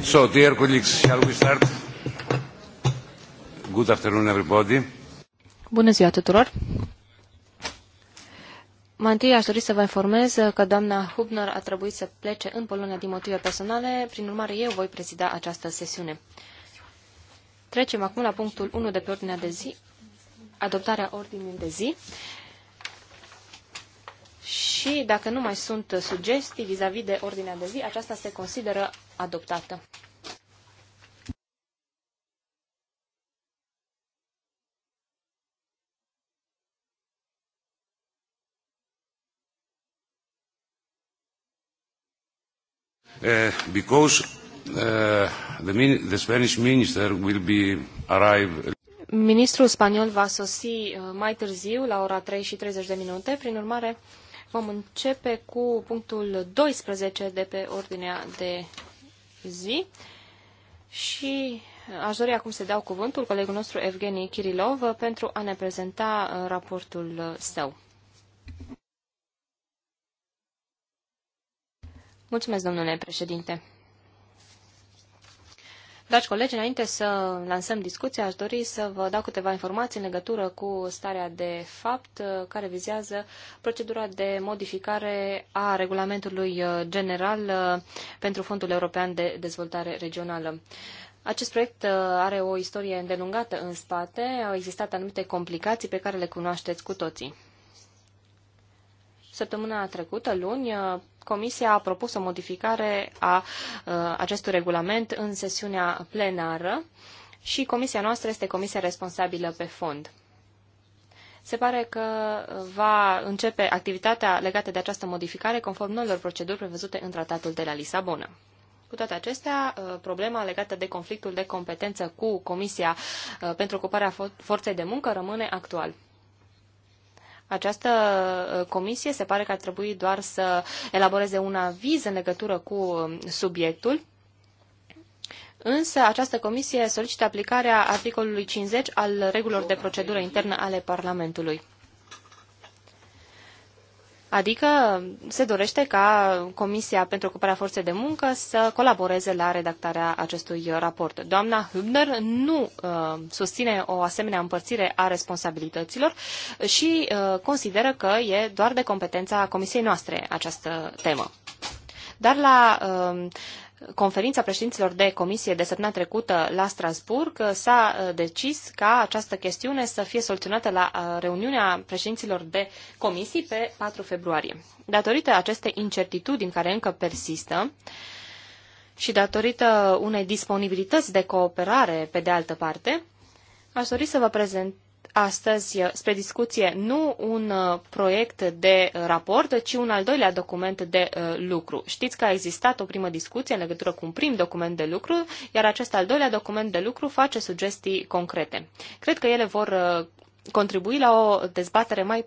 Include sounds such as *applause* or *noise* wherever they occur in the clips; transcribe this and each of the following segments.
So, dear colleagues, shall we start? Good afternoon, everybody. Bună ziua tuturor! Mai întâi aș dori să vă informez că doamna Hubner a trebuit să plece în Polonia din motive personale, prin urmare eu voi prezida această sesiune. Trecem acum la punctul 1 de pe ordinea de zi, adoptarea ordinii de zi și dacă nu mai sunt sugestii vis-a-vis -vis de ordinea de zi, aceasta se consideră adoptată. Uh, because uh, the, the Spanish minister will be arrive Ministrul spaniol va sosi eh, mai târziu, la ora 3 și 30 de minute, prin urmare Vom începe cu punctul 12 de pe ordinea de zi și aș dori acum să dau cuvântul colegul nostru Evgeni Kirilov pentru a ne prezenta uh, raportul uh, său. Mulțumesc, domnule președinte. Dragi colegi, înainte să lansăm discuția, aș dori să vă dau câteva informații în legătură cu starea de fapt uh, care vizează procedura de modificare a regulamentului uh, general uh, pentru Fondul European de Dezvoltare Regională. Acest proiect are o istorie îndelungată în spate, au existat anumite complicații pe care le cunoașteți cu toții. Săptămâna trecută, luni, Comisia a propus o modificare a uh, acestui regulament în sesiunea plenară și comisia noastră este comisia responsabilă pe fond. Se pare că va începe activitatea legată de această modificare conform noilor proceduri prevăzute în tratatul de la Lisabona. Cu toate acestea, uh, problema legată de conflictul de competență cu Comisia uh, pentru Ocuparea Forței de Muncă rămâne actual. Această uh, comisie se pare că ar trebui doar să elaboreze un aviz în legătură cu um, subiectul, Însă această comisie solicită aplicarea articolului 50 al regulilor de procedură internă ale Parlamentului. Adică se dorește ca Comisia pentru Ocuparea Forței de Muncă să colaboreze la redactarea acestui raport. Doamna Hübner nu uh, susține o asemenea împărțire a responsabilităților și uh, consideră că e doar de competența Comisiei noastre această temă. Dar la uh, conferința președinților de comisie de săptămâna trecută la Strasburg uh, s-a uh, decis ca această chestiune să fie soluționată la uh, reuniunea președinților de comisii pe 4 februarie. Datorită acestei incertitudini care încă persistă, și datorită unei disponibilități de cooperare, pe de altă parte, aș dori să vă prezent astăzi uh, spre discuție nu un uh, proiect de uh, raport, ci un al doilea document de lucru. Știți că a existat o primă discuție în legătură cu un prim document de lucru, iar acest al doilea document de lucru face sugestii concrete. Cred că ele vor contribui la o dezbatere mai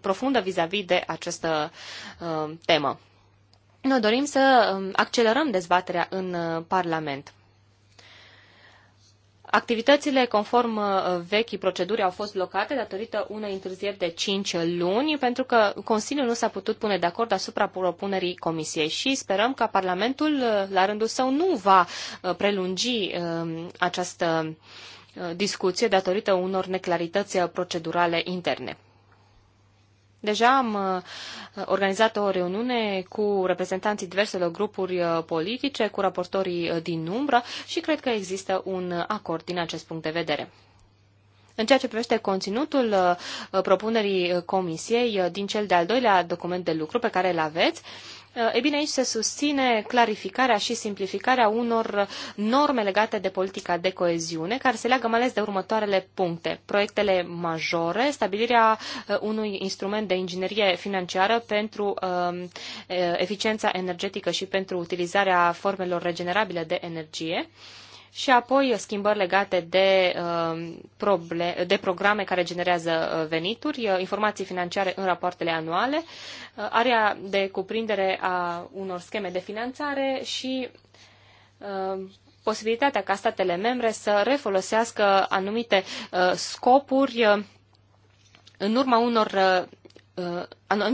profundă vis-a-vis -vis de această temă. Noi dorim să um, accelerăm dezbaterea în Parlament. Activitățile conform uh, vechii proceduri au fost blocate datorită unei întârzieri de 5 luni, pentru că Consiliul nu s-a putut pune de acord asupra propunerii Comisiei și sperăm ca Parlamentul, uh, la rândul său, nu va uh, prelungi um, această discuție datorită unor neclarități procedurale interne. Deja am uh, organizat o reuniune cu reprezentanții diverselor grupuri uh, politice, cu raportorii uh, din umbră și cred că există un acord din acest punct de vedere. În ceea ce privește conținutul propunerii comisiei din cel de-al doilea document de lucru pe care îl aveți, Eh, e bine, aici se susține clarificarea și simplificarea unor norme legate de politica de coeziune, care se leagă mai ales de următoarele puncte. Proiectele majore, stabilirea eh, unui instrument de inginerie financiară pentru ehm, eh, eficiența energetică și pentru utilizarea formelor regenerabile de energie, și apoi uh, schimbări legate de, uh, proble de programe care generează uh, venituri, informații financiare în rapoartele anuale, area de cuprindere a unor scheme de finanțare și posibilitatea ca statele membre să refolosească anumite scopuri în urma unor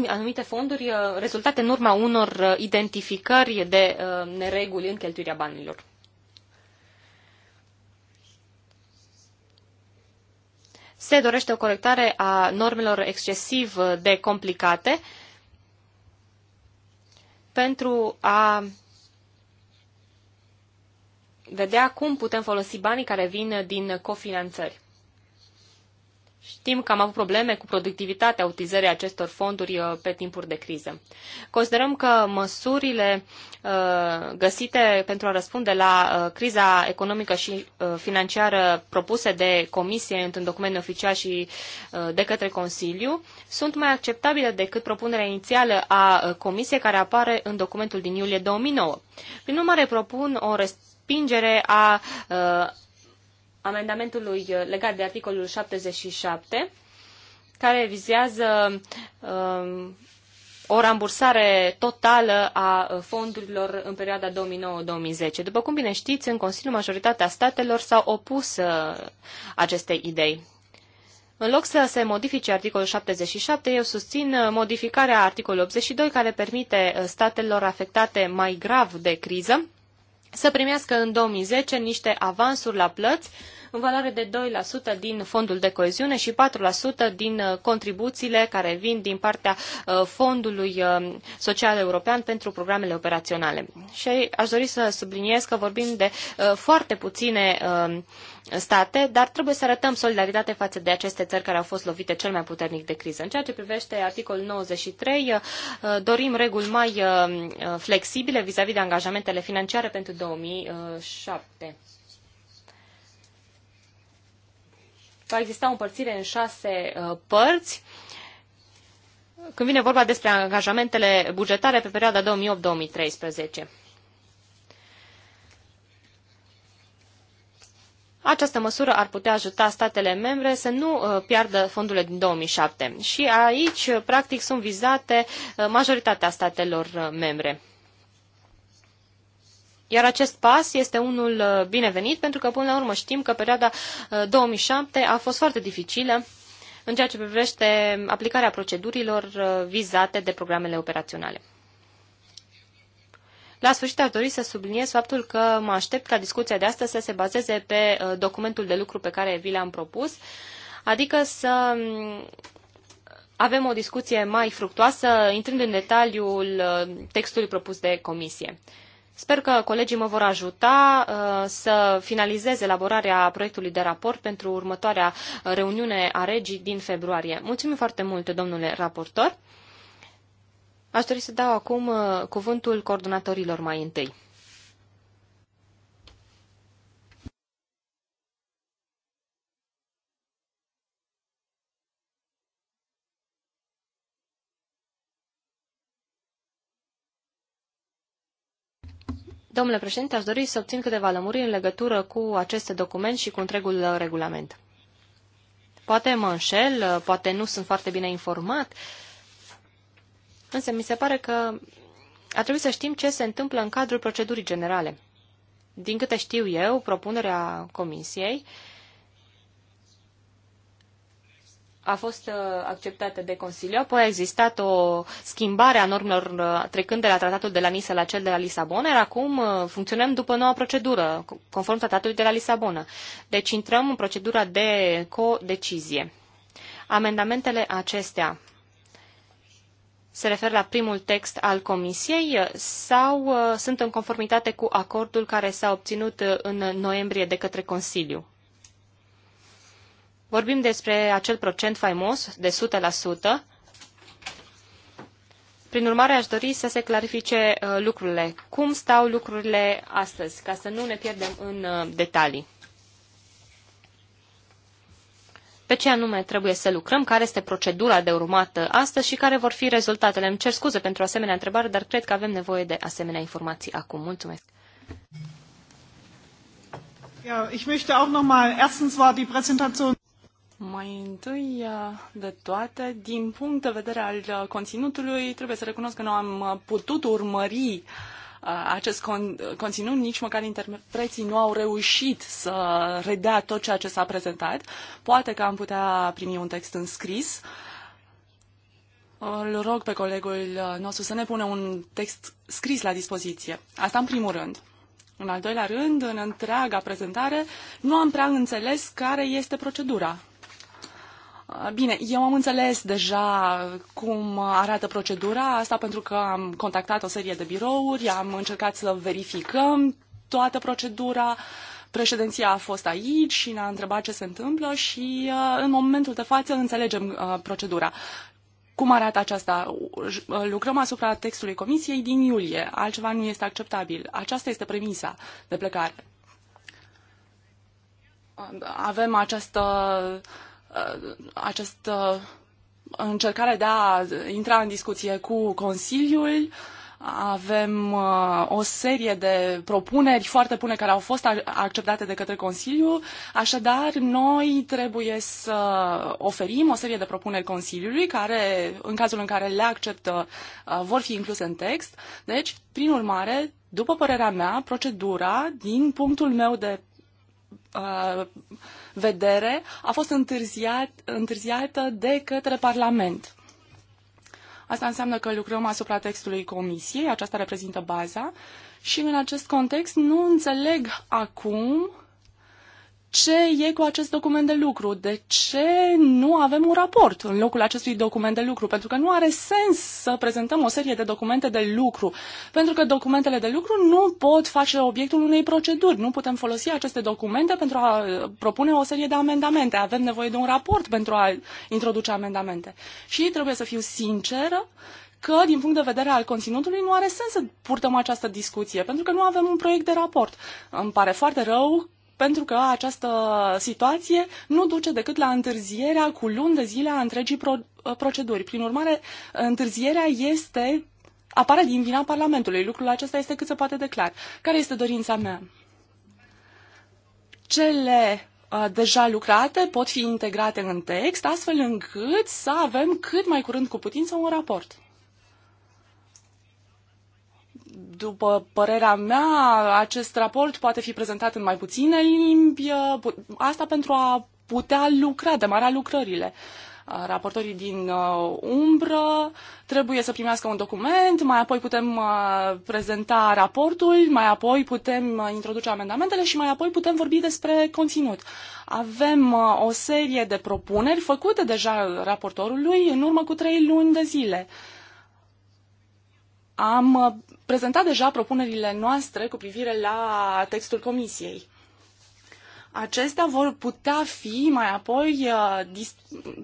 anumite fonduri rezultate în urma unor identificări de nereguli în cheltuirea banilor. se dorește o corectare a normelor excesiv de complicate pentru a vedea cum putem folosi banii care vin din cofinanțări. Știm că am avut probleme cu productivitatea utilizării acestor fonduri uh, pe timpuri de criză. Considerăm că măsurile uh, găsite pentru a răspunde la uh, criza economică și financiară propuse de Comisie într-un document oficial și de către Consiliu sunt mai acceptabile decât propunerea inițială a Comisiei care apare în documentul din iulie 2009. Prin urmare, propun o respingere a amendamentului uh, legat de articolul 77, care vizează um, o rambursare totală a uh, fondurilor în perioada 2009-2010. După cum bine știți, în Consiliu majoritatea statelor s-au opus uh, acestei idei. În loc să se modifice articolul 77, eu susțin modificarea articolului 82, care permite statelor afectate mai grav de criză să primească în 2010 niște avansuri la plăți în valoare de 2% din fondul de coeziune și 4% din uh, contribuțiile care vin din partea uh, Fondului uh, Social European pentru programele operaționale. Și aș dori să subliniez că vorbim de foarte puține state, dar trebuie să arătăm solidaritate față de aceste țări care au fost lovite cel mai puternic de criză. În ceea ce privește articolul 93, dorim reguli mai flexibile vis-a-vis de angajamentele financiare pentru 2007. va exista o împărțire în șase uh, părți. Când vine vorba despre angajamentele bugetare pe perioada 2008-2013. Această măsură ar putea ajuta statele membre să nu uh, piardă fondurile din 2007 și aici, practic, sunt vizate uh, majoritatea statelor membre. Iar acest pas este unul uh, binevenit, pentru că până la urmă știm că perioada 2007 uh, a fost foarte dificilă în ceea ce privește aplicarea procedurilor uh, vizate de programele operaționale. La sfârșit aș dori să subliniez faptul că mă aștept ca discuția de astăzi să se bazeze pe documentul de lucru pe care vi l-am propus, adică să mm, avem o discuție mai fructoasă, intrând în detaliul textului propus de comisie. Sper că colegii mă vor ajuta uh, să finalizez elaborarea proiectului de raport pentru următoarea uh, reuniune a regii din februarie. Mulțumim foarte mult, domnule raportor. Aș dori să dau acum uh, cuvântul coordonatorilor mai întâi. Domnule președinte, aș dori să obțin câteva lămuriri în legătură cu aceste document și cu întregul uh, regulament. Poate mă înșel, uh, poate nu sunt foarte bine informat, însă mi se pare că ar trebui să știm ce se întâmplă în cadrul procedurii generale. Din câte știu eu, propunerea Comisiei uh, a fost uh, acceptată de Consiliu, apoi a existat o schimbare a normelor uh, trecând de la tratatul de la Nisa la cel de la Lisabona, iar acum uh, funcționăm după noua procedură, conform tratatului de la Lisabona. Deci intrăm în procedura de codecizie. Amendamentele acestea se referă la primul text al Comisiei sau sunt în conformitate cu acordul care s-a obținut în noiembrie de către Consiliu? Vorbim despre acel procent faimos de 100%. Prin urmare, aș dori să se clarifice uh, lucrurile. Cum stau lucrurile astăzi, ca să nu ne pierdem în uh, detalii? Pe ce anume trebuie să lucrăm, care este procedura de urmat astăzi și care vor fi rezultatele? Îmi cer scuze pentru asemenea întrebare, dar cred că avem nevoie de asemenea informații acum. Mulțumesc! Ja, ich möchte auch noch mal, erstens war die Präsentation mai întâi uh, de toate, din punct de vedere al uh, conținutului, trebuie să recunosc că nu am uh, putut urmări acest con- conținut, nici măcar interpreții nu au reușit să redea tot ceea ce s-a prezentat. Poate că am putea primi un text în scris. Îl rog pe colegul nostru să ne pune un text scris la dispoziție. Asta în primul rând. În al doilea rând, în întreaga prezentare, nu am prea înțeles care este procedura. Bine, eu am înțeles deja cum arată procedura asta pentru că am contactat o serie de birouri, am încercat să verificăm toată procedura. Președinția a fost aici și ne-a întrebat ce se întâmplă și uh, în momentul de față înțelegem uh, procedura. Cum arată aceasta? Uh, lucrăm asupra textului comisiei din iulie. Altceva nu este acceptabil. Aceasta este premisa de plecare. Avem această uh, Uh, această încercare de a intra în discuție cu Consiliul. Avem uh, o serie de propuneri foarte bune care au fost acceptate de către Consiliu. Așadar, noi trebuie să oferim o serie de propuneri Consiliului care, în cazul în care le acceptă, uh, vor fi incluse în text. Deci, prin urmare, după părerea mea, procedura, din punctul meu de uh, vedere a fost întârziat, întârziată de către Parlament. Asta înseamnă că lucrăm asupra textului Comisiei, aceasta reprezintă baza și în acest context nu înțeleg acum ce e cu acest document de lucru? De ce nu avem un raport în locul acestui document de lucru? Pentru că nu are sens să prezentăm o serie de documente de lucru, pentru că documentele de lucru nu pot face obiectul unei proceduri. Nu putem folosi aceste documente pentru a uh, propune o serie de amendamente. Avem nevoie de un raport pentru a introduce amendamente. Și trebuie să fiu sinceră că, din punct de vedere al conținutului, nu are sens să purtăm această discuție, pentru că nu avem un proiect de raport. Îmi pare foarte rău pentru că această situație nu duce decât la întârzierea cu luni de zile a întregii pro, uh, proceduri. Prin urmare, întârzierea este apare din vina Parlamentului. Lucrul acesta este cât se poate de clar. Care este dorința mea? Cele uh, deja lucrate pot fi integrate în text, astfel încât să avem cât mai curând cu putință un raport. După părerea mea, acest raport poate fi prezentat în mai puține limbi, uh, asta pentru a putea lucra, demara lucrările uh, raportorii din uh, umbră trebuie să primească un document, mai apoi putem prezenta raportul, mai apoi putem introduce amendamentele și mai apoi putem vorbi despre conținut. Avem o serie de propuneri făcute deja raportorului în urmă cu trei luni de zile am uh, prezentat deja propunerile noastre cu privire la textul comisiei. Acestea vor putea fi mai apoi uh,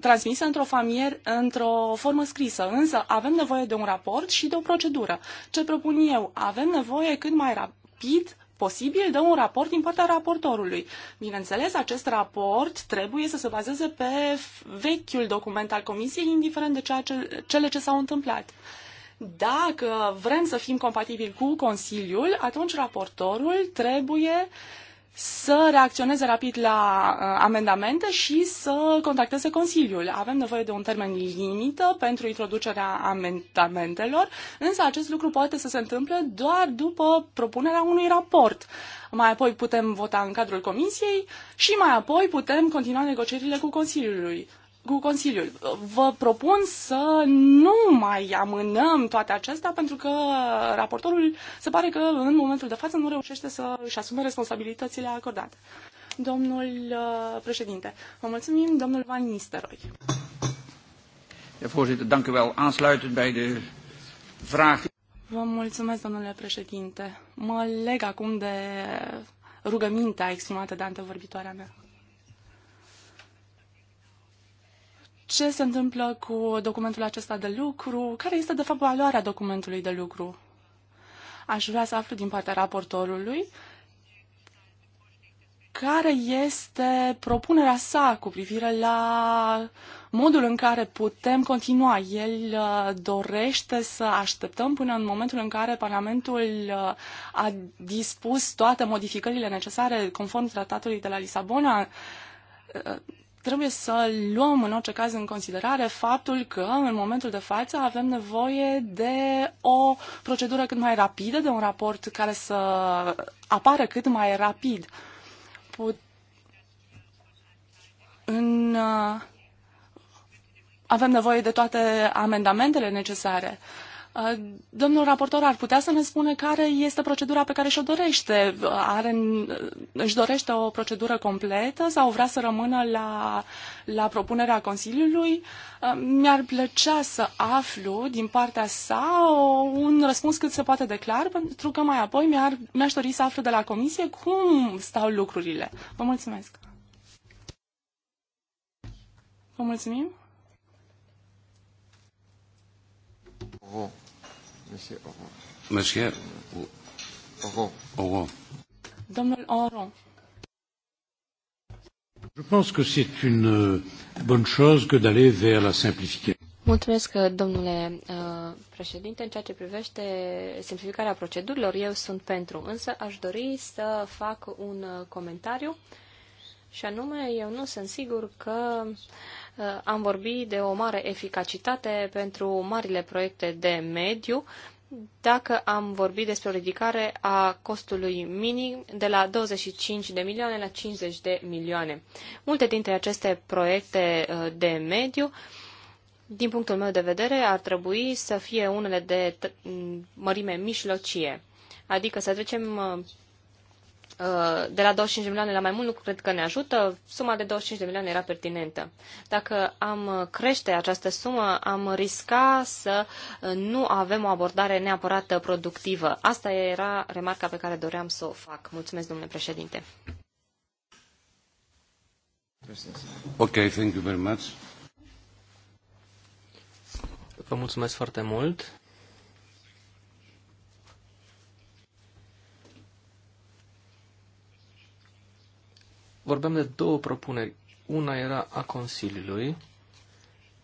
transmise într-o, famier, într-o formă scrisă, însă avem nevoie de un raport și de o procedură. Ce propun eu? Avem nevoie cât mai rapid posibil de un raport din partea raportorului. Bineînțeles, acest raport trebuie să se bazeze pe vechiul document al Comisiei, indiferent de ceea ce, cele ce s-au întâmplat. Dacă vrem să fim compatibili cu Consiliul, atunci raportorul trebuie să reacționeze rapid la uh, amendamente și să contacteze Consiliul. Avem nevoie de un termen limită pentru introducerea amendamentelor, însă acest lucru poate să se întâmple doar după propunerea unui raport. Mai apoi putem vota în cadrul Comisiei și mai apoi putem continua negocierile cu Consiliului cu Consiliul. Vă propun să nu mai amânăm toate acestea pentru că raportorul se pare că în momentul de față nu reușește să își asume responsabilitățile acordate. Domnul uh, președinte, vă mulțumim, domnul Van Nisteroi. Ja, voorzitter, dank u wel. Aansluitend bij de vraag... Vă mulțumesc, domnule președinte. Mă leg acum de rugămintea exprimată de antevorbitoarea mea. ce se întâmplă cu documentul acesta de lucru, care este de fapt valoarea documentului de lucru. Aș vrea să aflu din partea raportorului care este propunerea sa cu privire la modul în care putem continua. El uh, dorește să așteptăm până în momentul în care Parlamentul uh, a dispus toate modificările necesare conform tratatului de la Lisabona uh, trebuie să luăm în orice caz în considerare faptul că în momentul de față avem nevoie de o procedură cât mai rapidă, de un raport care să apară cât mai rapid. Put... În uh, avem nevoie de toate amendamentele necesare. Domnul raportor ar putea să ne spună care este procedura pe care și-o dorește. Are, își dorește o procedură completă sau vrea să rămână la, la propunerea Consiliului? Mi-ar plăcea să aflu din partea sa un răspuns cât se poate de clar, pentru că mai apoi mi-ar, mi-aș dori să aflu de la Comisie cum stau lucrurile. Vă mulțumesc! Vă mulțumim! Oh. Monsieur Oron. Monsieur Oron. Oron. Domnul Oron. Je pense que c'est une euh, bonne chose que d'aller vers la simplification. Mulțumesc, uh, domnule uh, președinte. În ceea ce privește simplificarea procedurilor, eu sunt pentru. Însă aș dori să fac un uh, comentariu și anume, eu nu sunt sigur că uh, Uh, am vorbit de o mare eficacitate pentru marile proiecte de mediu, dacă am vorbit despre o ridicare a costului minim de la 25 de milioane la 50 de milioane. Multe dintre aceste proiecte uh, de mediu, din punctul meu de vedere, ar trebui să fie unele de mărime mișlocie, adică să trecem uh, Uh, de la 25 de milioane la mai mult, nu cred că ne ajută. Suma de 25 de milioane era pertinentă. Dacă am crește această sumă, am risca să uh, nu avem o abordare neapărat productivă. Asta era remarca pe care doream să o fac. Mulțumesc, domnule președinte. Ok, thank you very much. Vă mulțumesc foarte mult. vorbeam de două propuneri. Una era a Consiliului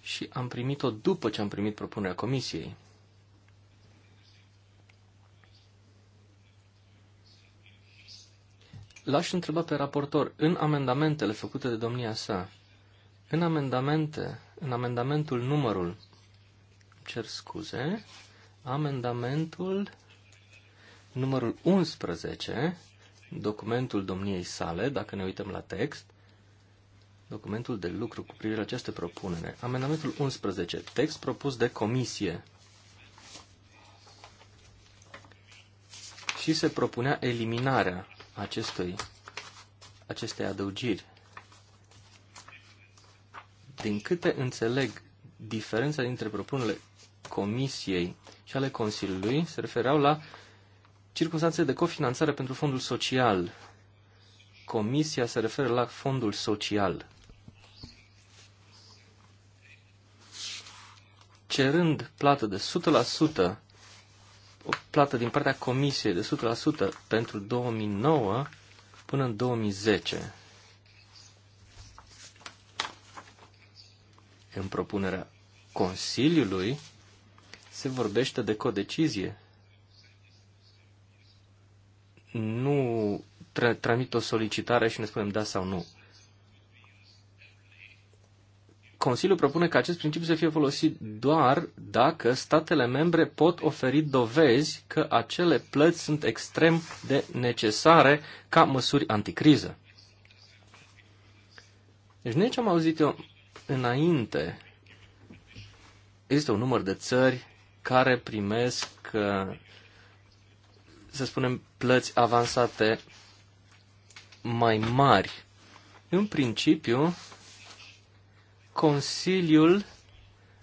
și am primit-o după ce am primit propunerea Comisiei. L-aș întreba pe raportor, în amendamentele făcute de domnia sa, în amendamente, în amendamentul numărul, cer scuze, amendamentul numărul 11, documentul domniei sale, dacă ne uităm la text, documentul de lucru cu privire la această propunere. Amendamentul 11, text propus de comisie. Și se propunea eliminarea acestui, acestei adăugiri. Din câte înțeleg, diferența dintre propunerile comisiei și ale Consiliului se refereau la Circunstanțe de cofinanțare pentru fondul social. Comisia se referă la fondul social. Cerând plată de 100%, o plată din partea comisiei de 100% pentru 2009 până în 2010. În propunerea Consiliului se vorbește de codecizie nu tra- tramit o solicitare și ne spunem da sau nu. Consiliul propune ca acest principiu să fie folosit doar dacă statele membre pot oferi dovezi că acele plăți sunt extrem de necesare ca măsuri anticriză. Deci nici am auzit eu înainte. Există un număr de țări care primesc uh, să spunem, plăți avansate mai mari. În principiu, Consiliul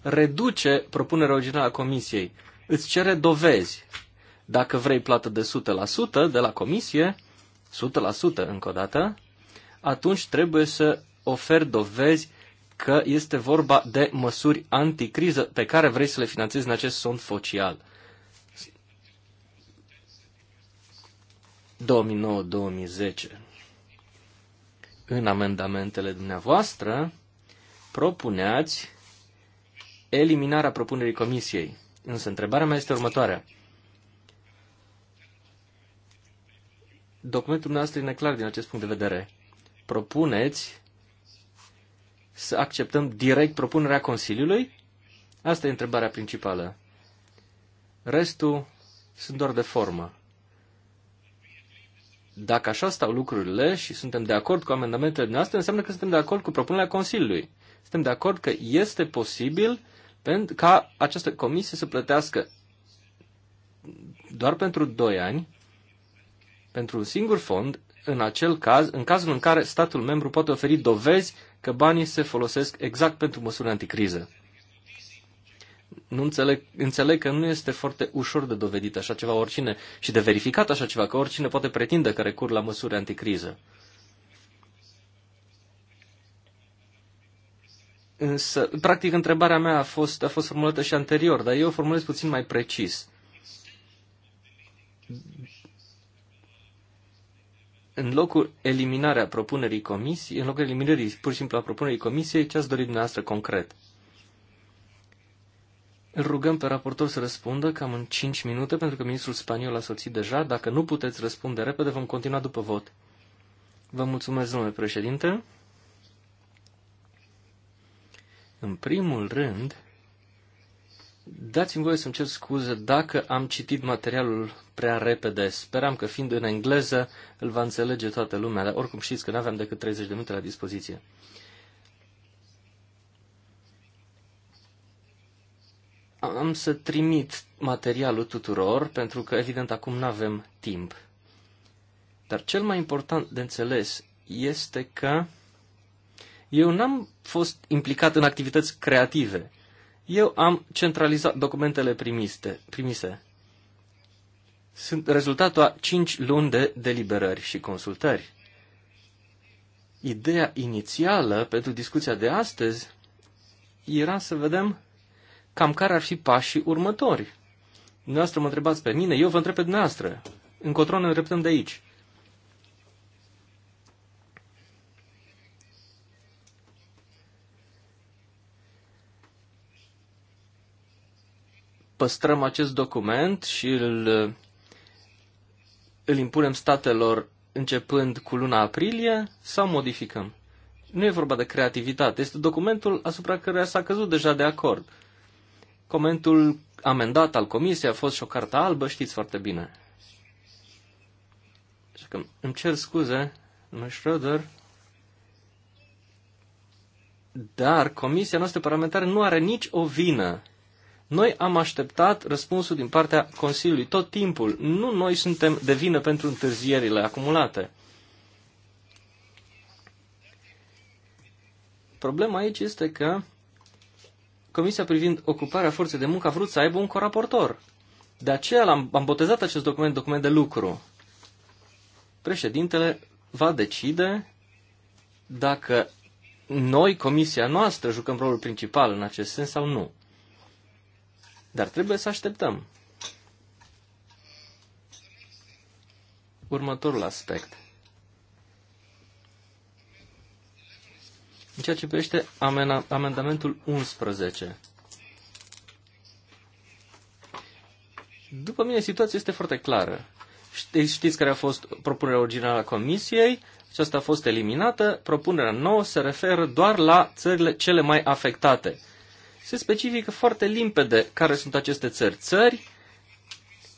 reduce propunerea originală a Comisiei. Îți cere dovezi. Dacă vrei plată de 100% de la Comisie, 100% încă o dată, atunci trebuie să oferi dovezi că este vorba de măsuri anticriză pe care vrei să le finanțezi în acest sond focial. 2009-2010. În amendamentele dumneavoastră propuneați eliminarea propunerii comisiei. Însă întrebarea mea este următoarea. Documentul dumneavoastră e neclar din acest punct de vedere. Propuneți să acceptăm direct propunerea Consiliului? Asta e întrebarea principală. Restul sunt doar de formă. Dacă așa stau lucrurile și suntem de acord cu amendamentele noastre, înseamnă că suntem de acord cu propunerea Consiliului. Suntem de acord că este posibil ca această comisie să plătească doar pentru 2 ani, pentru un singur fond, în acel caz, în cazul în care statul membru poate oferi dovezi că banii se folosesc exact pentru măsuri anticriză nu înțeleg, înțeleg că nu este foarte ușor de dovedit așa ceva oricine și de verificat așa ceva, că oricine poate pretinde că recur la măsuri anticriză. Însă, practic, întrebarea mea a fost, a fost formulată și anterior, dar eu o formulez puțin mai precis. În locul eliminarea propunerii comisiei, în locul eliminării pur și simplu a propunerii comisiei, ce ați dorit dumneavoastră concret? Îl rugăm pe raportor să răspundă cam în 5 minute, pentru că ministrul spaniol a soțit deja. Dacă nu puteți răspunde repede, vom continua după vot. Vă mulțumesc, domnule președinte. În primul rând, dați-mi voie să-mi cer scuze dacă am citit materialul prea repede. Speram că fiind în engleză îl va înțelege toată lumea, dar oricum știți că nu aveam decât 30 de minute la dispoziție. Am să trimit materialul tuturor, pentru că, evident, acum nu avem timp. Dar cel mai important de înțeles este că eu n-am fost implicat în activități creative. Eu am centralizat documentele primiste, primise. Sunt rezultatul a 5 luni de deliberări și consultări. Ideea inițială pentru discuția de astăzi era să vedem cam care ar fi pașii următori. Dumneavoastră mă întrebați pe mine, eu vă întreb pe dumneavoastră. Încotro ne îndreptăm de aici. Păstrăm acest document și îl, îl impunem statelor începând cu luna aprilie sau modificăm? Nu e vorba de creativitate, este documentul asupra căruia s-a căzut deja de acord. Comentul amendat al comisiei a fost și o carte albă, știți foarte bine. Așa că îmi cer scuze, nu Schroeder, dar comisia noastră parlamentară nu are nici o vină. Noi am așteptat răspunsul din partea Consiliului tot timpul. Nu noi suntem de vină pentru întârzierile acumulate. Problema aici este că Comisia privind ocuparea forței de muncă a vrut să aibă un coraportor. De aceea am, am botezat acest document document de lucru. Președintele va decide dacă noi, comisia noastră, jucăm rolul principal în acest sens sau nu. Dar trebuie să așteptăm. Următorul aspect – În ceea ce privește amendamentul 11. După mine, situația este foarte clară. Știți care a fost propunerea originală a Comisiei, aceasta a fost eliminată, propunerea nouă se referă doar la țările cele mai afectate. Se specifică foarte limpede care sunt aceste țări. Țări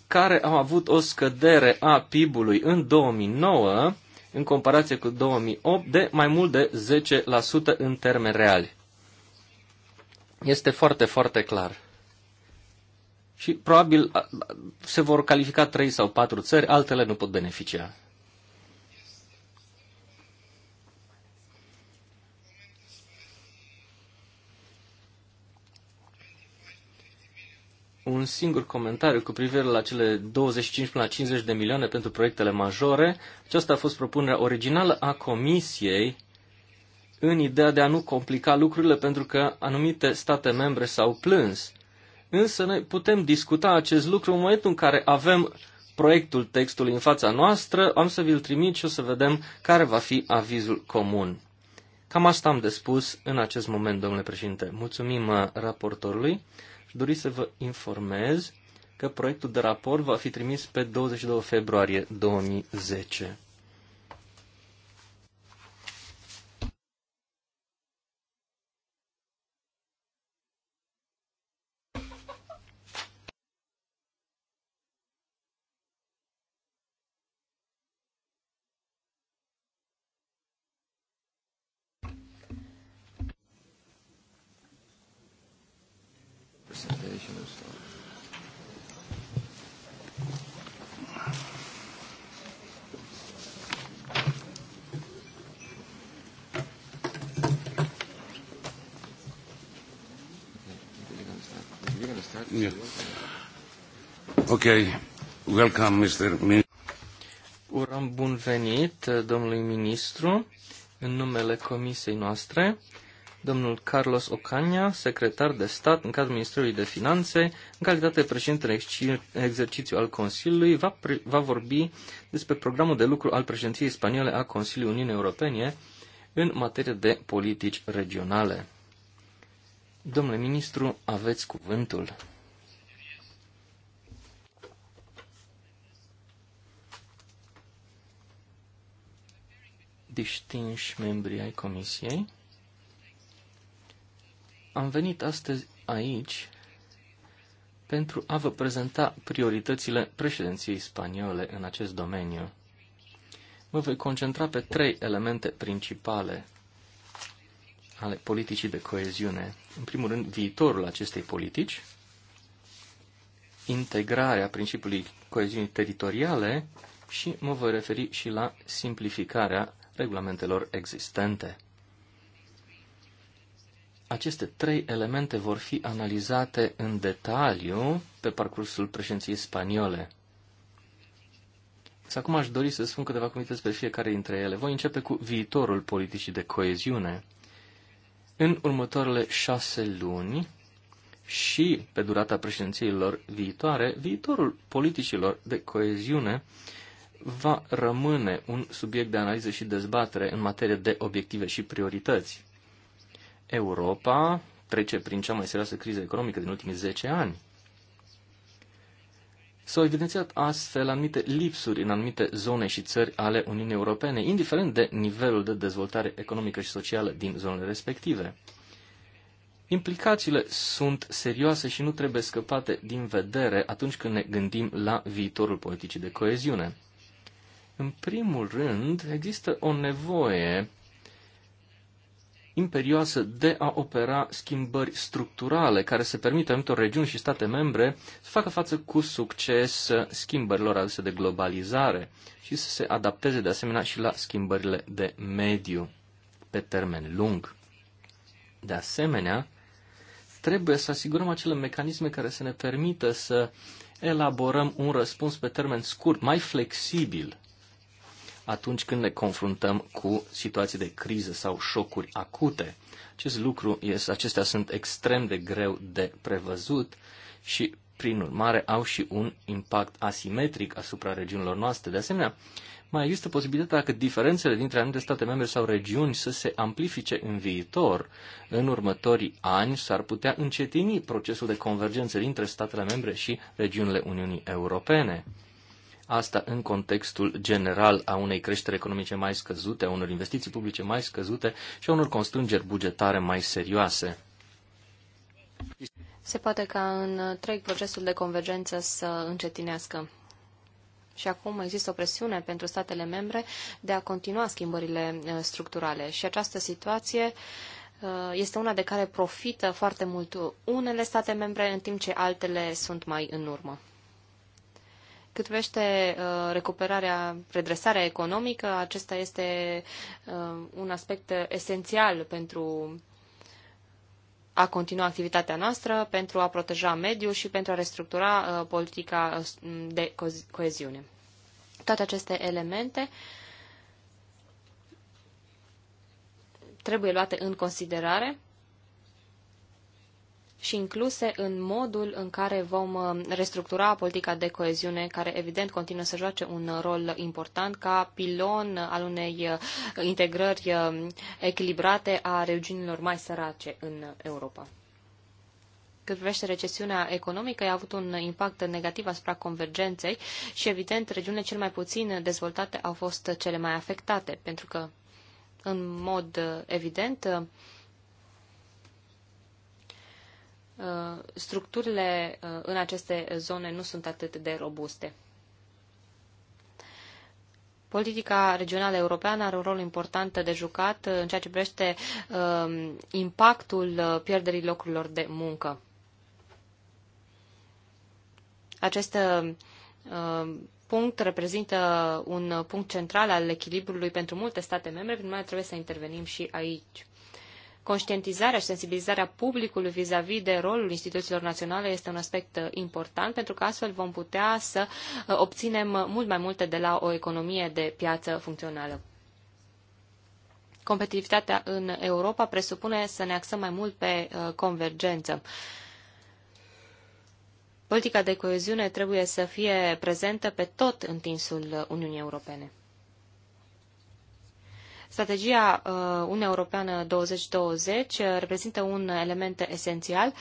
care au avut o scădere a PIB-ului în 2009 în comparație cu 2008 de mai mult de 10% în termeni reali. Este foarte, foarte clar. Și probabil se vor califica 3 sau 4 țări, altele nu pot beneficia un singur comentariu cu privire la cele 25 până la 50 de milioane pentru proiectele majore. Aceasta a fost propunerea originală a Comisiei în ideea de a nu complica lucrurile pentru că anumite state membre s-au plâns. Însă noi putem discuta acest lucru în momentul în care avem proiectul textului în fața noastră, am să vi-l trimit și o să vedem care va fi avizul comun. Cam asta am de spus în acest moment, domnule președinte. Mulțumim uh, raportorului dori să vă informez că proiectul de raport va fi trimis pe 22 februarie 2010. continue. Welcome, Mr. Min Urăm bun venit uh, domnului ministru în numele comisiei noastre, domnul Carlos Ocaña, secretar de stat în cadrul Ministerului de Finanțe, în calitate de președinte în exercițiu al Consiliului, va, va vorbi despre programul de lucru al președinției spaniole a Consiliului Uniunii Europene în materie de politici regionale. Domnule ministru, aveți cuvântul. distinși membri ai comisiei, am venit astăzi aici pentru a vă prezenta prioritățile președinției spaniole în acest domeniu. Mă voi concentra pe trei elemente principale ale politicii de coeziune. În primul rând, viitorul acestei politici, integrarea principiului coeziunii teritoriale și mă voi referi și la simplificarea regulamentelor existente. Aceste trei elemente vor fi analizate în detaliu pe parcursul președinției spaniole. Să acum aș dori să spun câteva cuvinte despre fiecare dintre ele. Voi începe cu viitorul politicii de coeziune. În următoarele șase luni și pe durata președințiilor viitoare, viitorul politicilor de coeziune va rămâne un subiect de analiză și dezbatere în materie de obiective și priorități. Europa trece prin cea mai serioasă criză economică din ultimii 10 ani. S-au evidențiat astfel anumite lipsuri în anumite zone și țări ale Uniunii Europene, indiferent de nivelul de dezvoltare economică și socială din zonele respective. Implicațiile sunt serioase și nu trebuie scăpate din vedere atunci când ne gândim la viitorul politicii de coeziune. În primul rând, există o nevoie imperioasă de a opera schimbări structurale care să permită anumitor regiuni și state membre să facă față cu succes schimbărilor aduse de globalizare și să se adapteze de asemenea și la schimbările de mediu pe termen lung. De asemenea, trebuie să asigurăm acele mecanisme care să ne permită să elaborăm un răspuns pe termen scurt, mai flexibil atunci când ne confruntăm cu situații de criză sau șocuri acute. Acest lucru, este, acestea sunt extrem de greu de prevăzut și, prin urmare, au și un impact asimetric asupra regiunilor noastre. De asemenea, mai există posibilitatea că diferențele dintre anumite state membre sau regiuni să se amplifice în viitor. În următorii ani s-ar putea încetini procesul de convergență dintre statele membre și regiunile Uniunii Europene. Asta în contextul general a unei creșteri economice mai scăzute, a unor investiții publice mai scăzute și a unor constrângeri bugetare mai serioase. Se poate ca în trei procesul de convergență să încetinească. Și acum există o presiune pentru statele membre de a continua schimbările uh, structurale. Și această situație uh, este una de care profită foarte mult unele state membre, în timp ce altele sunt mai în urmă. Cât vește uh, recuperarea, redresarea economică, acesta este uh, un aspect esențial pentru a continua activitatea noastră, pentru a proteja mediul și pentru a restructura uh, politica de coeziune. Toate aceste elemente trebuie luate în considerare și incluse în modul în care vom uh, restructura politica de coeziune, care evident continuă să joace un rol important ca pilon al unei uh, integrări uh, echilibrate a regiunilor mai sărace în Europa. Cât privește recesiunea economică, a avut un impact negativ asupra convergenței și, evident, regiunile cel mai puțin dezvoltate au fost cele mai afectate, pentru că, în mod evident, Uh, structurile uh, în aceste zone nu sunt atât de robuste. Politica regională europeană are un rol important de jucat uh, în ceea ce privește impactul pierderii locurilor de muncă. Acest punct reprezintă un punct central al echilibrului pentru multe state membre, prin urmare trebuie să intervenim și aici. Conștientizarea și sensibilizarea publicului vis-a-vis -vis de rolul instituțiilor naționale este un aspect uh, important, pentru că astfel vom putea să uh, obținem mult mai multe de la o economie de piață funcțională. Competitivitatea în Europa presupune să ne axăm mai mult pe uh, convergență. Politica de coeziune trebuie să fie prezentă pe tot întinsul Uniunii Europene. Strategia uh, Uniunea Europeană 2020 uh, reprezintă un element esențial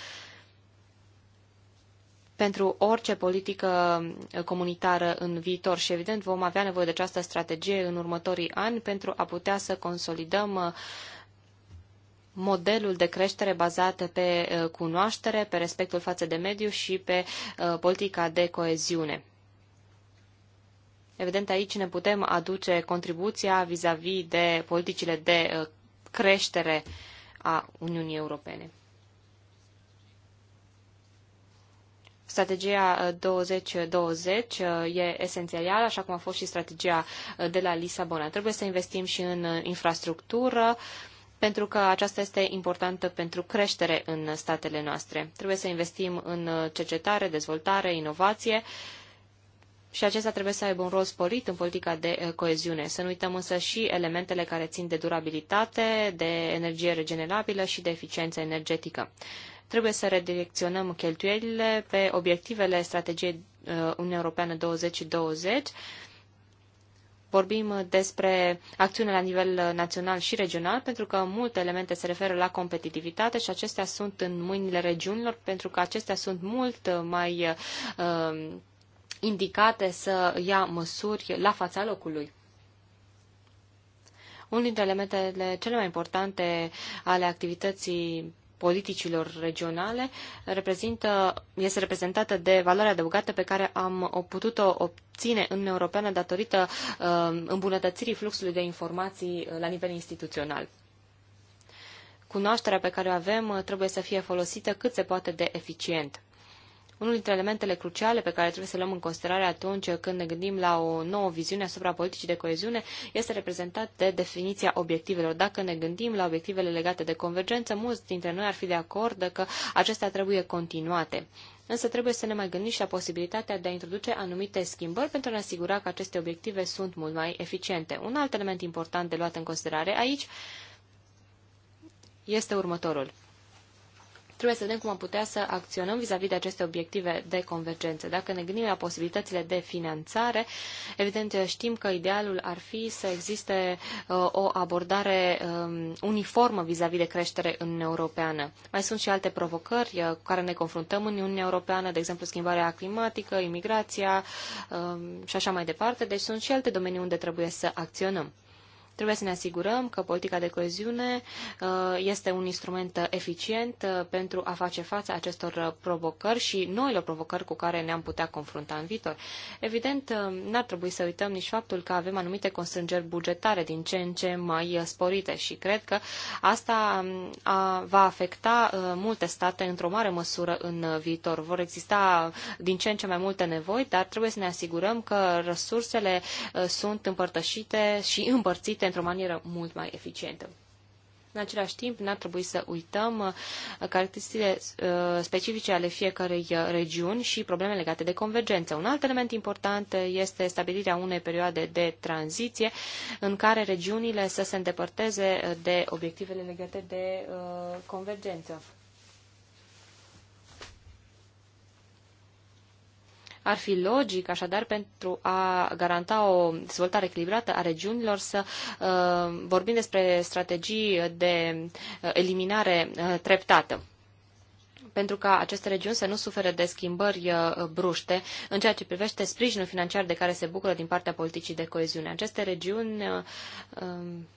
pentru orice politică uh, comunitară în viitor și evident vom avea nevoie de această strategie în următorii ani pentru a putea să consolidăm modelul de creștere bazat pe cunoaștere, pe respectul față de mediu și pe politica de coeziune. Evident, aici ne putem aduce contribuția vis-a-vis de politicile de uh, creștere a Uniunii Europene. Strategia 2020 uh, uh, e esențială, așa cum a fost și strategia de la Lisabona. Trebuie să investim și în infrastructură, pentru că aceasta este importantă pentru creștere în statele noastre. Trebuie să investim în cercetare, dezvoltare, inovație, uh, și acesta trebuie să aibă un rol sporit în politica de eh, coeziune. Să nu uităm însă și elementele care țin de durabilitate, de energie regenerabilă și de eficiență energetică. Trebuie să redirecționăm cheltuielile pe obiectivele strategiei eh, Uniunii Europeană 2020. Vorbim eh, despre acțiune la nivel național și regional, pentru că multe elemente se referă la competitivitate și acestea sunt în mâinile regiunilor, pentru că acestea sunt mult mai uh, indicate să ia măsuri la fața locului. Unul dintre elementele cele mai importante ale activității politicilor regionale reprezintă, este reprezentată de valoarea adăugată pe care am putut-o obține în Europeană datorită uh, îmbunătățirii fluxului de informații uh, la nivel instituțional. Cunoașterea pe care o avem uh, trebuie să fie folosită cât se poate de eficient. Unul dintre elementele cruciale pe care trebuie să le luăm în considerare atunci când ne gândim la o nouă viziune asupra politicii de coeziune este reprezentat de definiția obiectivelor. Dacă ne gândim la obiectivele legate de convergență, mulți dintre noi ar fi de acord că acestea trebuie continuate însă trebuie să ne mai gândim și la posibilitatea de a introduce anumite schimbări pentru a ne asigura că aceste obiective sunt mult mai eficiente. Un alt element important de luat în considerare aici este următorul. Trebuie să vedem cum am putea să acționăm vis-a-vis -vis de aceste obiective de convergență. Dacă ne gândim la posibilitățile de finanțare, evident știm că idealul ar fi să existe uh, o abordare um, uniformă vis-a-vis -vis de creștere în Uniunea Europeană. Mai sunt și alte provocări uh, cu care ne confruntăm în Uniunea Europeană, de exemplu schimbarea climatică, imigrația uh, și așa mai departe. Deci sunt și alte domenii unde trebuie să acționăm. Trebuie să ne asigurăm că politica de coeziune uh, este un instrument eficient uh, pentru a face față acestor uh, provocări și noilor provocări cu care ne-am putea confrunta în viitor. Evident, n-ar trebui să uităm nici faptul că avem anumite constrângeri bugetare din ce în ce mai sporite și cred că asta um, va afecta multe state într-o mare măsură în viitor. Vor exista din ce în ce mai multe nevoi, dar trebuie să ne asigurăm că resursele sunt împărtășite și împărțite într-o manieră mult mai eficientă. În același timp, n-ar trebui să uităm uh, caracteristicile uh, specifice ale fiecărei uh, regiuni și probleme legate de convergență. Un alt element important este stabilirea unei perioade de tranziție în care regiunile să se îndepărteze de obiectivele legate de convergență. Ar fi logic, așadar, pentru a garanta o dezvoltare echilibrată a regiunilor să uh, vorbim despre strategii de uh, eliminare uh, treptată pentru ca aceste regiuni să nu sufere de schimbări bruște în ceea ce privește sprijinul financiar de care se bucură din partea politicii de coeziune. Aceste regiuni um,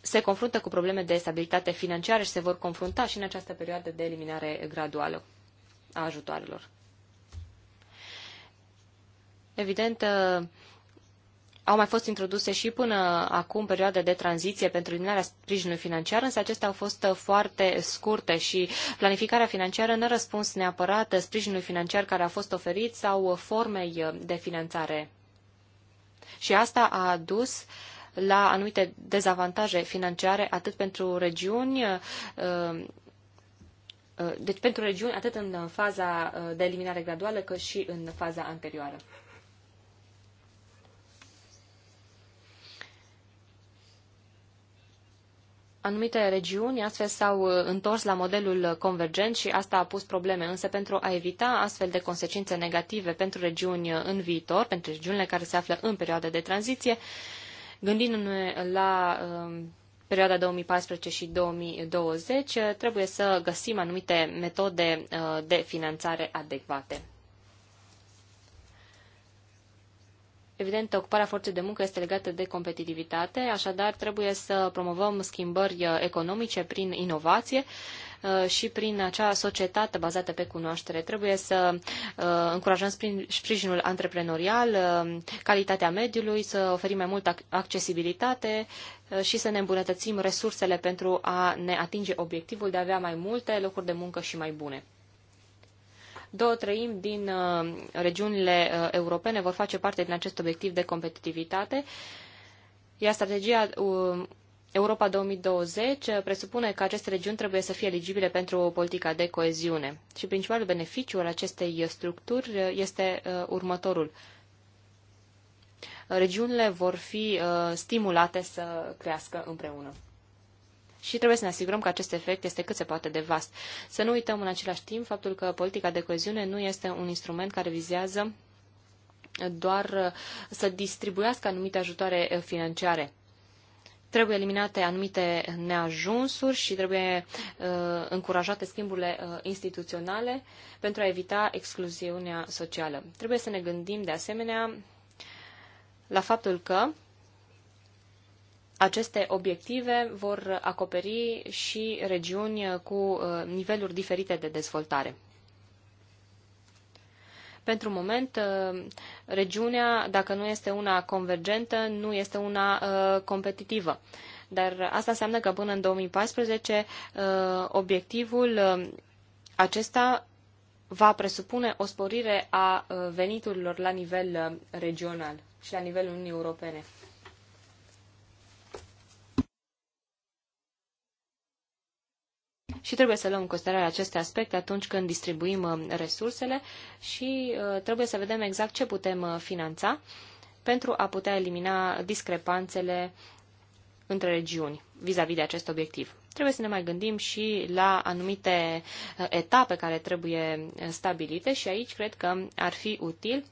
se confruntă cu probleme de stabilitate financiară și se vor confrunta și în această perioadă de eliminare graduală a ajutoarelor. Evident, uh, au mai fost introduse și până acum perioade de tranziție pentru eliminarea sprijinului financiar, însă acestea au fost uh, foarte scurte și planificarea financiară n-a răspuns neapărat sprijinului financiar care a fost oferit sau formei uh, de finanțare. Și asta a adus la anumite dezavantaje financiare atât pentru regiuni, deci pentru regiuni atât în faza de eliminare graduală cât și în faza anterioară. Anumite regiuni astfel s-au uh, întors la modelul uh, convergent și asta a pus probleme, însă pentru a evita astfel de consecințe negative pentru regiuni uh, în viitor, pentru regiunile care se află în perioada de tranziție, gândindu-ne la um, perioada 2014 și 2020, trebuie să găsim anumite metode de finanțare adecvate. Evident, ocuparea forței de muncă este legată de competitivitate, așadar trebuie să promovăm schimbări uh, economice prin inovație uh, și prin acea societate bazată pe cunoaștere. Trebuie să uh, încurajăm sprijinul antreprenorial, calitatea mediului, să oferim mai multă accesibilitate și să ne îmbunătățim resursele pentru a ne atinge obiectivul de a avea mai multe locuri de muncă și mai bune. Două treimi din uh, regiunile uh, europene vor face parte din acest obiectiv de competitivitate, iar strategia uh, Europa 2020 presupune că aceste regiuni trebuie să fie eligibile pentru politica de coeziune. Și principalul beneficiu al acestei structuri este următorul. Regiunile vor fi stimulate să crească împreună. Și trebuie să ne asigurăm că acest efect este cât se poate de vast. Să nu uităm în același timp faptul că politica de coeziune nu este un instrument care vizează doar uh, să distribuiască anumite ajutoare uh, financiare. Trebuie eliminate anumite neajunsuri și trebuie uh, încurajate schimburile uh, instituționale pentru a evita excluziunea socială. Trebuie să ne gândim de asemenea la faptul că aceste obiective vor acoperi și regiuni cu uh, niveluri diferite de dezvoltare. Pentru moment, uh, regiunea, dacă nu este una convergentă, nu este una uh, competitivă. Dar asta înseamnă că până în 2014 obiectivul acesta va presupune o sporire a veniturilor la nivel regional și la nivelul Uniunii Europene. Și trebuie să luăm în considerare aceste aspecte atunci când distribuim uh, resursele și uh, trebuie să vedem exact ce putem uh, finanța pentru a putea elimina discrepanțele între regiuni vis-a-vis -vis de acest obiectiv. Trebuie să ne mai gândim și la anumite etape care trebuie stabilite și aici cred că ar fi util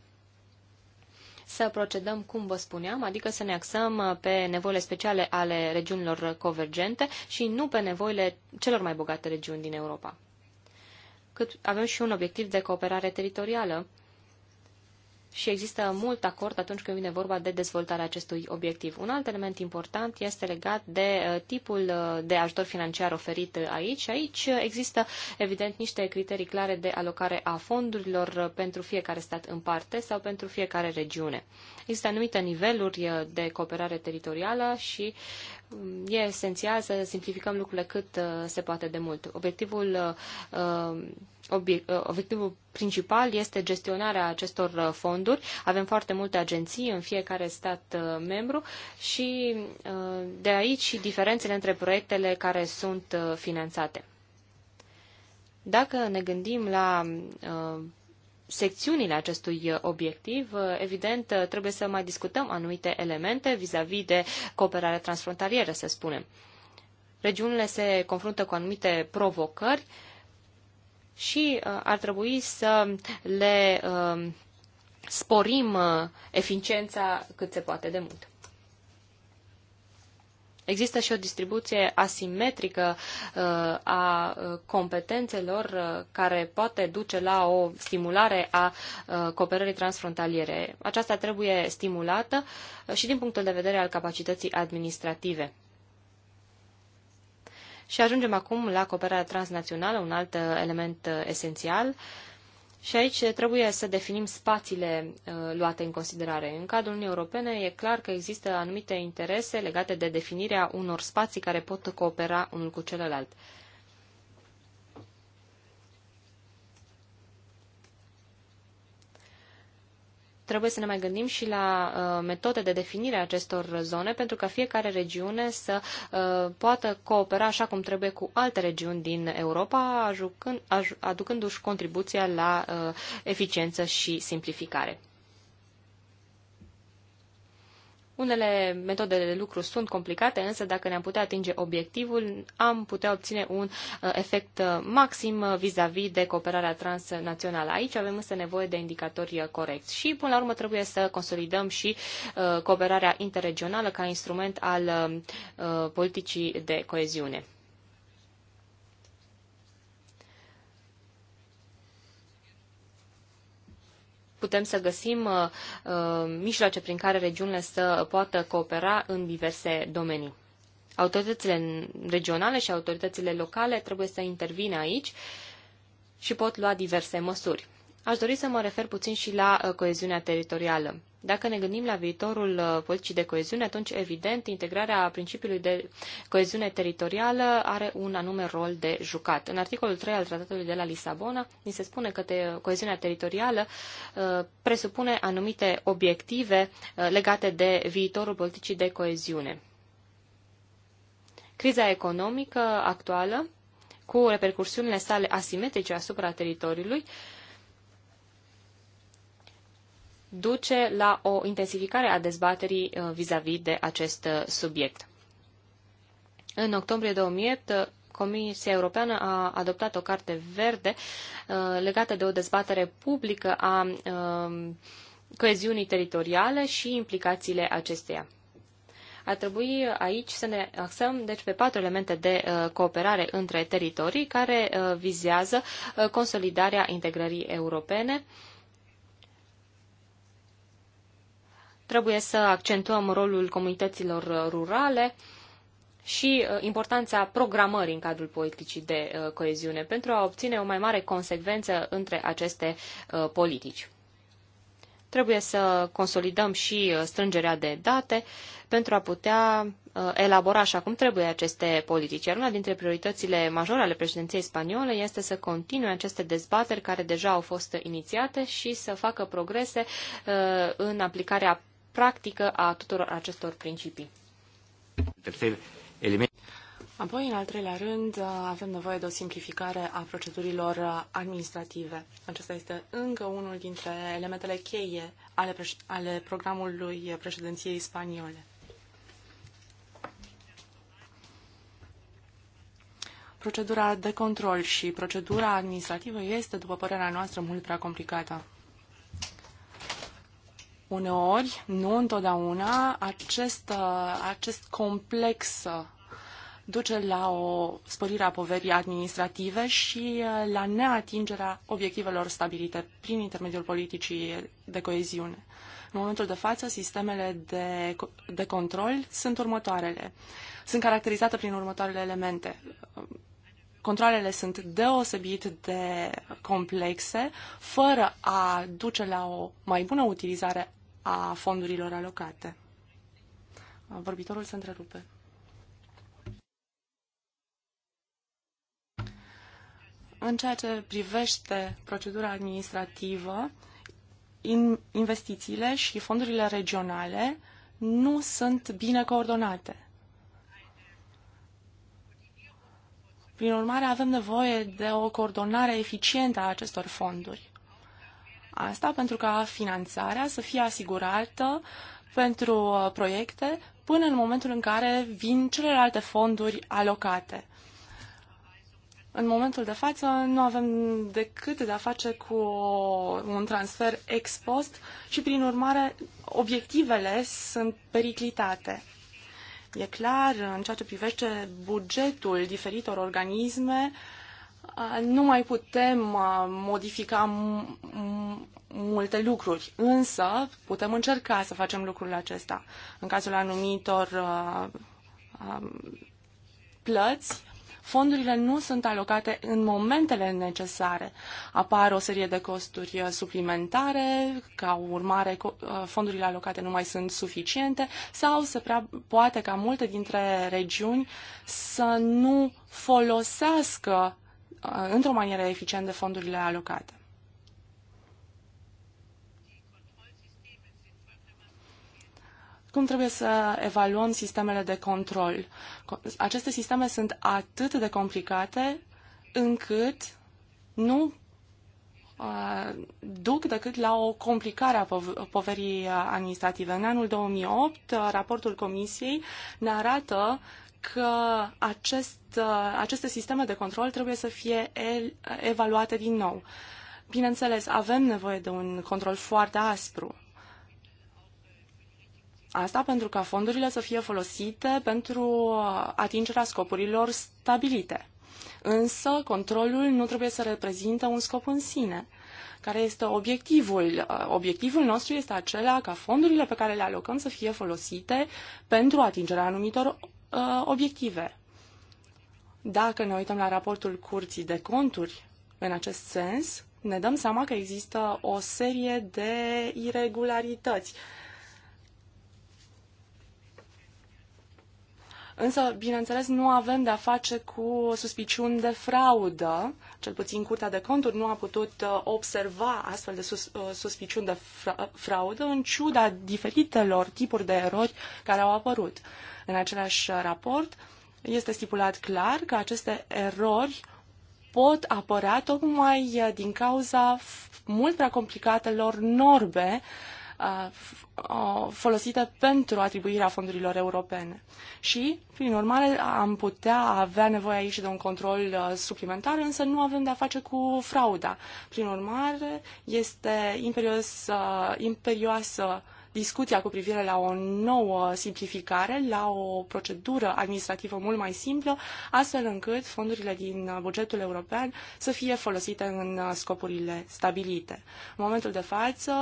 să procedăm cum vă spuneam, adică să ne axăm uh, pe nevoile speciale ale regiunilor convergente și nu pe nevoile celor mai bogate regiuni din Europa. Cât avem și un obiectiv de cooperare teritorială și există mult acord atunci când vine vorba de dezvoltarea acestui obiectiv. Un alt element important este legat de uh, tipul uh, de ajutor financiar oferit uh, aici. aici există, evident, niște criterii clare de alocare a fondurilor pentru fiecare stat în parte sau pentru fiecare regiune. Există anumite niveluri de cooperare teritorială și um, e esențial să simplificăm lucrurile cât se poate de mult. Obiectivul Uh, obiectivul principal este gestionarea acestor uh, fonduri. Avem foarte multe agenții în fiecare stat uh, membru și de aici și diferențele între proiectele care sunt finanțate. Dacă ne gândim la secțiunile acestui obiectiv, evident, trebuie să mai discutăm anumite elemente vis-a-vis -vis de cooperare transfrontalieră, să spunem. Regiunile se confruntă cu anumite provocări și uh, ar trebui să le uh, sporim uh, eficiența cât se poate de mult. Există și o distribuție asimetrică a competențelor care poate duce la o stimulare a cooperării transfrontaliere. Aceasta trebuie stimulată și din punctul de vedere al capacității administrative. Și ajungem acum la cooperarea transnațională, un alt uh, element uh, esențial. Și aici trebuie să definim spațiile uh, luate în considerare. În cadrul Uniunii Europene e clar că există anumite interese legate de definirea unor spații care pot coopera unul cu celălalt. trebuie să ne mai gândim și la uh, metode de definire a acestor zone, pentru ca fiecare regiune să uh, poată coopera așa cum trebuie cu alte regiuni din Europa, aducându-și contribuția la uh, eficiență și simplificare. Unele metode de lucru sunt complicate, însă dacă ne-am putea atinge obiectivul, am putea obține un uh, efect uh, maxim uh, vis-a-vis -vis de cooperarea transnațională. Aici avem însă nevoie de indicatori corecți și, până la urmă, trebuie să consolidăm și cooperarea interregională ca instrument al politicii de coeziune. putem să găsim uh, uh, mijloace prin care regiunile să poată coopera în diverse domenii. Autoritățile regionale și autoritățile locale trebuie să intervină aici și pot lua diverse măsuri. Aș dori să mă refer puțin și la uh, coeziunea teritorială. Dacă ne gândim la viitorul uh, politicii de coeziune, atunci, evident, integrarea principiului de coeziune teritorială are un anume rol de jucat. În articolul 3 al Tratatului de la Lisabona, ni se spune că te, coeziunea teritorială uh, presupune anumite obiective uh, legate de viitorul politicii de coeziune. Criza economică actuală, cu repercursiunile sale asimetrice asupra teritoriului, uh, duce la o intensificare a dezbaterii uh, vis-a-vis -vis de acest uh, subiect. În octombrie 2008, uh, Comisia Europeană a adoptat o carte verde legată de o dezbatere publică a um, coeziunii teritoriale și implicațiile acesteia. Ar trebui aici să ne axăm deci, pe patru elemente de cooperare între teritorii care vizează consolidarea integrării europene, Trebuie să accentuăm rolul comunităților uh, rurale și uh, importanța programării în cadrul politicii de uh, coeziune pentru a obține o mai mare consecvență între aceste politici trebuie să consolidăm și strângerea de date pentru a putea elabora așa cum trebuie aceste politici. Iar una dintre prioritățile majore ale președinției spaniole este să continue aceste dezbateri care deja au fost inițiate și să facă progrese în aplicarea practică a tuturor acestor principii. Apoi, în al treilea rând, avem nevoie de o simplificare a procedurilor administrative. Acesta este încă unul dintre elementele cheie ale, preș- ale programului președinției spaniole. Procedura de control și procedura administrativă este, după părerea noastră, mult prea complicată. Uneori, nu întotdeauna, acest, uh, acest complex uh, duce la o spărire a poverii administrative și uh, la neatingerea obiectivelor stabilite prin intermediul politicii de coeziune. În momentul de față, sistemele de, de control sunt următoarele. Sunt caracterizate prin următoarele elemente. Controlele sunt deosebit de complexe, fără a duce la o mai bună utilizare a fondurilor alocate. Vorbitorul se întrerupe. În ceea ce privește procedura administrativă, investițiile și fondurile regionale nu sunt bine coordonate. Prin urmare, avem nevoie de o coordonare eficientă a acestor fonduri. Asta pentru ca finanțarea să fie asigurată pentru uh, proiecte până în momentul în care vin celelalte fonduri alocate. În momentul de față nu avem decât de a face cu un transfer ex post și prin urmare obiectivele sunt periclitate. E clar, în ceea ce privește bugetul diferitor organisme, nu mai putem uh, modifica multe lucruri, însă putem încerca să facem lucrul acesta. În cazul anumitor uh, uh, plăți, fondurile nu sunt alocate în momentele necesare. Apar o serie de costuri uh, suplimentare, ca urmare uh, fondurile alocate nu mai sunt suficiente sau se prea poate ca multe dintre regiuni să nu folosească uh, într-o manieră eficientă fondurile alocate. Cum trebuie să evaluăm sistemele de control. Aceste sisteme sunt atât de complicate încât nu uh, duc decât la o complicare a poverii uh, administrative. În anul 2008, uh, raportul Comisiei ne arată că acest, aceste sisteme de control trebuie să fie evaluate din nou. Bineînțeles, avem nevoie de un control foarte aspru. Asta pentru ca fondurile să fie folosite pentru atingerea scopurilor stabilite. Însă, controlul nu trebuie să reprezinte un scop în sine. Care este obiectivul? Obiectivul nostru este acela ca fondurile pe care le alocăm să fie folosite pentru atingerea anumitor uh, obiective. Dacă ne uităm la raportul Curții de Conturi în acest sens, ne dăm seama că există o serie de irregularități. Uh, Însă, bineînțeles, nu avem de-a face cu suspiciuni de fraudă. Cel puțin Curtea de Conturi nu a putut uh, observa astfel de sus, uh, suspiciuni de fra- uh, fraudă în ciuda diferitelor tipuri de erori care au apărut. În același raport este stipulat clar că aceste erori pot apărea tocmai din cauza mult prea complicatelor norme Uh, folosite pentru atribuirea fondurilor europene. Și, prin urmare, am putea avea nevoie aici de un control uh, suplimentar, însă nu avem de-a face cu frauda. Prin urmare, este imperios, imperioasă uh, discuția cu privire la o nouă simplificare, la o procedură administrativă mult mai simplă, astfel încât fondurile din bugetul european să fie folosite în scopurile stabilite. În momentul de față,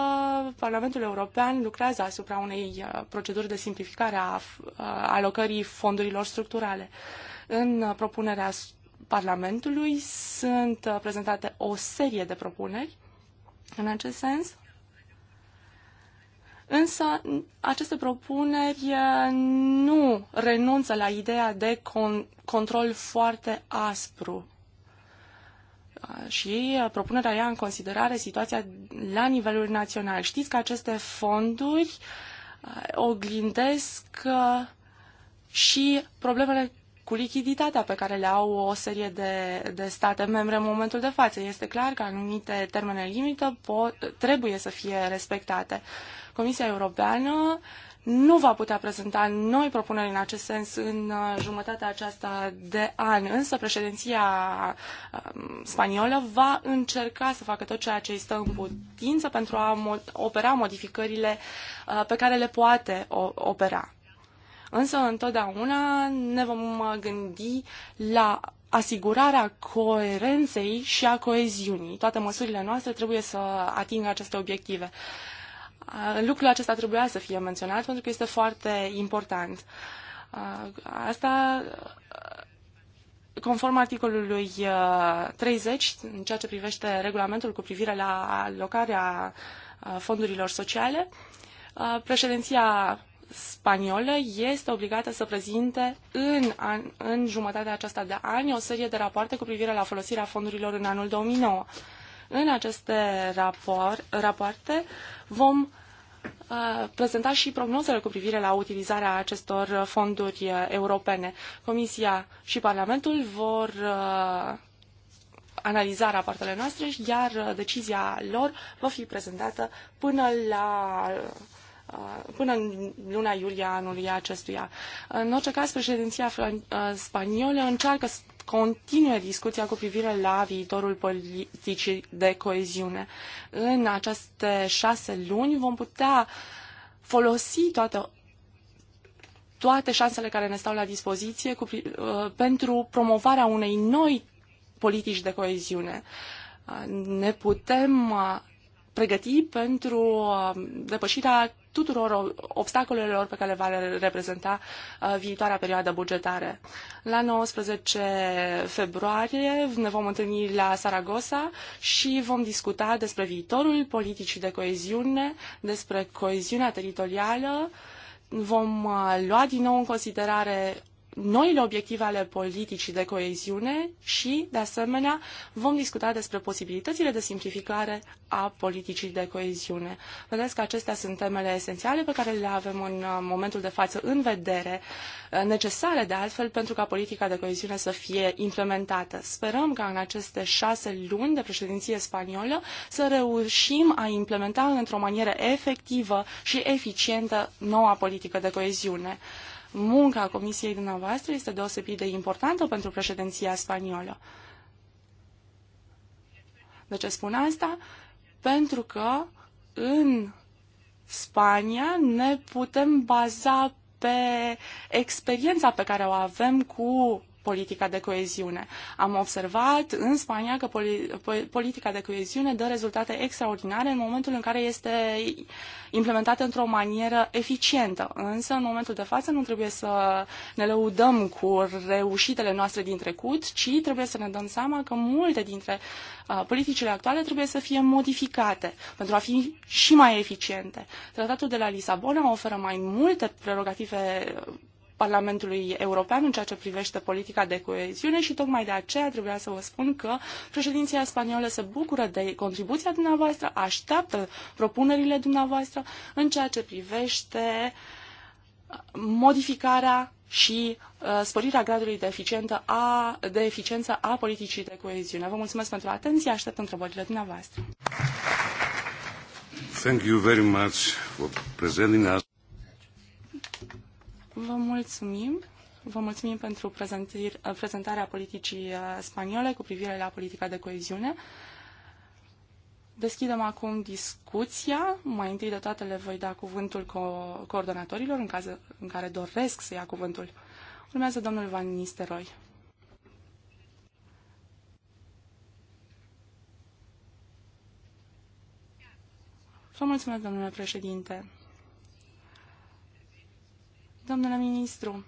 Parlamentul European lucrează asupra unei uh, proceduri de simplificare a uh, alocării fondurilor structurale. În propunerea Parlamentului sunt uh, prezentate o serie de propuneri în acest sens Însă, aceste propuneri eh, nu renunță la ideea de con- control foarte aspru eh, și eh, propunerea ia în considerare situația la nivelul național. Știți că aceste fonduri oglindesc și problemele cu lichiditatea pe care le au o serie de, de state membre în momentul de față. Este clar că anumite termene limită pot, trebuie să fie respectate. Uh, Comisia Europeană nu va putea prezenta noi propuneri în acest sens în uh, jumătatea aceasta de an, însă președinția um, spaniolă va încerca să facă tot ceea ce îi stă în putință pentru a opera modificările uh, pe care le poate opera. Însă întotdeauna ne vom uh, gândi la asigurarea coerenței și a coeziunii. Toate măsurile noastre trebuie să atingă aceste obiective. Lucrul acesta trebuia să fie menționat pentru că este foarte important. Asta conform articolului 30, în ceea ce privește regulamentul cu privire la alocarea fondurilor sociale, președinția spaniolă este obligată să prezinte în, an, în jumătatea aceasta de ani o serie de rapoarte cu privire la folosirea fondurilor în anul 2009. În aceste rapoarte vom uh, prezenta și prognozele cu privire la utilizarea acestor fonduri uh, europene. Comisia și Parlamentul vor uh, analiza rapoartele noastre, iar decizia lor va fi prezentată până la până în luna iulie anului acestuia. În orice caz, președinția spaniolă încearcă continue discuția cu privire la viitorul politicii de coeziune. În aceste șase luni vom putea folosi toate toate șansele care ne stau la dispoziție cu, uh, pentru promovarea unei noi politici de coeziune. Uh, ne putem uh, pregăti pentru depășirea tuturor obstacolelor pe care le va reprezenta uh, viitoarea perioadă bugetare. La 19 februarie ne vom întâlni la Saragossa și vom discuta despre viitorul politicii de coeziune, despre coeziunea teritorială, vom uh, lua din nou în considerare noile obiective ale politicii de coeziune și, de asemenea, vom discuta despre posibilitățile de simplificare a politicii de coeziune. Vedeți că acestea sunt temele esențiale pe care le avem în uh, momentul de față în vedere, uh, necesare de altfel pentru ca politica de coeziune să fie implementată. Sperăm ca în aceste șase luni de președinție spaniolă să reușim a implementa într-o manieră efectivă și eficientă noua politică de coeziune munca comisiei dumneavoastră este deosebit de importantă pentru președinția spaniolă. De ce spun asta? Pentru că în Spania ne putem baza pe experiența pe care o avem cu politica de coeziune. Am observat în Spania că politica de coeziune dă rezultate extraordinare în momentul în care este implementată într-o manieră eficientă. Însă, în momentul de față, nu trebuie să ne lăudăm cu reușitele noastre din trecut, ci trebuie să ne dăm seama că multe dintre uh, politicile actuale trebuie să fie modificate pentru a fi și mai eficiente. Tratatul de la Lisabona oferă mai multe prerogative Parlamentului European în ceea ce privește politica de coeziune și tocmai de aceea trebuia să vă spun că președinția spaniolă se bucură de contribuția dumneavoastră, așteaptă propunerile dumneavoastră în ceea ce privește uh, modificarea și uh, sporirea gradului de, eficientă a, de eficiență a politicii de coeziune. Vă mulțumesc pentru atenție, aștept întrebările dumneavoastră. Thank you very much for presenting us. Vă mulțumim. Vă mulțumim pentru prezentarea politicii uh, spaniole cu privire la politica de coeziune. Deschidem acum discuția. Mai întâi de toate le voi da cuvântul co- coordonatorilor în, caz, în care doresc să ia cuvântul. Urmează domnul Van Nisteroi. Vă mulțumesc, domnule președinte. Domnule ministru,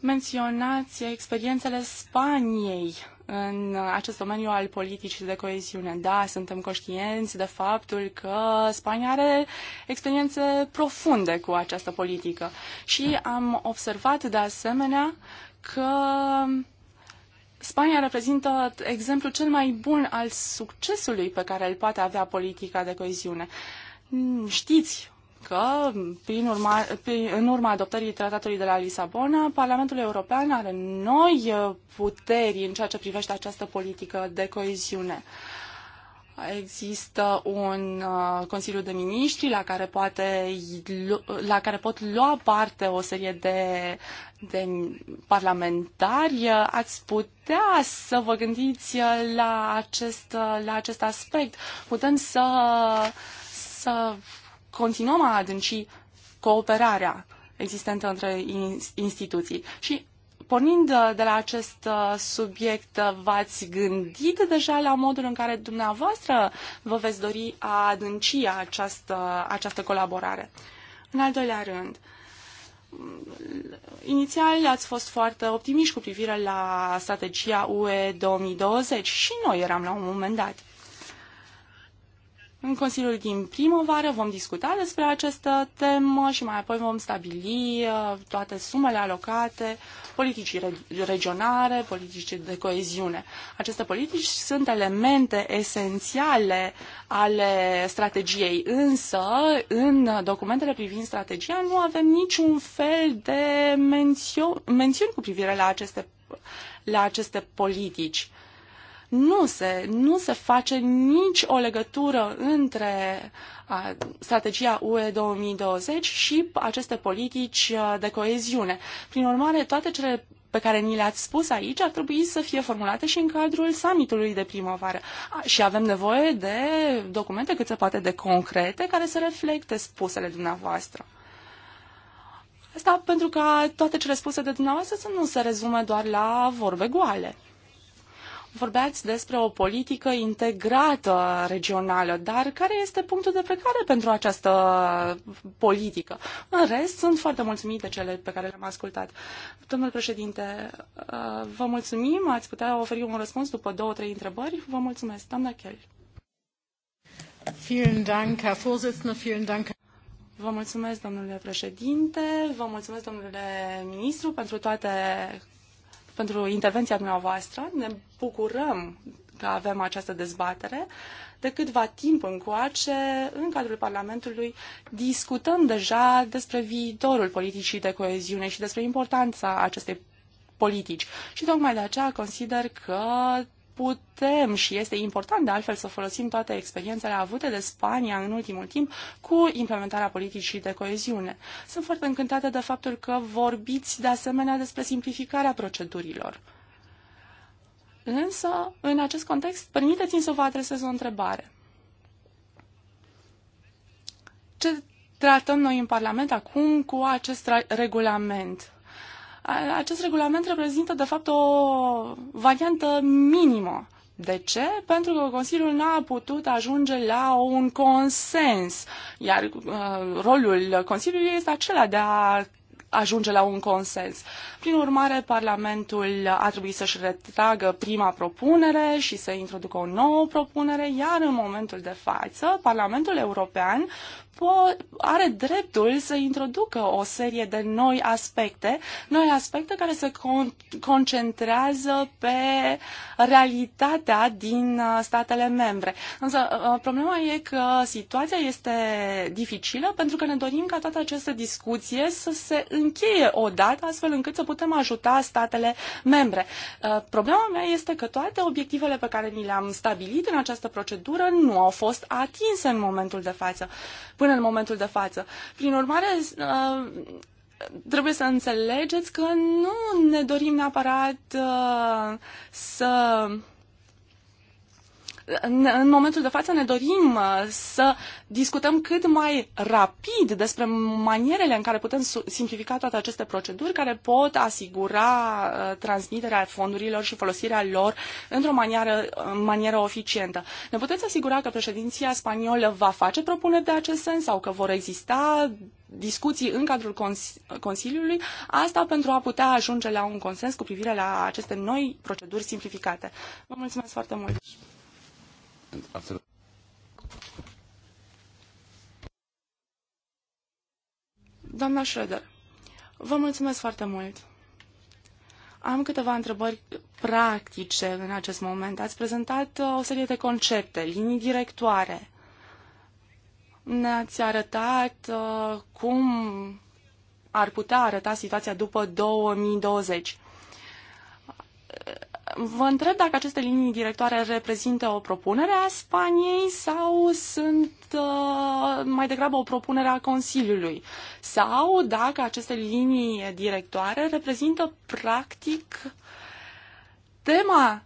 menționați experiențele Spaniei în acest domeniu al politicii de coeziune. Da, suntem conștienți de faptul că Spania are experiențe profunde cu această politică și am observat de asemenea că Spania reprezintă exemplul cel mai bun al succesului pe care îl poate avea politica de coeziune. Știți că, prin urma, prin, în urma adoptării tratatului de la Lisabona, Parlamentul European are noi uh, puteri în ceea ce privește această politică de coeziune. Există un uh, Consiliu de Ministri la care, poate, la care pot lua parte o serie de, de parlamentari. Ați putea să vă gândiți uh, la acest, la acest aspect. Putem să, să continuăm a adânci cooperarea existentă între instituții. Și pornind uh, de la acest uh, subiect, uh, v-ați gândit deja la modul în care dumneavoastră vă veți dori a adânci această, această colaborare? În al doilea rând, mm, inițial ați fost foarte optimiști cu privire la strategia UE 2020 și noi eram la un moment dat. În Consiliul din primăvară vom discuta despre această temă și mai apoi vom stabili uh, toate sumele alocate politicii regionale, politicii de coeziune. Aceste politici sunt elemente esențiale ale strategiei, însă în documentele privind strategia nu avem niciun fel de mențiuni cu privire la aceste, la aceste politici nu se, nu se face nici o legătură între a, strategia UE 2020 și aceste politici de coeziune. Prin urmare, toate cele pe care ni le-ați spus aici ar trebui să fie formulate și în cadrul summitului de primăvară. Și avem nevoie de documente cât se poate de concrete care să reflecte spusele dumneavoastră. Asta pentru că toate cele spuse de dumneavoastră să nu se rezume doar la vorbe goale. Vorbeați despre o politică integrată regională, dar care este punctul de plecare pentru această politică? În rest, sunt foarte mulțumit de cele pe care le-am ascultat. Domnul președinte, uh, vă mulțumim, ați putea oferi un răspuns după două, trei întrebări. Vă mulțumesc, doamna Kelly. Vă mulțumesc, domnule președinte, vă mulțumesc, domnule ministru, pentru toate pentru intervenția dumneavoastră. Ne bucurăm că avem această dezbatere. De câtva timp încoace, în cadrul Parlamentului, discutăm deja despre viitorul politicii de coeziune și despre importanța acestei politici. Și tocmai de aceea consider că putem și este important de altfel să folosim toate experiențele avute de Spania în ultimul timp cu implementarea politicii de coeziune. Sunt foarte încântată de faptul că vorbiți de asemenea despre simplificarea procedurilor. Însă, în acest context, permiteți-mi să vă adresez o întrebare. Ce tratăm noi în Parlament acum cu acest regulament? Acest regulament reprezintă, de fapt, o variantă minimă. De ce? Pentru că Consiliul n-a putut ajunge la un consens, iar uh, rolul Consiliului este acela de a ajunge la un consens. Prin urmare, Parlamentul a trebuit să-și retragă prima propunere și să introducă o nouă propunere, iar în momentul de față, Parlamentul European are dreptul să introducă o serie de noi aspecte, noi aspecte care se con- concentrează pe realitatea din uh, statele membre. Însă uh, problema e că situația este dificilă pentru că ne dorim ca toată această discuție să se încheie odată, astfel încât să putem ajuta statele membre. Uh, problema mea este că toate obiectivele pe care ni le-am stabilit în această procedură nu au fost atinse în momentul de față. Până până în momentul de față. Prin urmare, uh, trebuie să înțelegeți că nu ne dorim neapărat uh, să în momentul de față ne dorim uh, să discutăm cât mai rapid despre manierele în care putem simplifica toate aceste proceduri care pot asigura uh, transmiterea fondurilor și folosirea lor într-o manieră, uh, manieră eficientă. Ne puteți asigura că președinția spaniolă va face propuneri de acest sens sau că vor exista discuții în cadrul cons- Consiliului, asta pentru a putea ajunge la un consens cu privire la aceste noi proceduri simplificate. Vă mulțumesc foarte mult! Absolut. Doamna Schroeder, vă mulțumesc foarte mult. Am câteva întrebări practice în acest moment. Ați prezentat uh, o serie de concepte, linii directoare. Ne-ați arătat uh, cum ar putea arăta situația după 2020 Vă întreb dacă aceste linii directoare reprezintă o propunere a Spaniei sau sunt uh, mai degrabă o propunere a Consiliului sau dacă aceste linii directoare reprezintă practic tema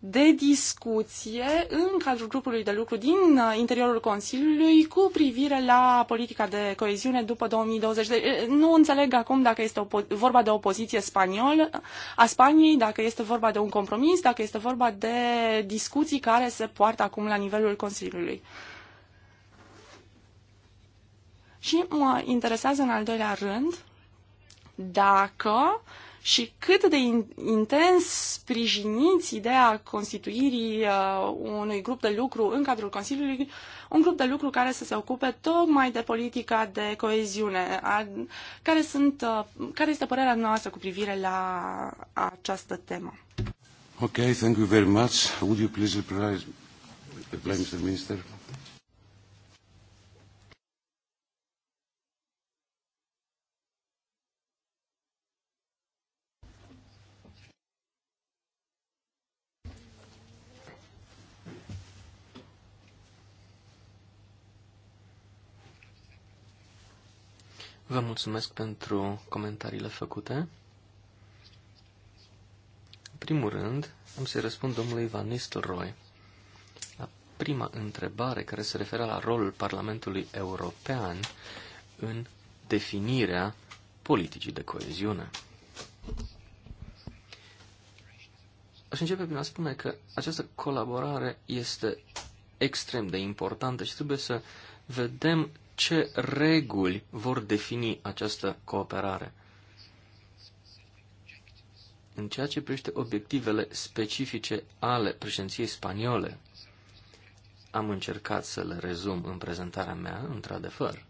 de discuție în cadrul grupului de lucru din uh, interiorul Consiliului cu privire la politica de coeziune după 2020. De, deci, eh, nu înțeleg acum dacă este vorba de o poziție spaniolă a Spaniei, dacă este vorba de un compromis, dacă este vorba de discuții care se poartă acum la nivelul Consiliului. Și mă interesează în al doilea rând dacă uh, și cât de intens sprijiniți ideea constituirii uh, unui grup de lucru în cadrul Consiliului, un grup de lucru care să se ocupe tocmai de politica de coeziune. A, care, sunt, uh, care este părerea noastră cu privire la această temă? Ok, thank you very much. Would you please reply, reply Mr. Minister? Vă mulțumesc pentru comentariile făcute. În primul rând, am să-i răspund domnului Van Nistelrooy la prima întrebare care se referă la rolul Parlamentului European în definirea politicii de coeziune. Aș începe prin a spune că această colaborare este extrem de importantă și trebuie să vedem ce reguli vor defini această cooperare. În ceea ce privește obiectivele specifice ale președinției spaniole, am încercat să le rezum în prezentarea mea, într-adevăr.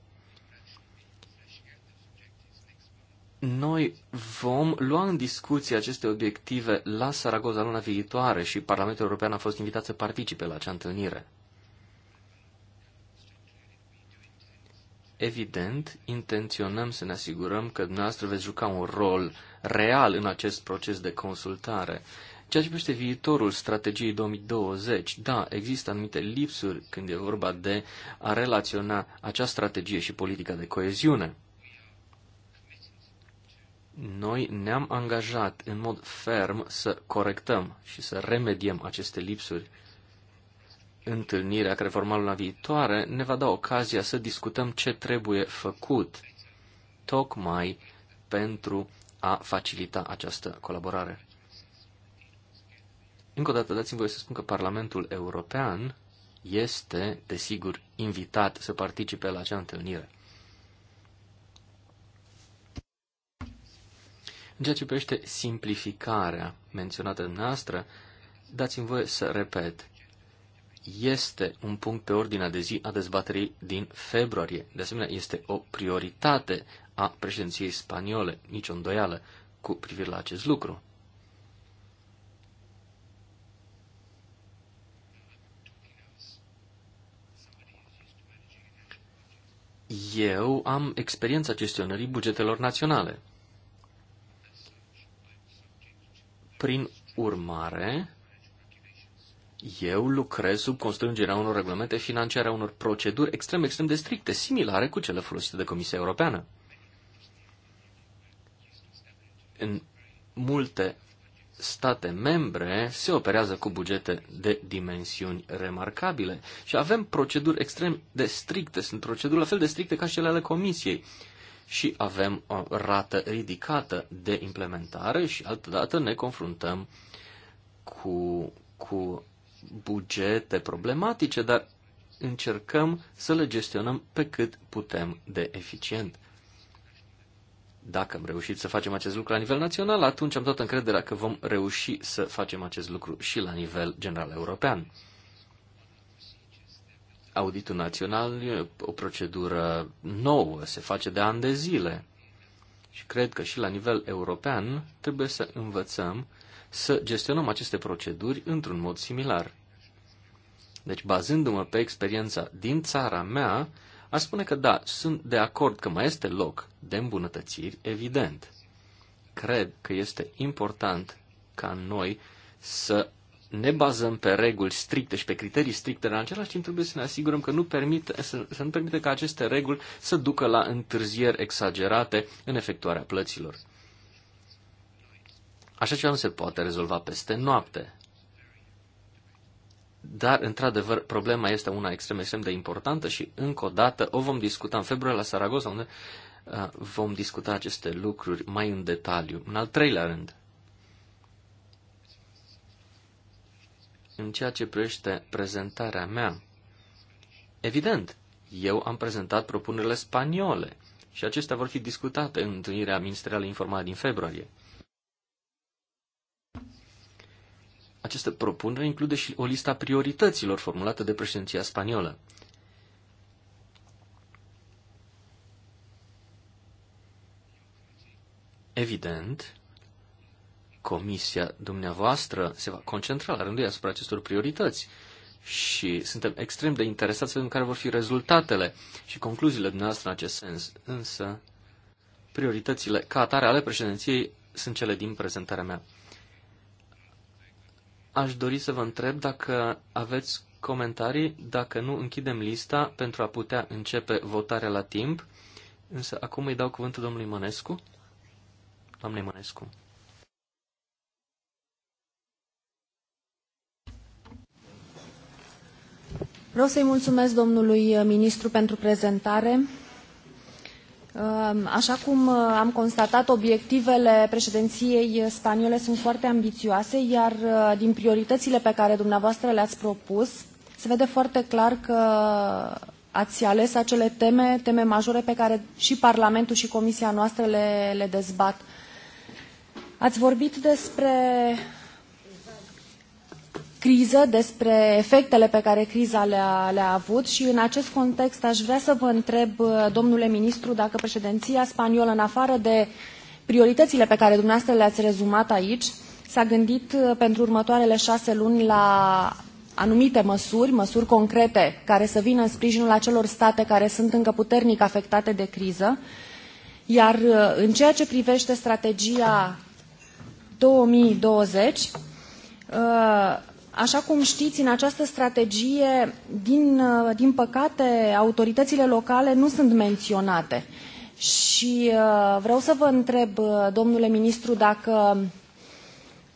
Noi vom lua în discuție aceste obiective la Saragoza luna viitoare și Parlamentul European a fost invitat să participe la acea întâlnire. evident, intenționăm să ne asigurăm că dumneavoastră veți juca un rol real în acest proces de consultare. Ceea ce privește viitorul strategiei 2020, da, există anumite lipsuri când e vorba de a relaționa acea strategie și politica de coeziune. Noi ne-am angajat în mod ferm să corectăm și să remediem aceste lipsuri întâlnirea care vom luna viitoare ne va da ocazia să discutăm ce trebuie făcut tocmai pentru a facilita această colaborare. Încă o dată dați-mi voie să spun că Parlamentul European este, desigur, invitat să participe la acea întâlnire. În ceea ce privește simplificarea menționată dumneavoastră, dați-mi voie să repet este un punct pe ordinea de zi a dezbaterii din februarie. De asemenea, este o prioritate a președinției spaniole, nicio îndoială cu privire la acest lucru. Eu am experiența gestionării bugetelor naționale. Prin urmare, eu lucrez sub constrângerea unor regulamente financiare, a unor proceduri extrem, extrem de stricte, similare cu cele folosite de Comisia Europeană. În multe state membre se operează cu bugete de dimensiuni remarcabile și avem proceduri extrem de stricte, sunt proceduri la fel de stricte ca cele ale Comisiei și avem o rată ridicată de implementare și altădată ne confruntăm cu, cu bugete problematice, dar încercăm să le gestionăm pe cât putem de eficient. Dacă am reușit să facem acest lucru la nivel național, atunci am toată încrederea că vom reuși să facem acest lucru și la nivel general european. Auditul național e o procedură nouă, se face de ani de zile. Și cred că și la nivel european trebuie să învățăm să gestionăm aceste proceduri într-un mod similar. Deci, bazându-mă pe experiența din țara mea, aș spune că da, sunt de acord că mai este loc de îmbunătățiri, evident. Cred că este important ca noi să ne bazăm pe reguli stricte și pe criterii stricte, dar în același timp trebuie să ne asigurăm că nu permite, să, să nu permite ca aceste reguli să ducă la întârzieri exagerate în efectuarea plăților. Așa ceva nu se poate rezolva peste noapte. Dar, într-adevăr, problema este una extrem, extrem de importantă și, încă o dată, o vom discuta în februarie la Saragossa, unde uh, vom discuta aceste lucruri mai în detaliu. În al treilea rând, în ceea ce privește prezentarea mea, evident, eu am prezentat propunerile spaniole și acestea vor fi discutate în întâlnirea ministerială informată din februarie. Această propunere include și o listă a priorităților formulată de președinția spaniolă. Evident, comisia dumneavoastră se va concentra la rândul ei asupra acestor priorități și suntem extrem de interesați să vedem care vor fi rezultatele și concluziile dumneavoastră în acest sens. Însă, prioritățile ca atare ale președinției sunt cele din prezentarea mea aș dori să vă întreb dacă aveți comentarii, dacă nu închidem lista pentru a putea începe votarea la timp. Însă acum îi dau cuvântul domnului Mănescu. Doamnei Mănescu. Vreau să-i mulțumesc domnului ministru pentru prezentare. Așa cum uh, am constatat, obiectivele președinției spaniole sunt foarte ambițioase, iar uh, din prioritățile pe care dumneavoastră le-ați propus, se vede foarte clar că ați ales acele teme, teme majore pe care și Parlamentul și Comisia noastră le, le dezbat. Ați vorbit despre criză, despre efectele pe care criza le-a le avut și în acest context aș vrea să vă întreb, uh, domnule ministru, dacă președinția spaniolă, în afară de prioritățile pe care dumneavoastră le-ați rezumat aici, s-a gândit uh, pentru următoarele șase luni la anumite măsuri, măsuri concrete, care să vină în sprijinul acelor state care sunt încă puternic afectate de criză. Iar uh, în ceea ce privește strategia 2020, Așa cum știți, în această strategie, din, uh, din păcate, autoritățile locale nu sunt menționate. Și uh, vreau să vă întreb, uh, domnule ministru, dacă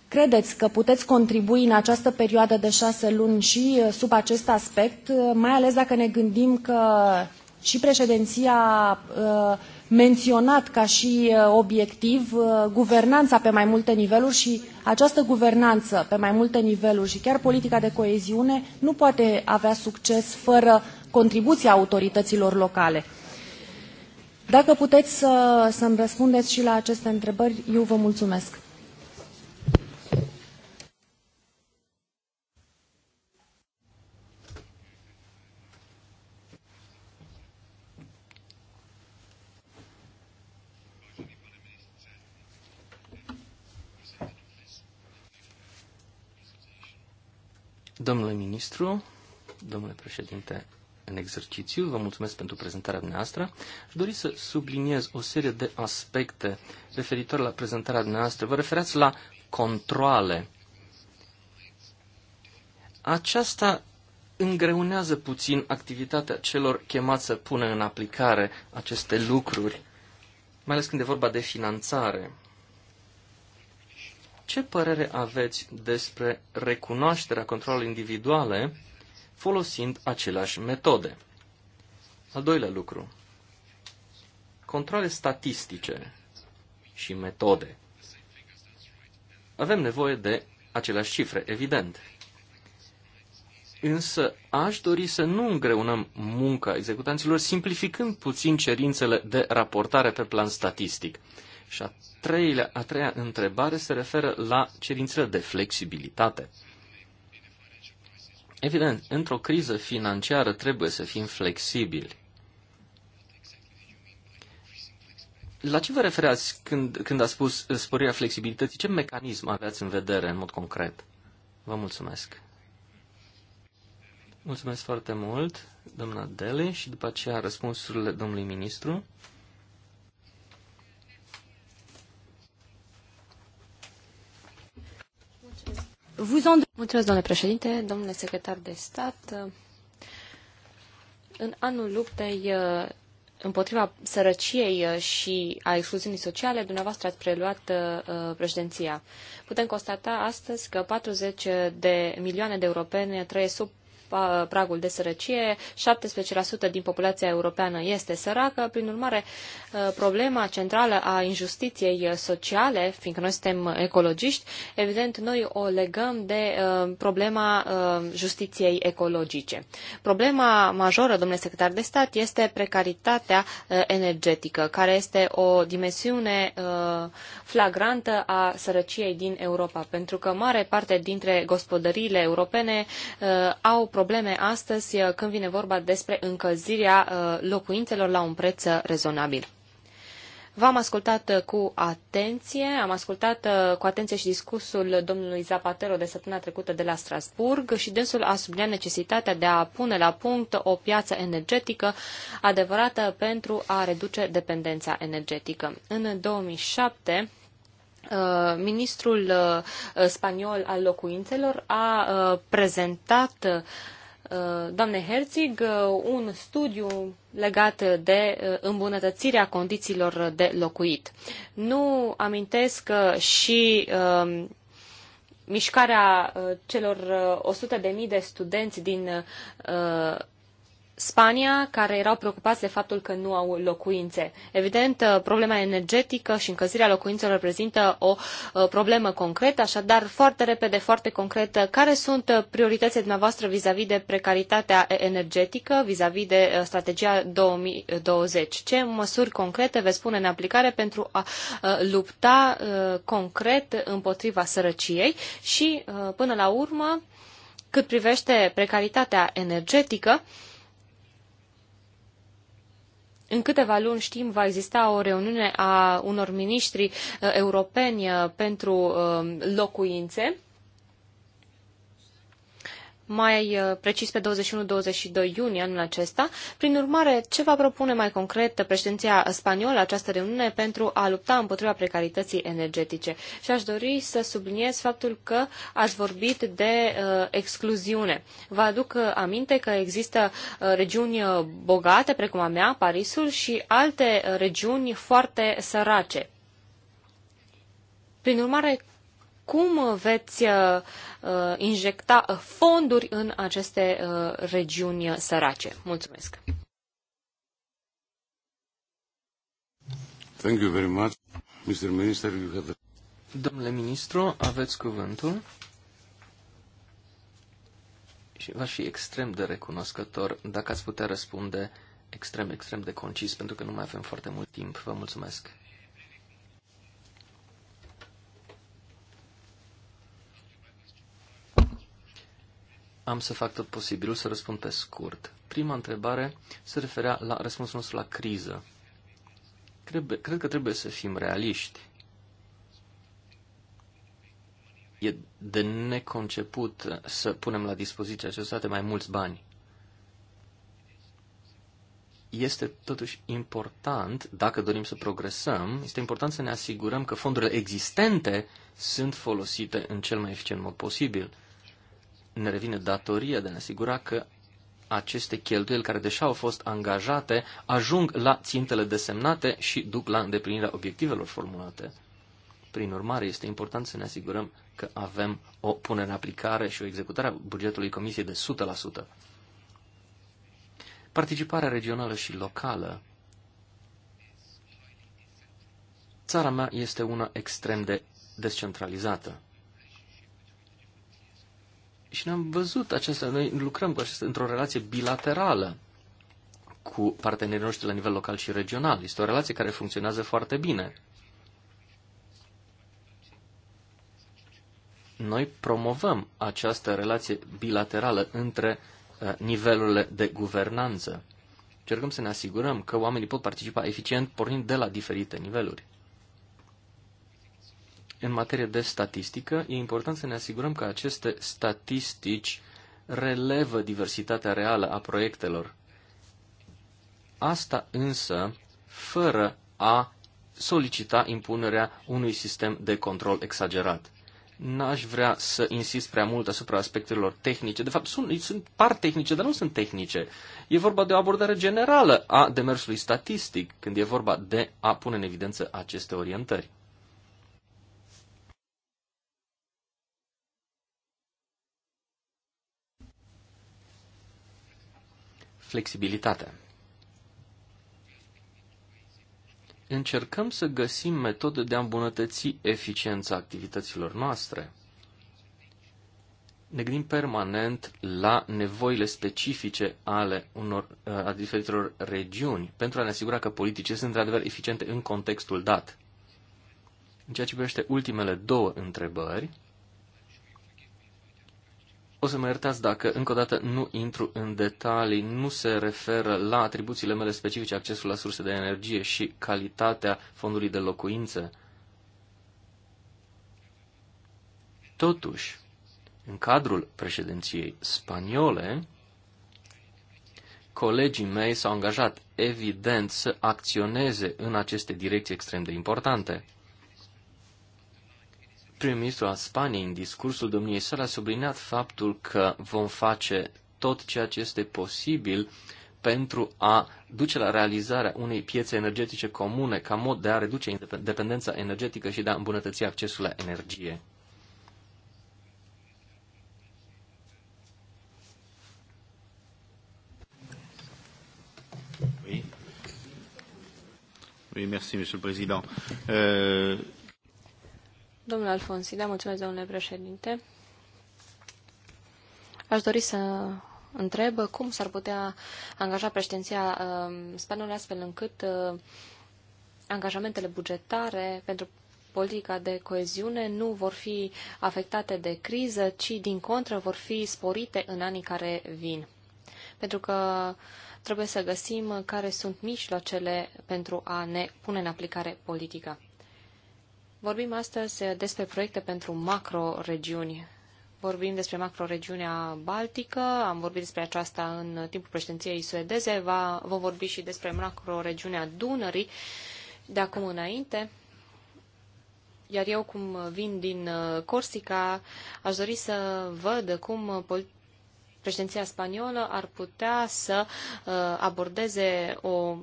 credeți că puteți contribui în această perioadă de șase luni și sub acest aspect, mai ales dacă ne gândim că și președinția uh, menționat ca și uh, obiectiv uh, guvernanța pe mai multe niveluri și această guvernanță pe mai multe niveluri și chiar politica de coeziune nu poate avea succes fără contribuția autorităților locale. Dacă puteți să, să-mi răspundeți și la aceste întrebări, eu vă mulțumesc. ministru, domnule președinte în exercițiu, vă mulțumesc pentru prezentarea dumneavoastră. Aș dori să subliniez o serie de aspecte referitor la prezentarea dumneavoastră. Vă referați la controle. Aceasta îngreunează puțin activitatea celor chemați să pună în aplicare aceste lucruri, mai ales când e vorba de finanțare. Ce părere aveți despre recunoașterea controlului individuale folosind aceleași metode? Al doilea lucru. Controle statistice și metode. Avem nevoie de aceleași cifre, evident. Însă aș dori să nu îngreunăm munca executanților simplificând puțin cerințele de raportare pe plan statistic. Și a, treilea, a treia întrebare se referă la cerințele de flexibilitate. Evident, într-o criză financiară trebuie să fim flexibili. La ce vă refereați când, când a spus sporirea flexibilității? Ce mecanism aveați în vedere în mod concret? Vă mulțumesc. Mulțumesc foarte mult, doamna Dele, și după aceea răspunsurile domnului ministru. Vous en... Mulțumesc, domnule președinte, domnule secretar de stat. În anul luptei uh, împotriva sărăciei uh, și a excluziunii sociale, dumneavoastră ați preluat uh, președinția. Putem constata astăzi că 40 de milioane de europeni trăiesc sub pragul de sărăcie, 17% din populația europeană este săracă, prin urmare uh, problema centrală a injustiției sociale, fiindcă noi suntem ecologiști, evident noi o legăm de uh, problema uh, justiției ecologice. Problema majoră, domnule secretar de stat, este precaritatea energetică, care este o dimensiune flagrantă a sărăciei din Europa, pentru că mare parte dintre gospodăriile europene au probleme probleme astăzi uh, când vine vorba despre încălzirea uh, locuințelor la un preț uh, rezonabil. V-am ascultat cu atenție, am ascultat cu atenție și discursul domnului Zapatero de săptămâna trecută de la Strasburg și dânsul a subliniat necesitatea de a pune la punct o piață energetică adevărată pentru a reduce dependența energetică. În 2007, Uh, ministrul uh, spaniol al locuințelor a uh, prezentat doamne Herzig un studiu legat de îmbunătățirea condițiilor de locuit. Nu amintesc și um, mișcarea celor 100.000 de studenți din Spania, care erau preocupați de faptul că nu au locuințe. Evident, uh, problema energetică și încălzirea locuințelor reprezintă o uh, problemă concretă, așadar, foarte repede, foarte concret, care sunt uh, prioritățile dumneavoastră vis-a-vis -vis de precaritatea energetică, vis-a-vis -vis de strategia 2020? Ce măsuri concrete veți pune în aplicare pentru a lupta concret împotriva sărăciei și, până la urmă, cât privește precaritatea energetică, în câteva luni știm, va exista o reuniune a unor miniștri uh, europeni uh, pentru uh, locuințe mai uh, precis pe 21-22 iunie anul acesta. Prin urmare, ce va propune mai concret președinția spaniolă această reuniune pentru a lupta împotriva precarității energetice? Și aș dori să subliniez faptul că ați vorbit de uh, excluziune. Vă aduc uh, aminte că există uh, regiuni uh, bogate, precum a mea, Parisul, și alte regiuni foarte sărace. Prin urmare, cum veți uh, uh, injecta uh, fonduri în aceste regiuni sărace? Mulțumesc! Thank you very much. Mr. Minister, you have the... Domnule ministru, aveți cuvântul și v-aș fi extrem de recunoscător dacă ați putea răspunde extrem, extrem de concis, pentru că nu mai avem foarte mult timp. Vă mulțumesc. Am să fac tot posibilul să răspund pe scurt. Prima întrebare se referea la răspunsul nostru la criză. Crebe, cred că trebuie să fim realiști. E de neconceput să punem la dispoziție acestea de mai mulți bani. Este totuși important, dacă dorim să progresăm, este important să ne asigurăm că fondurile existente sunt folosite în cel mai eficient mod posibil ne revine datoria de a ne asigura că aceste cheltuieli care deja au fost angajate ajung la țintele desemnate și duc la îndeplinirea obiectivelor formulate. Prin urmare, este important să ne asigurăm că avem o punere în aplicare și o executare a bugetului Comisiei de 100%. Participarea regională și locală. Țara mea este una extrem de descentralizată. Și ne-am văzut acestea, noi lucrăm cu acestea într-o relație bilaterală cu partenerii noștri la nivel local și regional. Este o relație care funcționează foarte bine. Noi promovăm această relație bilaterală între uh, nivelurile de guvernanță. Cercăm să ne asigurăm că oamenii pot participa eficient pornind de la diferite niveluri în materie de statistică, e important să ne asigurăm că aceste statistici relevă diversitatea reală a proiectelor. Asta însă fără a solicita impunerea unui sistem de control exagerat. N-aș vrea să insist prea mult asupra aspectelor tehnice. De fapt, sunt, sunt par tehnice, dar nu sunt tehnice. E vorba de o abordare generală a demersului statistic, când e vorba de a pune în evidență aceste orientări. flexibilitate. Încercăm să găsim metode de a îmbunătăți eficiența activităților noastre. Ne gândim permanent la nevoile specifice ale unor, a diferitelor regiuni pentru a ne asigura că politicile sunt într-adevăr eficiente în contextul dat. În ceea ce privește ultimele două întrebări, o să mă iertați dacă încă o dată nu intru în detalii, nu se referă la atribuțiile mele specifice, accesul la surse de energie și calitatea fondului de locuințe. Totuși, în cadrul președinției spaniole, colegii mei s-au angajat, evident, să acționeze în aceste direcții extrem de importante prim-ministru al Spaniei, în discursul domniei sale, a subliniat faptul că vom face tot ceea ce este posibil pentru a duce la realizarea unei piețe energetice comune ca mod de a reduce dependența energetică și de a îmbunătăți accesul la energie. Oui, merci, Monsieur le Président. Euh, Domnule Alfonsi, da, mulțumesc, domnule președinte. Aș dori să întreb cum s-ar putea angaja președinția uh, spaniolă astfel încât uh, angajamentele bugetare pentru politica de coeziune nu vor fi afectate de criză, ci din contră vor fi sporite în anii care vin. Pentru că trebuie să găsim care sunt mijloacele pentru a ne pune în aplicare politica. Vorbim astăzi despre proiecte pentru macroregiuni. Vorbim despre macroregiunea Baltică, am vorbit despre aceasta în timpul președinției suedeze, va, vom vorbi și despre macroregiunea Dunării de acum înainte. Iar eu, cum vin din uh, Corsica, aș dori să văd cum președinția spaniolă ar putea să uh, abordeze o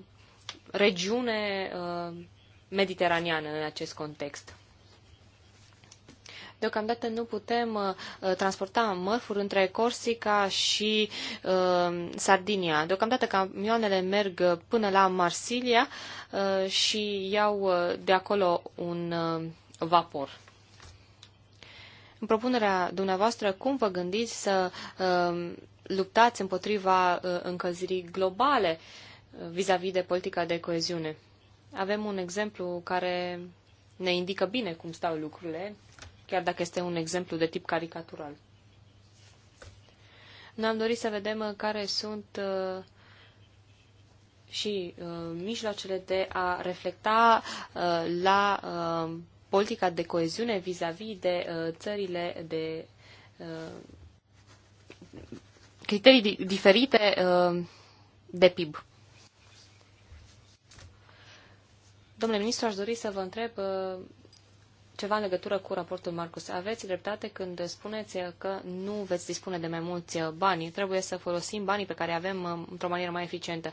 regiune uh, mediteraneană în acest context. Deocamdată nu putem uh, uh, transporta mărfuri între Corsica și uh, Sardinia. Deocamdată camioanele merg până la Marsilia uh, și iau uh, de acolo un uh, vapor. În propunerea dumneavoastră, cum vă gândiți să uh, luptați împotriva uh, încălzirii globale uh, vis-a-vis -vis de politica de coeziune? Avem un exemplu care ne indică bine cum stau lucrurile, chiar dacă este un exemplu de tip caricatural. Ne-am dorit să vedem uh, care sunt uh, și uh, mijloacele de a reflecta la politica de coeziune vis-a-vis -vis de țările de criterii diferite de PIB. Domnule ministru, aș dori să vă întreb uh, ceva în legătură cu raportul Marcus. Aveți dreptate când spuneți că nu veți dispune de mai mulți uh, bani. Trebuie să folosim banii pe care avem uh, într-o manieră mai eficientă.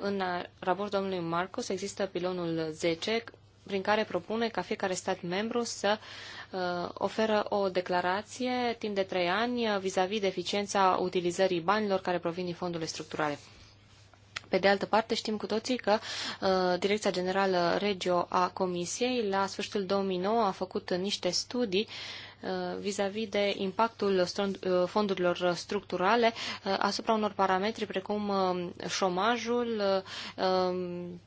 În raportul domnului Marcus există pilonul 10 prin care propune ca fiecare stat membru să oferă o declarație timp de trei ani vis-a-vis -vis de eficiența utilizării banilor care provin din fondurile structurale. Pe de altă parte, știm cu toții că uh, Direcția Generală Regio a Comisiei la sfârșitul 2009 a făcut niște studii uh, vis-a-vis -vis de impactul uh, fondurilor structurale uh, asupra unor parametri precum șomajul, um,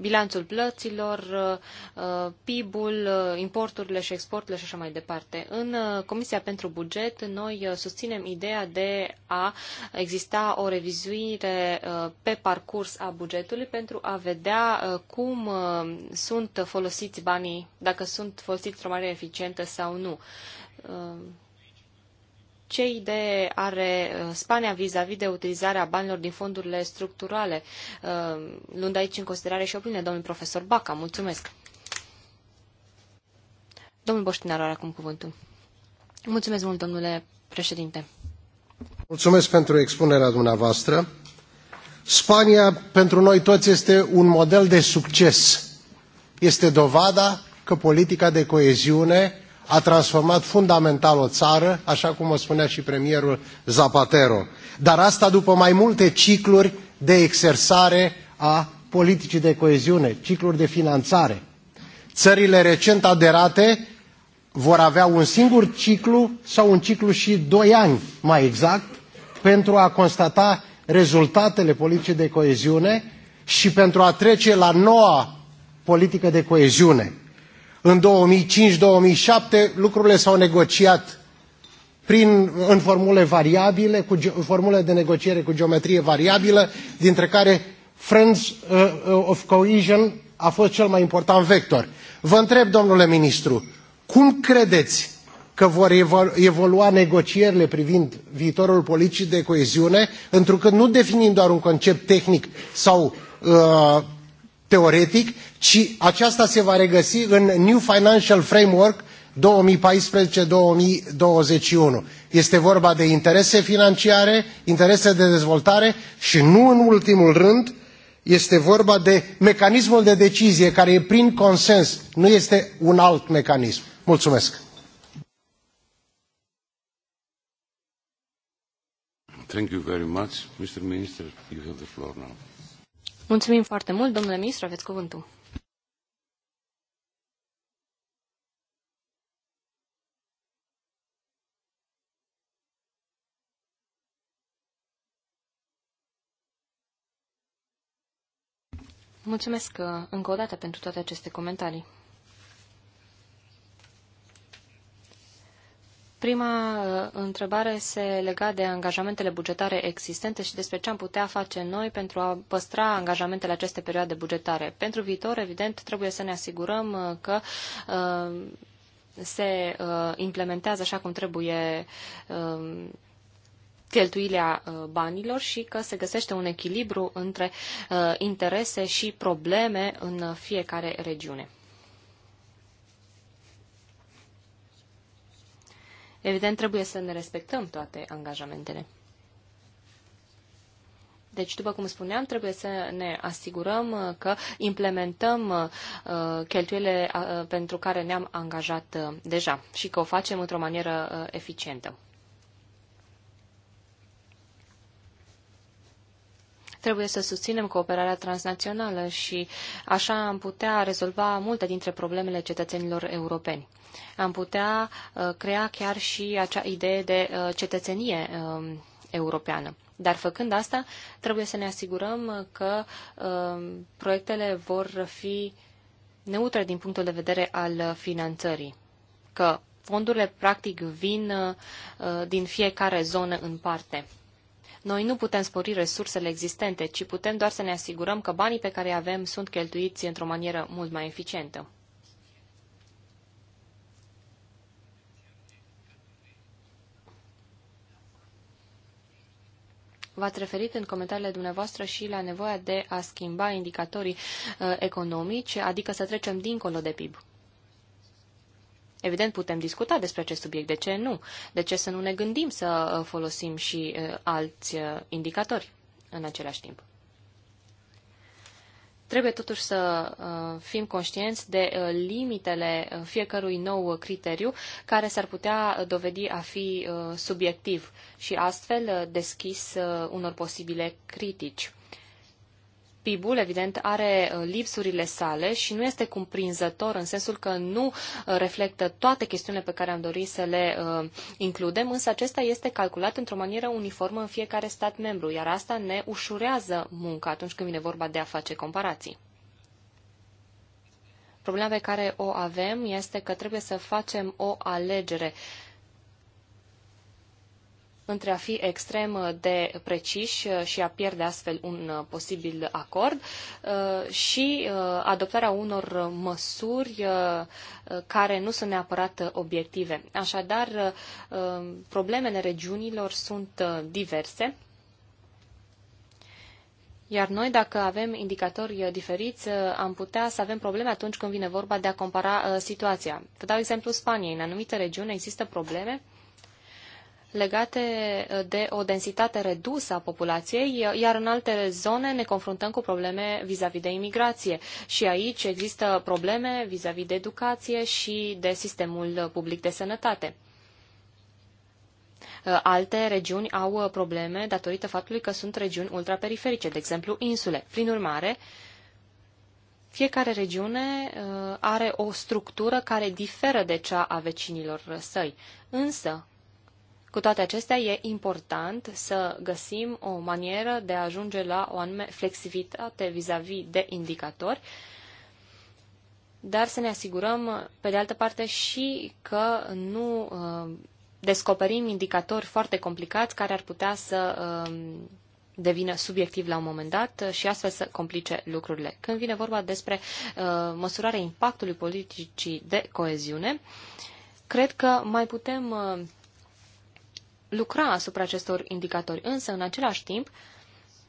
bilanțul plăților, uh, uh, PIB-ul, uh, importurile și exporturile și așa mai departe. În Comisia pentru Buget noi susținem ideea de a exista o revizuire pe parcurs a bugetului pentru a vedea cum sunt folosiți banii, dacă sunt folosiți într-o manieră eficientă sau nu ce idee are uh, Spania vis-a-vis de utilizarea banilor din fondurile structurale, uh, luând aici în considerare și opinia domnului profesor Baca. Mulțumesc! Domnul Boștinaru are acum cuvântul. Mulțumesc mult, domnule președinte. Mulțumesc pentru expunerea dumneavoastră. Spania pentru noi toți este un model de succes. Este dovada că politica de coeziune a transformat fundamental o țară, așa cum o spunea și premierul Zapatero. Dar asta după mai multe cicluri de exersare a politicii de coeziune, cicluri de finanțare. Țările recent aderate vor avea un singur ciclu sau un ciclu și doi ani, mai exact, pentru a constata rezultatele politicii de coeziune și pentru a trece la noua politică de coeziune. În 2005-2007 lucrurile s-au negociat prin, în formule variabile, cu formule de negociere cu geometrie variabilă, dintre care Friends uh, uh, of Cohesion a fost cel mai important vector. Vă întreb, domnule ministru, cum credeți că vor evolua negocierile privind viitorul politicii de coeziune, întrucât nu definim doar un concept tehnic sau uh, teoretic, ci aceasta se va regăsi în New Financial Framework 2014-2021. Este vorba de interese financiare, interese de dezvoltare și nu în ultimul rând este vorba de mecanismul de decizie care e prin consens, nu este un alt mecanism. Mulțumesc! Thank you very much. Mr. Minister, you have the floor now. Mulțumim foarte mult, domnule ministru, aveți cuvântul. Mulțumesc uh, încă o dată pentru toate aceste comentarii. Prima uh, întrebare se lega de angajamentele bugetare existente și despre ce am putea face noi pentru a păstra angajamentele aceste perioade bugetare. Pentru viitor, evident, trebuie să ne asigurăm uh, că uh, se implementează așa cum trebuie cheltuirea banilor și că se găsește un echilibru între interese și probleme în fiecare regiune. Evident, trebuie să ne respectăm toate angajamentele. Deci, după cum spuneam, trebuie să ne asigurăm uh, că implementăm uh, uh, cheltuielile pentru care ne-am angajat deja și că o facem într-o manieră eficientă. Trebuie să susținem cooperarea transnațională și așa am putea rezolva multe dintre problemele cetățenilor europeni. Am putea uh, crea chiar și acea idee de uh, cetățenie uh, europeană. Dar făcând asta, trebuie să ne asigurăm că uh, proiectele vor fi neutre din punctul de vedere al finanțării. Că fondurile practic vin uh, din fiecare zonă în parte. Noi nu putem spori resursele existente, ci putem doar să ne asigurăm că banii pe care îi avem sunt cheltuiți într-o manieră mult mai eficientă. V-ați referit în comentariile dumneavoastră și la nevoia de a schimba indicatorii uh, economici, adică să trecem dincolo de PIB. Evident, putem discuta despre acest subiect. De ce nu? De ce să nu ne gândim să uh, folosim și uh, alți uh, indicatori în același timp? Trebuie totuși să fim conștienți de limitele fiecărui nou criteriu care s-ar putea dovedi a fi subiectiv și astfel deschis unor posibile critici. PIB-ul, evident, are uh, lipsurile sale și nu este cumprinzător în sensul că nu uh, reflectă toate chestiunile pe care am dorit să le uh, includem, însă acesta este calculat într-o manieră uniformă în fiecare stat membru, iar asta ne ușurează munca atunci când vine vorba de a face comparații. Problema pe care o avem este că trebuie să facem o alegere între a fi extrem uh, de preciși uh, și a pierde astfel un uh, posibil acord și adoptarea unor măsuri care nu sunt neapărat obiective. Așadar, problemele regiunilor sunt diverse. Iar noi, dacă avem indicatori diferiți, am putea să avem probleme atunci când vine vorba de a compara situația. Vă dau exemplu Spaniei. În anumite regiuni există probleme uh, legate uh, de o densitate redusă a populației, uh, iar în alte zone ne confruntăm cu probleme vis-a-vis -vis de imigrație. Și aici există probleme vis-a-vis -vis de educație și de sistemul public de sănătate. Uh, alte regiuni au probleme datorită faptului că sunt regiuni ultraperiferice, de exemplu insule. Prin urmare, fiecare regiune are o structură care diferă de cea a vecinilor săi. Însă, cu toate acestea, e important să găsim o manieră de a ajunge la o anume flexibilitate vis-a-vis -vis de indicatori, dar să ne asigurăm, pe de altă parte, și că nu uh, descoperim indicatori foarte complicați care ar putea să uh, devină subiectiv la un moment dat și astfel să complice lucrurile. Când vine vorba despre uh, măsurarea impactului politicii de coeziune, cred că mai putem uh, lucra asupra acestor indicatori, însă în același timp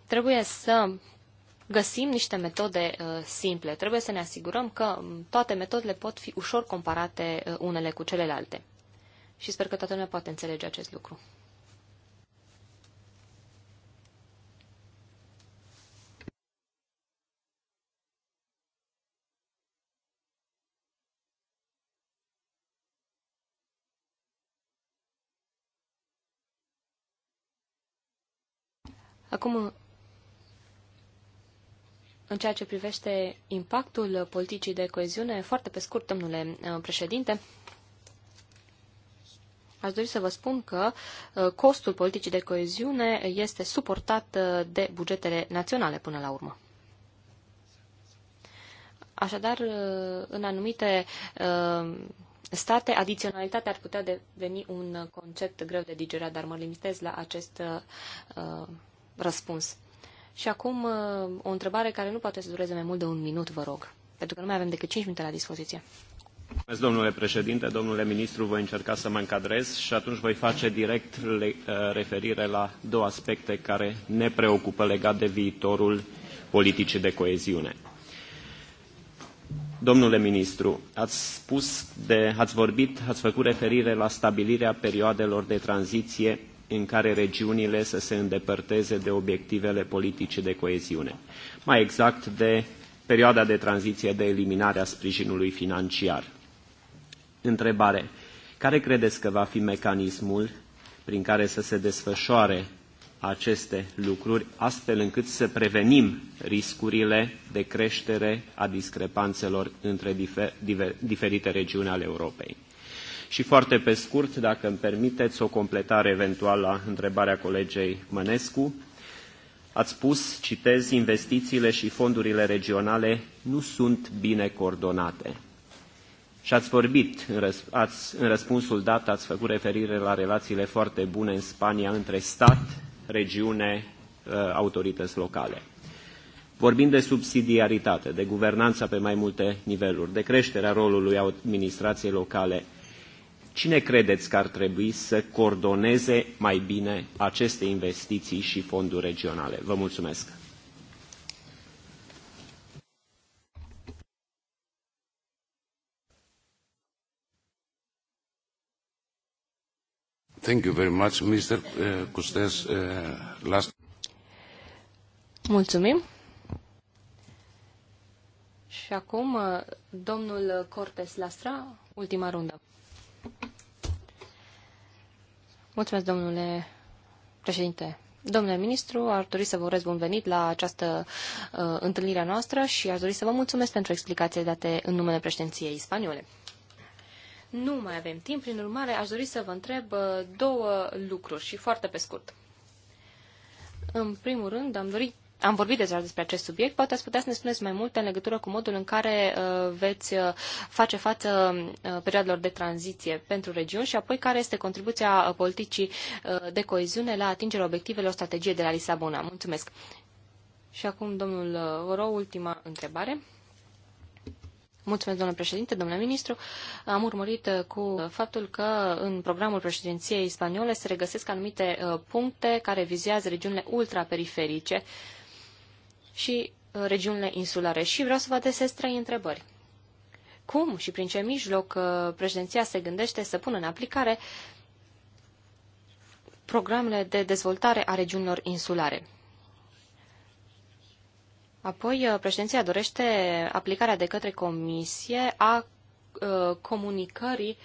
trebuie să găsim niște metode uh, simple. Trebuie să ne asigurăm că toate metodele pot fi ușor comparate uh, unele cu celelalte. Și sper că toată lumea poate înțelege acest lucru. Acum, în ceea ce privește impactul politicii de coeziune, foarte pe scurt, domnule uh, președinte, aș dori să vă spun că uh, costul politicii de coeziune este suportat uh, de bugetele naționale până la urmă. Așadar, în anumite state, adiționalitatea ar putea deveni un concept greu de digerat, dar mă limitez la acest răspuns. Și acum uh, o întrebare care nu poate să dureze mai mult de un minut, vă rog, pentru că nu mai avem decât 5 minute la dispoziție. Mulțumesc, domnule președinte, domnule ministru, voi încerca să mă încadrez și atunci voi face direct uh, referire la două aspecte care ne preocupă legat de viitorul politicii de coeziune. Domnule ministru, ați spus de, ați vorbit, ați făcut referire la stabilirea perioadelor de tranziție în care regiunile să se îndepărteze de obiectivele politicii de coeziune, mai exact de perioada de tranziție de eliminare a sprijinului financiar. Întrebare. Care credeți că va fi mecanismul prin care să se desfășoare aceste lucruri, astfel încât să prevenim riscurile de creștere a discrepanțelor între difer diferite regiuni ale Europei? Și foarte pe scurt, dacă îmi permiteți, o completare eventuală la întrebarea colegei Mănescu. Ați spus, citez, investițiile și fondurile regionale nu sunt bine coordonate. Și ați vorbit, în, ați, în răspunsul dat, ați făcut referire la relațiile foarte bune în Spania între stat, regiune, uh, autorități locale. Vorbim de subsidiaritate, de guvernanța pe mai multe niveluri, de creșterea rolului administrației locale, Cine credeți că ar trebui să coordoneze mai bine aceste investiții și fonduri regionale? Vă mulțumesc! Thank you very much, Mr. Uh, Custes. Uh, last... Mulțumim. Și acum, uh, domnul Cortes Lastra, ultima rundă. Mulțumesc, domnule președinte. Domnule ministru, ar dori să vă urez bun venit la această uh, întâlnire noastră și aș dori să vă mulțumesc pentru explicațiile date în numele președinției spaniole. Nu mai avem timp, prin urmare aș dori să vă întreb uh, două lucruri și foarte pe scurt. În primul rând, am dorit am vorbit deja despre acest subiect, poate ați putea să ne spuneți mai multe în legătură cu modul în care uh, veți uh, face față uh, perioadelor de tranziție pentru regiuni și apoi care este contribuția politicii de coeziune la atingerea obiectivelor strategiei de la Lisabona. Mulțumesc. Și acum, domnul Oro, ultima întrebare. Mulțumesc, domnule președinte, domnule ministru. Am urmărit cu faptul că în programul președinției spaniole se regăsesc anumite puncte care vizează regiunile ultraperiferice și uh, regiunile insulare. Și vreau să vă adresez trei întrebări. Cum și prin ce mijloc uh, președinția se gândește să pună în aplicare programele de dezvoltare a regiunilor insulare? Apoi, uh, președinția dorește aplicarea de către Comisie a comunicării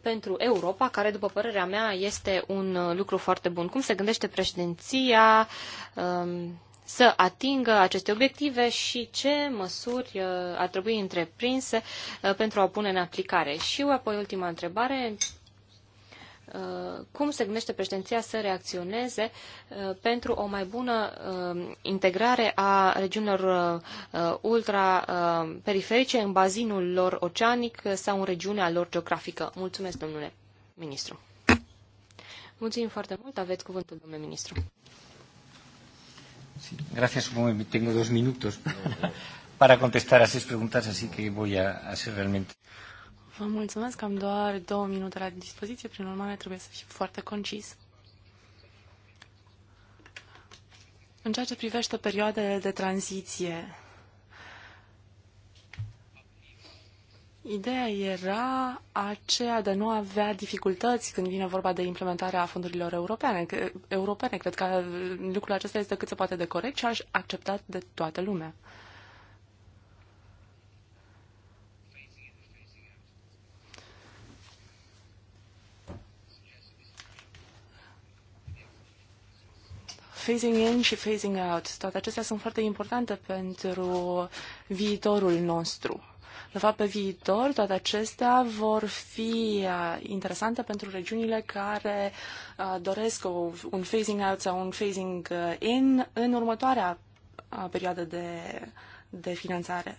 pentru Europa, care, după părerea mea, este un lucru foarte bun. Cum se gândește președinția um, să atingă aceste obiective și ce măsuri uh, ar trebui întreprinse uh, pentru a o pune în aplicare. Și apoi ultima întrebare, uh, cum se gândește președinția să reacționeze pentru o mai bună integrare a regiunilor ultraperiferice în bazinul lor oceanic sau în regiunea lor geografică? Mulțumesc, domnule ministru. Mulțumim foarte mult. Aveți cuvântul, domnule ministru. Sí, gracias, tengo dos minutos *laughs* para contestar a seis preguntas, así que voy a, realmente. Vă mulțumesc că am doar două minute la dispoziție, prin urmare trebuie să fiu foarte concis. În ceea ce privește perioadele de tranziție, Ideea era aceea de a nu avea dificultăți când vine vorba de implementarea fondurilor europene. europene. Cred că lucrul acesta este cât se poate de corect și aș acceptat de toată lumea. phasing in și phasing out, toate acestea sunt foarte importante pentru viitorul nostru. De fapt, pe viitor, toate acestea vor fi uh, interesante pentru regiunile care uh, doresc un phasing out sau un phasing uh, in în următoarea perioadă de, de finanțare.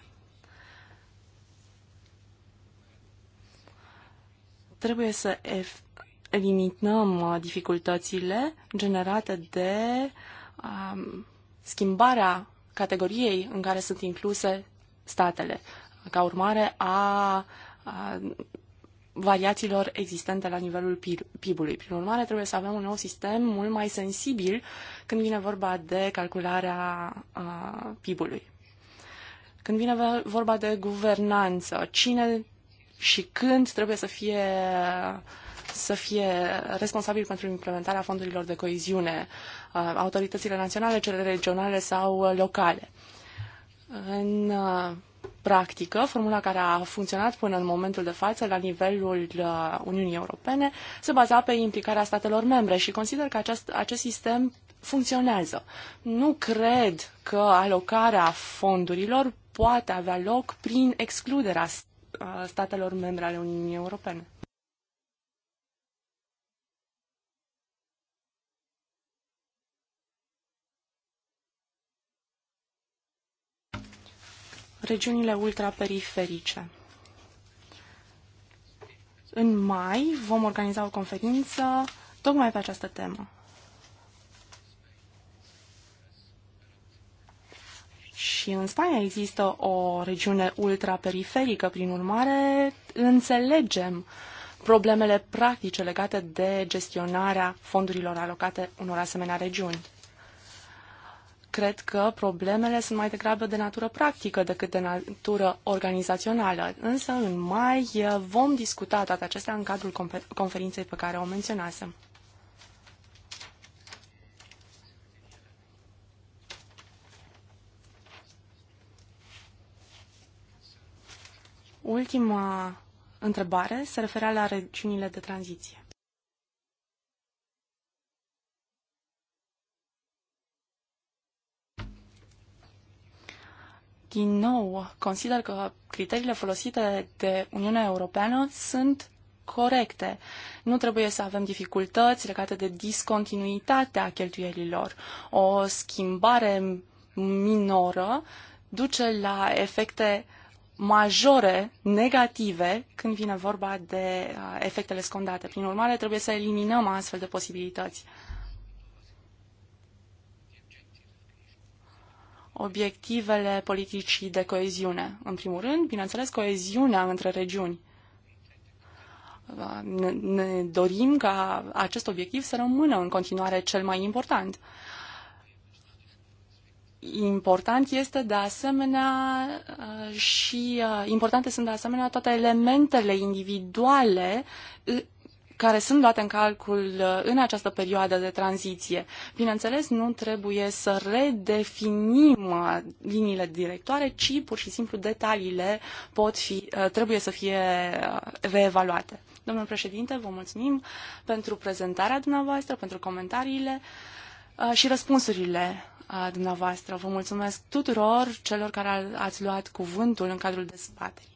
Trebuie să eliminăm dificultățile generate de um, schimbarea categoriei în care sunt incluse statele ca urmare a, a variațiilor existente la nivelul PIB-ului. Prin urmare, trebuie să avem un nou sistem mult mai sensibil când vine vorba de calcularea PIB-ului. Când vine vorba de guvernanță, cine și când trebuie să fie să fie responsabil pentru implementarea fondurilor de coeziune, autoritățile naționale, cele regionale sau locale. În practică, formula care a funcționat până în momentul de față la nivelul uh, Uniunii Europene, se baza pe implicarea statelor membre și consider că acest, acest sistem funcționează. Nu cred că alocarea fondurilor poate avea loc prin excluderea uh, statelor membre ale Uniunii Europene. regiunile ultraperiferice. În mai vom organiza o conferință tocmai pe această temă. Și în Spania există o regiune ultraperiferică, prin urmare înțelegem problemele practice legate de gestionarea fondurilor alocate unor asemenea regiuni cred că problemele sunt mai degrabă de natură practică decât de natură organizațională. Însă, în mai, vom discuta toate acestea în cadrul conferinței pe care o menționasem. Ultima întrebare se referea la regiunile de tranziție. Din nou, consider că criteriile folosite de Uniunea Europeană sunt corecte. Nu trebuie să avem dificultăți legate de discontinuitatea cheltuielilor. O schimbare minoră duce la efecte majore negative când vine vorba de uh, efectele scondate. Prin urmare, trebuie să eliminăm astfel de posibilități. obiectivele politicii de coeziune. În primul rând, bineînțeles, coeziunea între regiuni. Ne, ne dorim ca acest obiectiv să rămână în continuare cel mai important. Important este de asemenea uh, și uh, importante sunt de asemenea toate elementele individuale uh, care sunt luate în calcul uh, în această perioadă de tranziție. Bineînțeles, nu trebuie să redefinim uh, liniile directoare, ci pur și simplu detaliile pot fi, uh, trebuie să fie reevaluate. Domnul președinte, vă mulțumim pentru prezentarea dumneavoastră, pentru comentariile și răspunsurile dumneavoastră. Vă mulțumesc tuturor celor care ați luat cuvântul în cadrul dezbaterii.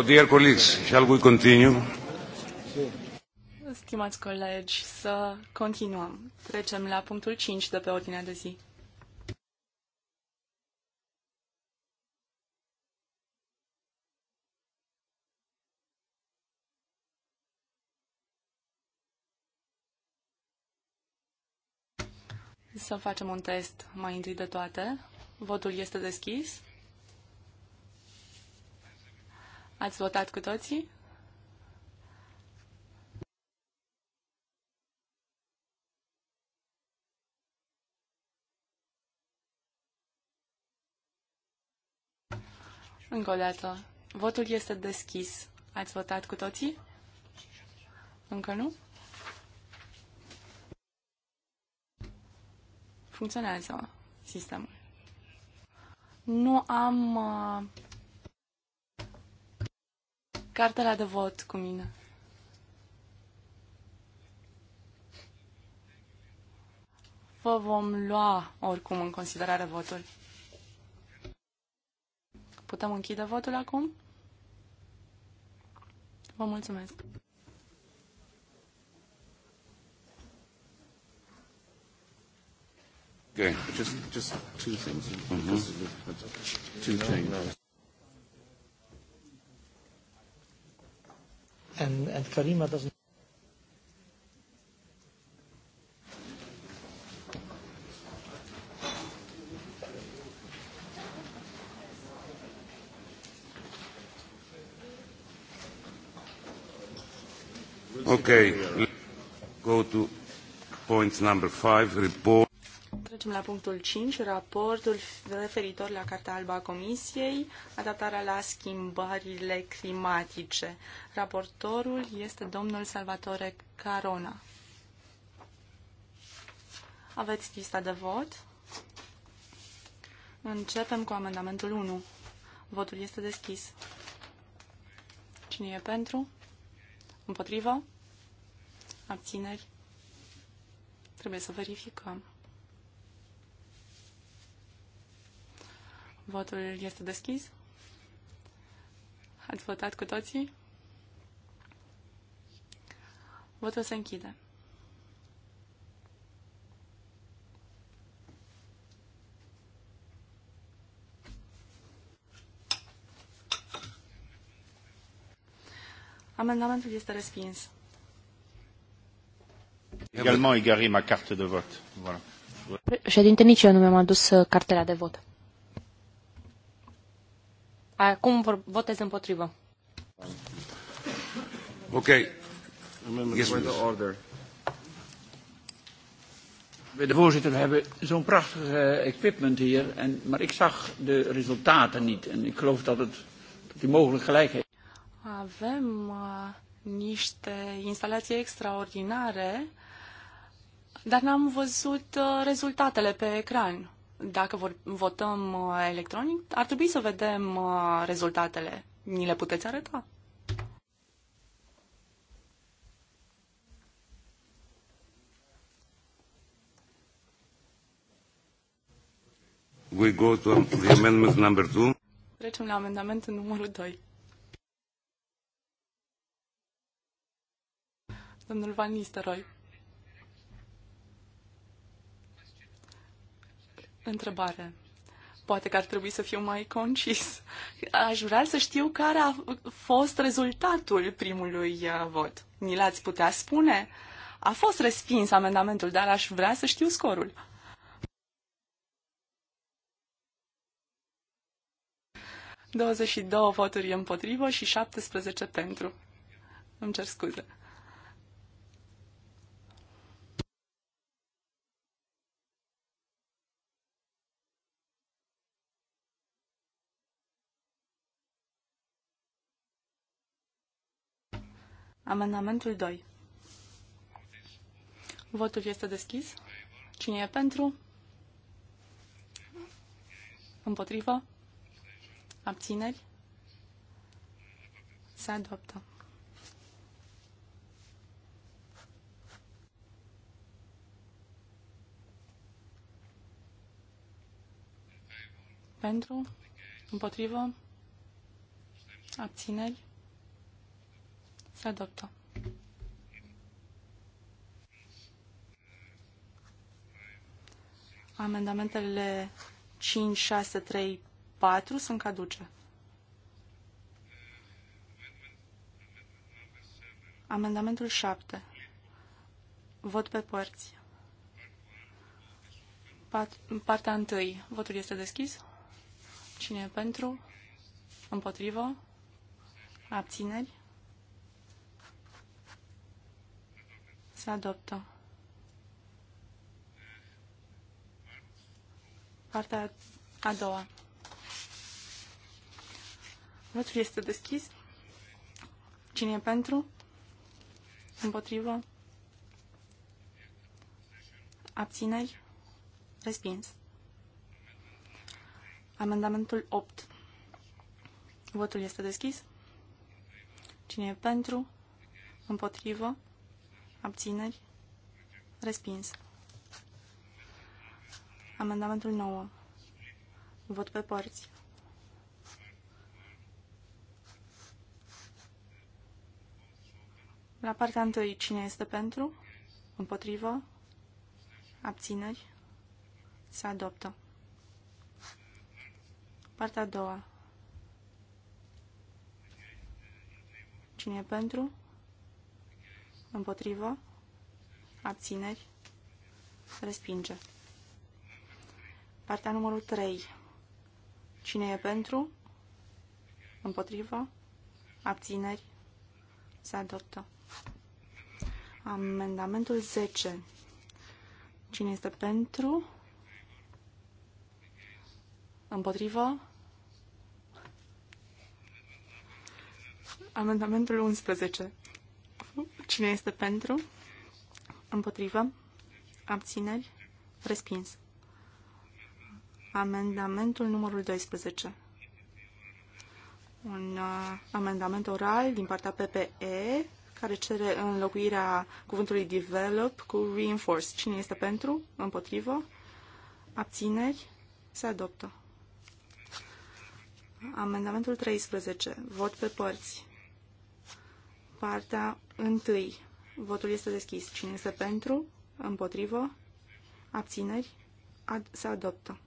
So, dear colleagues, shall we continue? Stimați colegi, să continuăm. Trecem la punctul 5 de pe ordinea de zi. Să facem un test mai întâi de toate. Votul este deschis. Ați votat cu toții? Încă o dată. Votul este deschis. Ați votat cu toții? Încă nu? Funcționează sistemul. Nu am uh, cartela de vot cu mine. Vă vom lua oricum în considerare votul. Putem închide votul acum? Vă mulțumesc! Okay. Just, just two things. Mm -hmm. Two things. and, and Karima doesn't. Okay, go to point number five, report. Mergem la punctul 5, raportul referitor la cartea alba a Comisiei, adaptarea la schimbările climatice. Raportorul este domnul Salvatore Carona. Aveți lista de vot. Începem cu amendamentul 1. Votul este deschis. Cine e pentru? Împotrivă? Abțineri? Trebuie să verificăm. Votul este deschis. Ați votat cu toții? Votul se închide. Amendamentul este respins. Également égaré ma carte de vote. Voilà. Președinte, nici eu nu mi-am adus uh, cartela de vot. Acum votez împotrivă. Ok. Yes, De voorzitter, we hebben zo'n prachtig eh, equipment hier, en, maar ik zag de resultaten niet. En ik geloof dat, het, dat die mogelijk gelijk heeft. Avem uh, niște instalații extraordinare, dar n-am văzut uh, rezultatele pe ecran dacă vor, votăm uh, electronic, ar trebui să vedem uh, rezultatele. Ni le puteți arăta? We go to the amendment number two. Trecem la amendamentul numărul 2. Domnul Van Nistelrooy. Întrebare. Poate că ar trebui să fiu mai concis. Aș vrea să știu care a fost rezultatul primului uh, vot. Ni l-ați putea spune? A fost respins amendamentul, dar aș vrea să știu scorul. și două voturi împotrivă și 17 pentru. Îmi cer scuze. Amendamentul 2. Votul este deschis. Cine e pentru? Împotrivă? Abțineri? Se adoptă. Pentru? Împotrivă? Abțineri? Se adoptă. Amendamentele 5, 6, 3, 4 sunt caduce. Amendamentul 7. Vot pe părți. Pat, partea 1. Votul este deschis. Cine e pentru? Împotrivă? Abțineri? Se adoptă. Partea a doua. Votul este deschis. Cine e pentru? Împotrivă? Abțineri? Respins. Amendamentul 8. Votul este deschis. Cine e pentru? Împotrivă? Abțineri? Respins. Amendamentul 9. Vot pe părți. La partea întâi, cine este pentru? Împotrivă? Abțineri? Se adoptă. Partea a doua. Cine e pentru? împotrivă, abțineri, respinge. Partea numărul 3. Cine e pentru, împotrivă, abțineri, se adoptă. Amendamentul 10. Cine este pentru? Împotrivă? Amendamentul 11. Cine este pentru? Împotrivă? Abțineri? Respins. Amendamentul numărul 12. Un uh, amendament oral din partea PPE care cere înlocuirea cuvântului develop cu reinforce. Cine este pentru? Împotrivă? Abțineri? Se adoptă. Amendamentul 13. Vot pe părți. Partea întâi. Votul este deschis. Cine este pentru? Împotrivă? Abțineri? Ad se adoptă.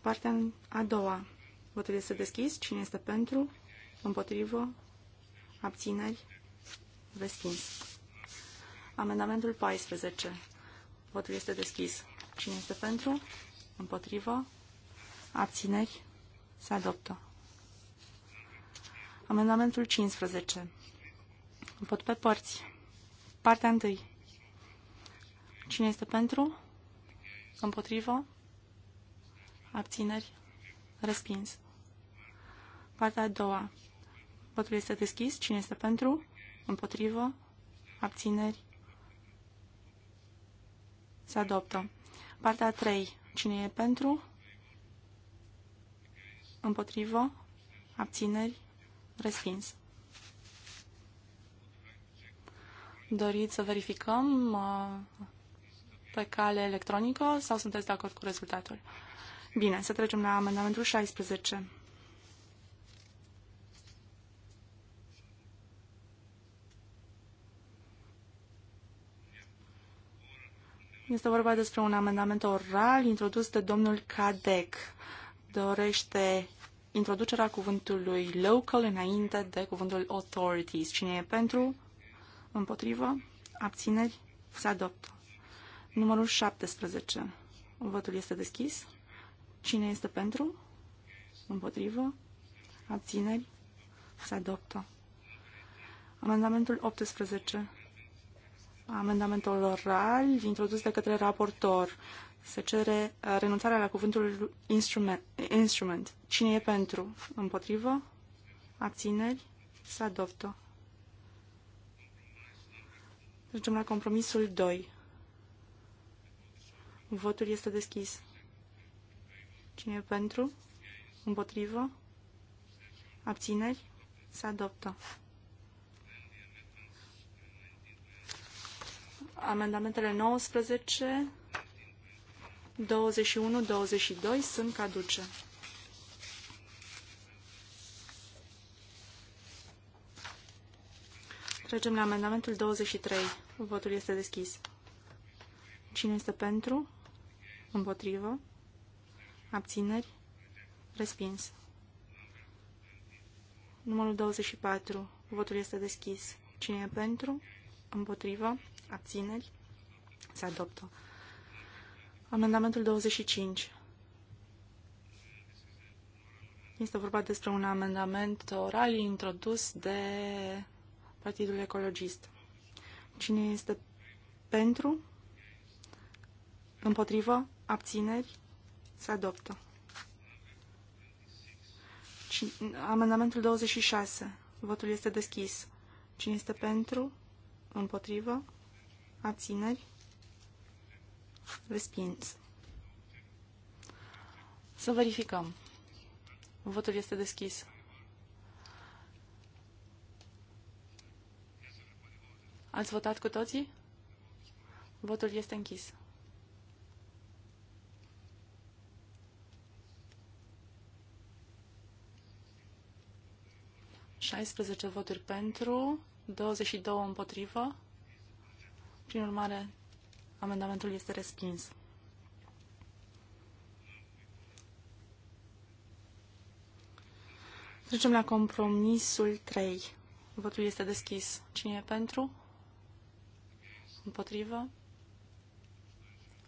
Partea a doua. Votul este deschis. Cine este pentru? Împotrivă? Abțineri? Respins. Amendamentul 14. Votul este deschis. Cine este pentru? Împotrivă? Abțineri? Se adoptă. Amendamentul 15. Pot pe părți. Partea 1. Cine este pentru? Împotrivă? Abțineri? Respins. Partea a doua. Votul este deschis. Cine este pentru? Împotrivă? Abțineri? Se adoptă. Partea a 3. Cine e pentru? Împotrivă? Abțineri? Respins. Doriți să verificăm uh, pe cale electronică sau sunteți de acord cu rezultatul? Bine, să trecem la amendamentul 16. Este vorba despre un amendament oral introdus de domnul Cadec. Dorește introducerea cuvântului local înainte de cuvântul authorities. Cine e pentru? Împotrivă? Abțineri? Se adoptă. Numărul 17. Votul este deschis. Cine este pentru? Împotrivă? Abțineri? Se adoptă. Amendamentul 18. Amendamentul oral introdus de către raportor. Se cere uh, renunțarea la cuvântul instrument. instrument. Cine e pentru? Împotrivă? Abțineri? Se adoptă. Mergem la compromisul 2. Votul este deschis. Cine e pentru? Împotrivă? Abțineri? Se adoptă. Amendamentele 19, 21, 22 sunt caduce. Trecem la amendamentul 23. Votul este deschis. Cine este pentru? Împotrivă? Abțineri? Respins. Numărul 24. Votul este deschis. Cine e pentru? Împotrivă? Abțineri? Se adoptă. Amendamentul 25. Este vorba despre un amendament oral introdus de Partidul Ecologist. Cine este pentru? Împotrivă? Abțineri? Se adoptă. Amendamentul 26. Votul este deschis. Cine este pentru? Împotrivă? Abțineri? Respins. Să verificăm. Votul este deschis. Ați votat cu toții? Votul este închis. Șaisprezece voturi pentru, două împotrivă. Prin urmare, Amendamentul este respins. Trecem la compromisul 3. Votul este deschis. Cine e pentru? Împotrivă?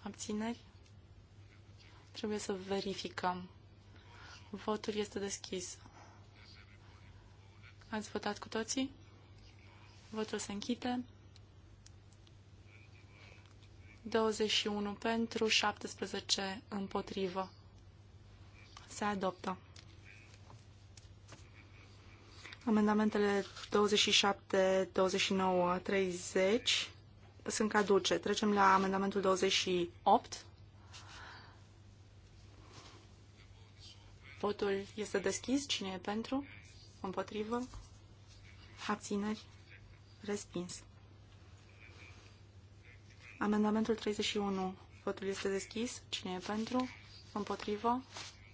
Abțineri? Trebuie să verificăm. Votul este deschis. Ați votat cu toții? Votul se închide. 21 pentru, 17 împotrivă. Se adoptă. Amendamentele 27, 29, 30 sunt caduce. Trecem la amendamentul 28. Votul este deschis. Cine e pentru? Împotrivă? Abțineri? Respins. Amendamentul 31. Votul este deschis. Cine e pentru? Împotrivă?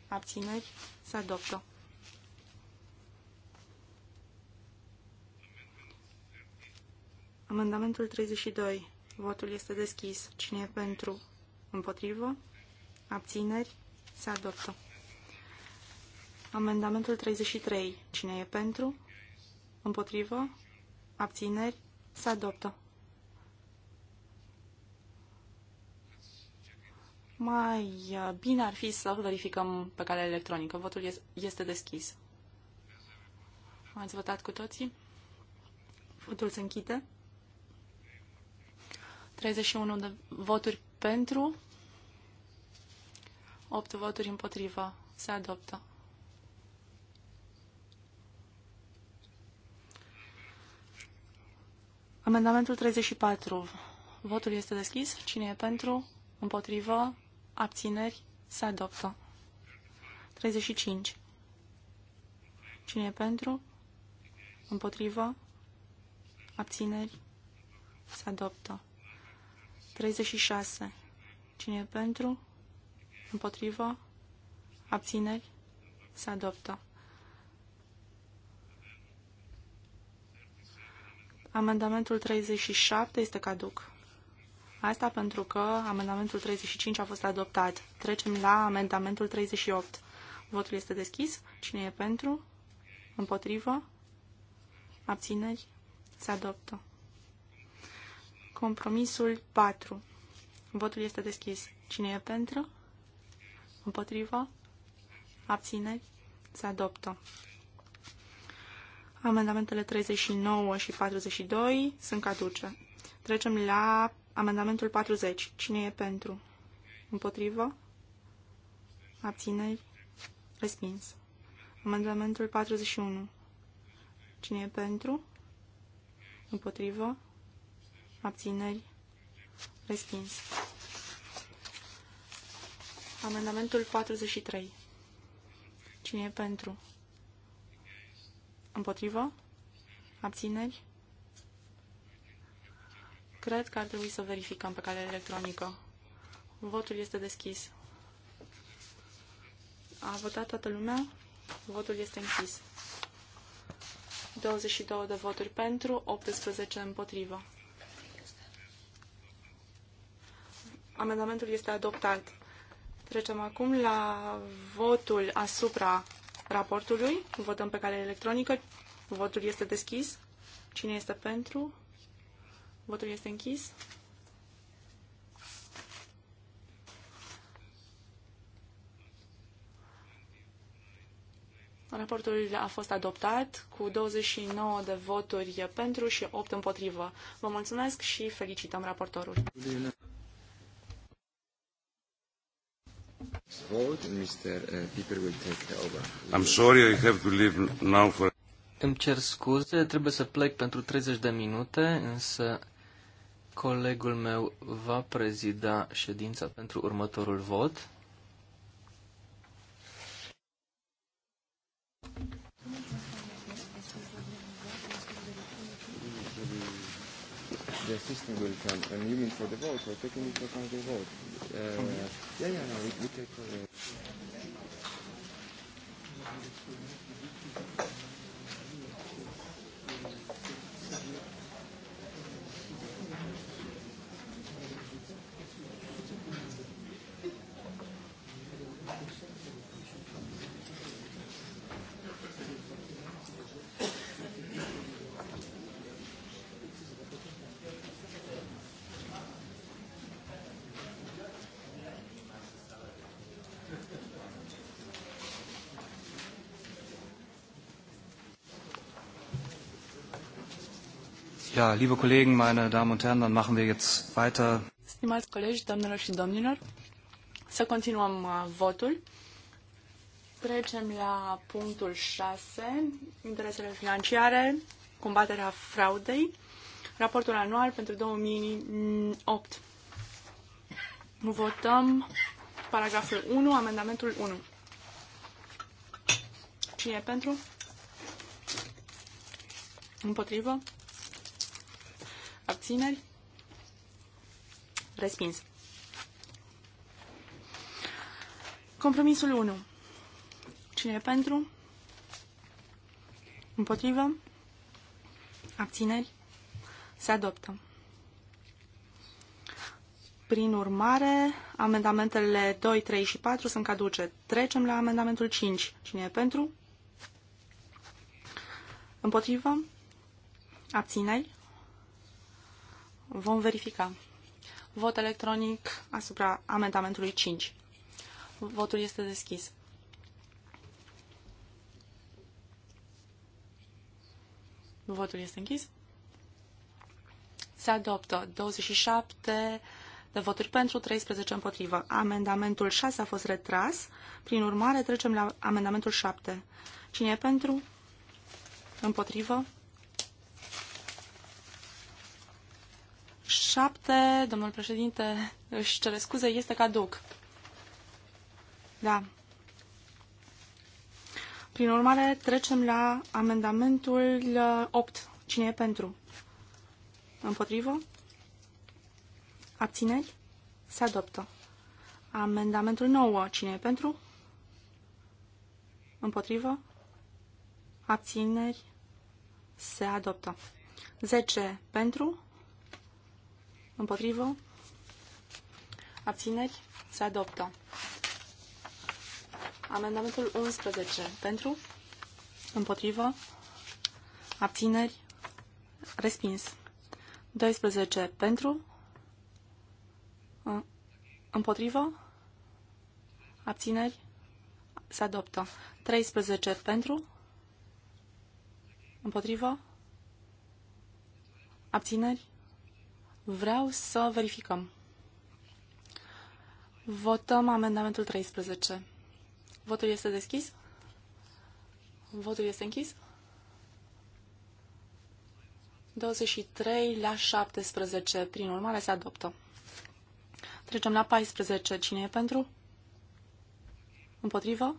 Abțineri? Se adoptă. Amendamentul 32. Votul este deschis. Cine e pentru? Împotrivă? Abțineri? Se adoptă. Amendamentul 33. Cine e pentru? Împotrivă? Abțineri? Se adoptă. Mai uh, bine ar fi să verificăm pe cale electronică. Votul este deschis. Ați votat cu toții? Votul se închide. 31 de voturi pentru, 8 voturi împotriva. Se adoptă. Amendamentul 34. Votul este deschis. Cine e pentru? Împotrivă? Abțineri? Se adoptă. 35. Cine e pentru? Împotrivă? Abțineri? Se adoptă. 36. Cine e pentru? Împotrivă? Abțineri? Se adoptă. Amendamentul 37 este caduc. Asta pentru că amendamentul 35 a fost adoptat. Trecem la amendamentul 38. Votul este deschis. Cine e pentru? Împotrivă? Abțineri? Se adoptă. Compromisul 4. Votul este deschis. Cine e pentru? Împotrivă? Abțineri? Se adoptă. Amendamentele 39 și 42 sunt caduce. Trecem la Amendamentul 40. Cine e pentru? Împotrivă? Abțineri? Respins. Amendamentul 41. Cine e pentru? Împotrivă? Abțineri? Respins. Amendamentul 43. Cine e pentru? Împotrivă? Abțineri? Cred că ar trebui să verificăm pe cale electronică. Votul este deschis. A votat toată lumea? Votul este închis. 22 de voturi pentru, 18 împotrivă. Amendamentul este adoptat. Trecem acum la votul asupra raportului. Votăm pe cale electronică. Votul este deschis. Cine este pentru? Votul este închis. Raportul a fost adoptat cu 29 de voturi pentru și 8 împotrivă. Vă mulțumesc și felicităm raportorul. Uh, I'm sorry I have to leave now for... Îmi cer scuze, trebuie să plec pentru 30 de minute, însă Colegul meu va prezida ședința pentru următorul vot. the assistant will come. And you mean for the vote, or taking into account the vote? Uh, yeah, yeah, no, we, we take... Uh, Ja, liebe Kollegen, meine Damen und Herren, dann machen wir jetzt weiter. Stimați colegi, doamnelor și domnilor, să continuăm uh, votul. Trecem la punctul 6, interesele financiare, combaterea fraudei, raportul anual pentru 2008. Votăm paragraful 1, amendamentul 1. Cine e pentru? Împotrivă? Abțineri? Respins. Compromisul 1. Cine e pentru? Împotrivă? Abțineri? Se adoptă. Prin urmare, amendamentele 2, 3 și 4 sunt caduce. Trecem la amendamentul 5. Cine e pentru? Împotrivă? Abțineri? Vom verifica. Vot electronic asupra amendamentului 5. Votul este deschis. Votul este închis. Se adoptă 27 de voturi pentru, 13 împotrivă. Amendamentul 6 a fost retras. Prin urmare, trecem la amendamentul 7. Cine e pentru? Împotrivă? 7, domnul președinte își cere scuze, este caduc. Da. Prin urmare, trecem la amendamentul 8. Uh, Cine e pentru? Împotrivă? Abțineri? Se adoptă. Amendamentul 9. Cine e pentru? Împotrivă? Abțineri? Se adoptă. 10. Pentru? Împotrivă? Abțineri? Se adoptă. Amendamentul 11. Pentru? Împotrivă? Abțineri? Respins. 12. Pentru? Împotrivă? Abțineri? Se adoptă. 13. Pentru? Împotrivă? Abțineri? Vreau să verificăm. Votăm amendamentul 13. Votul este deschis? Votul este închis? 23 la 17. Prin urmare se adoptă. Trecem la 14. Cine e pentru? Împotrivă?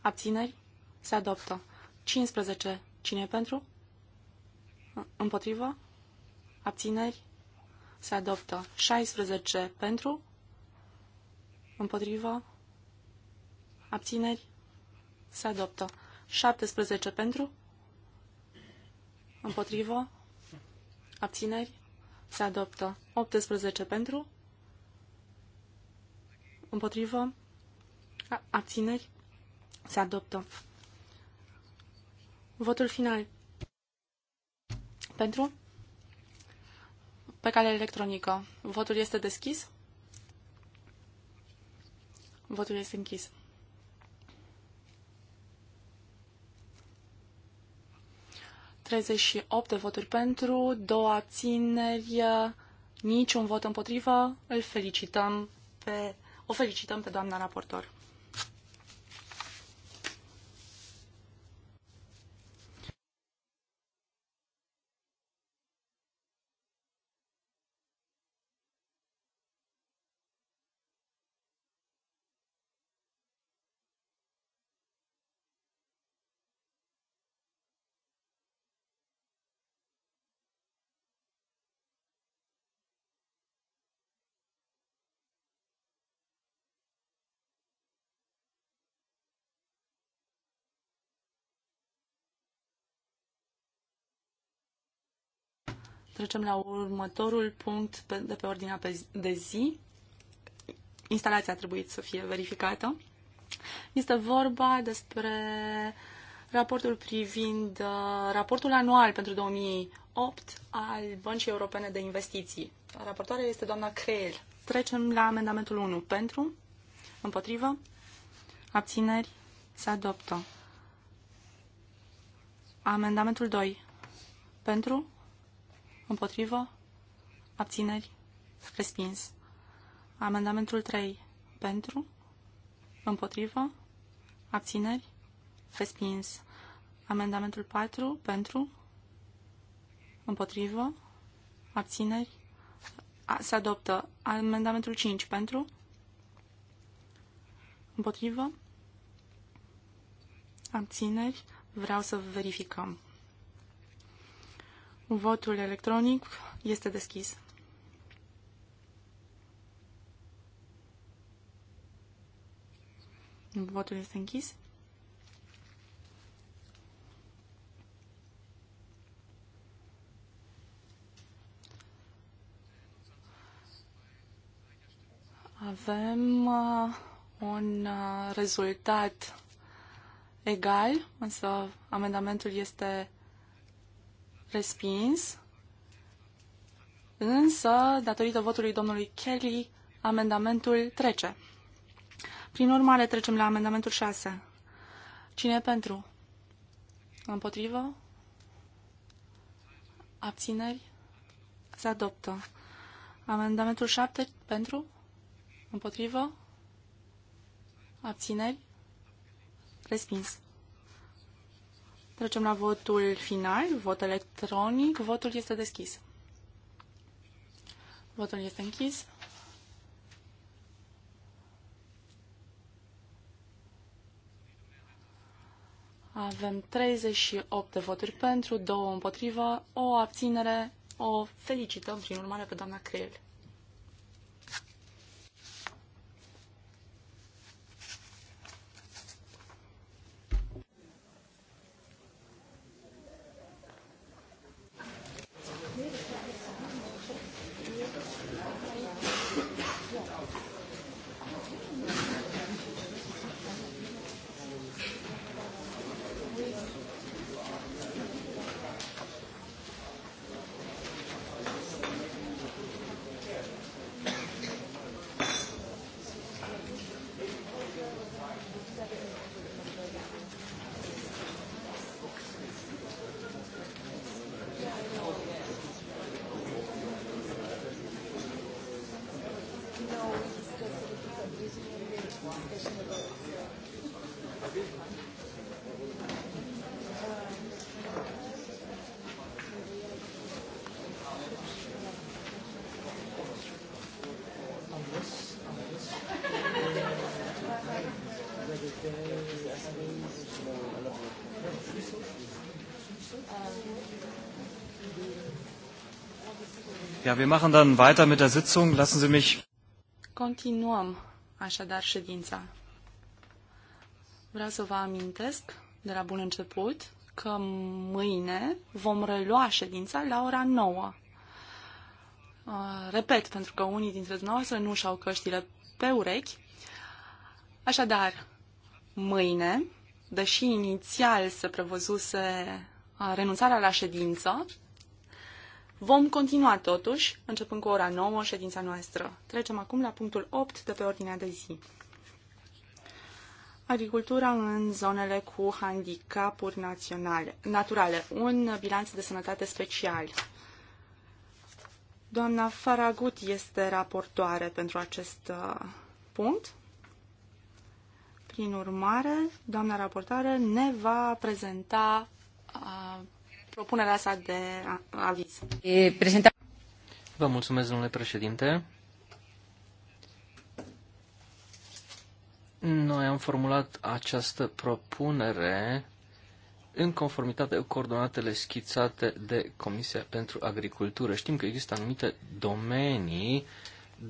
Abțineri? Se adoptă. 15. Cine e pentru? Împotrivă? Abțineri? se adoptă 16 pentru, împotrivă, abțineri, se adoptă 17 pentru, împotrivă, abțineri, se adoptă 18 pentru, împotrivă, abțineri, se adoptă. Votul final pentru pe cale electronică. Votul este deschis? Votul este închis. și de voturi pentru, două abțineri, niciun vot împotrivă. Îl felicităm pe, o felicităm pe doamna raportor. Trecem la următorul punct de pe ordinea de zi. Instalația a trebuit să fie verificată. Este vorba despre raportul privind uh, raportul anual pentru 2008 al Băncii Europene de Investiții. Raportoarea este doamna Creel. Trecem la amendamentul 1. Pentru, împotrivă, abțineri, se adoptă. Amendamentul 2. Pentru, Împotrivă? Abțineri? Respins. Amendamentul 3. Pentru? Împotrivă? Abțineri? Respins. Amendamentul 4. Pentru? Împotrivă? Abțineri? se adoptă. Amendamentul 5. Pentru? Împotrivă? Abțineri? Vreau să verificăm. Votul electronic este deschis. Votul este închis. Avem uh, un uh, rezultat egal, însă amendamentul este respins, însă, datorită votului domnului Kelly, amendamentul trece. Prin urmare, trecem la amendamentul 6. Cine e pentru? Împotrivă? Abțineri? Se adoptă. Amendamentul 7 pentru? Împotrivă? Abțineri? Respins. Trecem la votul final, vot electronic. Votul este deschis. Votul este închis. Avem 38 de voturi pentru, 2 împotriva, o abținere. O felicităm, prin urmare, pe doamna Creel. Ja, wir machen dann weiter mit der Sitzung. Lassen Sie mich. Continuăm așadar ședința. Vreau să vă amintesc de la bun început că mâine vom relua ședința la ora 9. Uh, repet, pentru că unii dintre dumneavoastră nu și-au căștile pe urechi. Așadar, mâine, deși inițial se prevăzuse uh, renunțarea la ședință, Vom continua totuși, începând cu ora 9, ședința noastră. Trecem acum la punctul 8 de pe ordinea de zi. Agricultura în zonele cu handicapuri naționale, naturale. Un bilanț de sănătate special. Doamna Faragut este raportoare pentru acest uh, punct. Prin urmare, doamna raportare ne va prezenta uh, propunerea sa de aviz. Vă mulțumesc, domnule președinte. Noi am formulat această propunere în conformitate cu coordonatele schițate de Comisia pentru Agricultură. Știm că există anumite domenii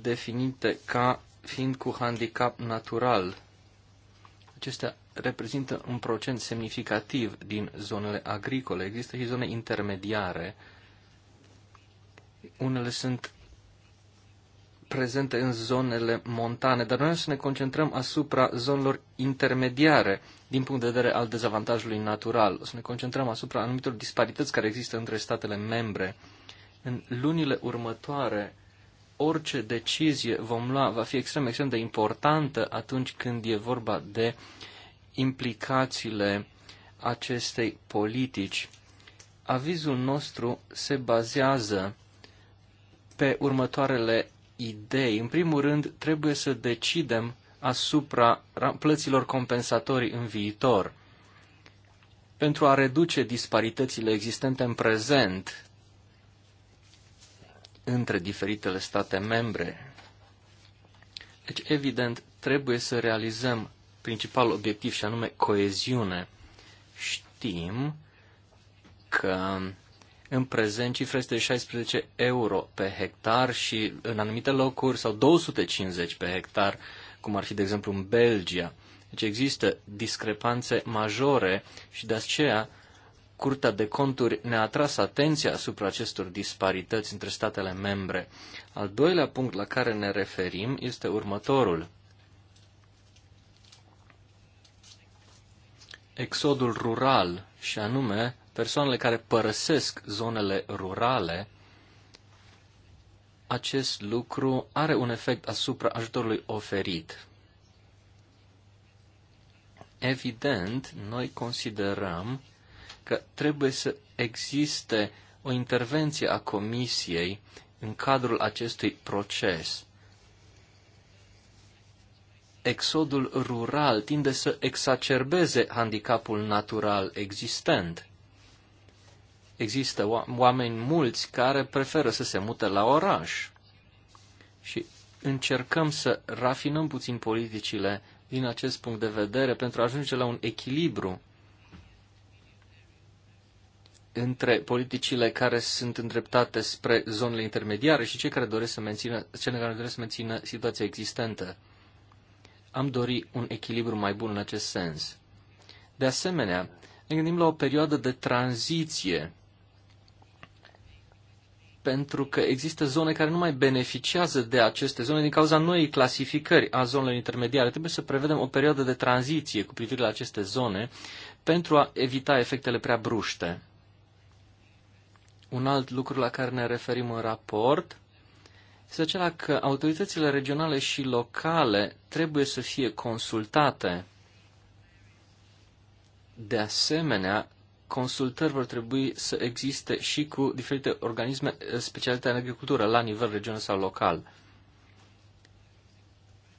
definite ca fiind cu handicap natural. Acestea reprezintă un procent semnificativ din zonele agricole. Există și zone intermediare. Unele sunt prezente în zonele montane, dar noi să ne concentrăm asupra zonelor intermediare din punct de vedere al dezavantajului natural. O să ne concentrăm asupra anumitor disparități care există între statele membre. În lunile următoare, orice decizie vom lua va fi extrem, extrem de importantă atunci când e vorba de uh, implicațiile acestei politici. Avizul nostru se bazează pe următoarele idei. În primul rând, trebuie să decidem asupra plăților compensatorii în viitor. Pentru a reduce disparitățile existente în prezent între diferitele state membre. Deci, evident, trebuie să realizăm principal obiectiv și anume coeziune. Știm că în prezent cifra este de 16 euro pe hectar și în anumite locuri sau 250 pe hectar, cum ar fi de exemplu în Belgia. Deci există discrepanțe majore și de aceea Curtea de Conturi ne-a atras atenția asupra acestor disparități între statele membre. Al doilea punct la care ne referim este următorul. exodul rural și anume persoanele care părăsesc zonele rurale, acest lucru are un efect asupra ajutorului oferit. Evident, noi considerăm că trebuie să existe o intervenție a Comisiei în cadrul acestui proces exodul rural tinde să exacerbeze handicapul natural existent. Există oameni mulți care preferă să se mute la oraș și încercăm să rafinăm puțin politicile din acest punct de vedere pentru a ajunge la un echilibru între politicile care sunt îndreptate spre zonele intermediare și cei care doresc să mențină, cele care doresc să mențină situația existentă am dori un echilibru mai bun în acest sens. De asemenea, ne gândim la o perioadă de tranziție, pentru că există zone care nu mai beneficiază de aceste zone din cauza noii clasificări a zonelor intermediare. Trebuie să prevedem o perioadă de tranziție cu privire la aceste zone pentru a evita efectele prea bruște. Un alt lucru la care ne referim în raport este acela că autoritățile regionale și locale trebuie să fie consultate. De asemenea, consultări vor trebui să existe și cu diferite organisme eh, specializate în agricultură, la nivel regional sau local.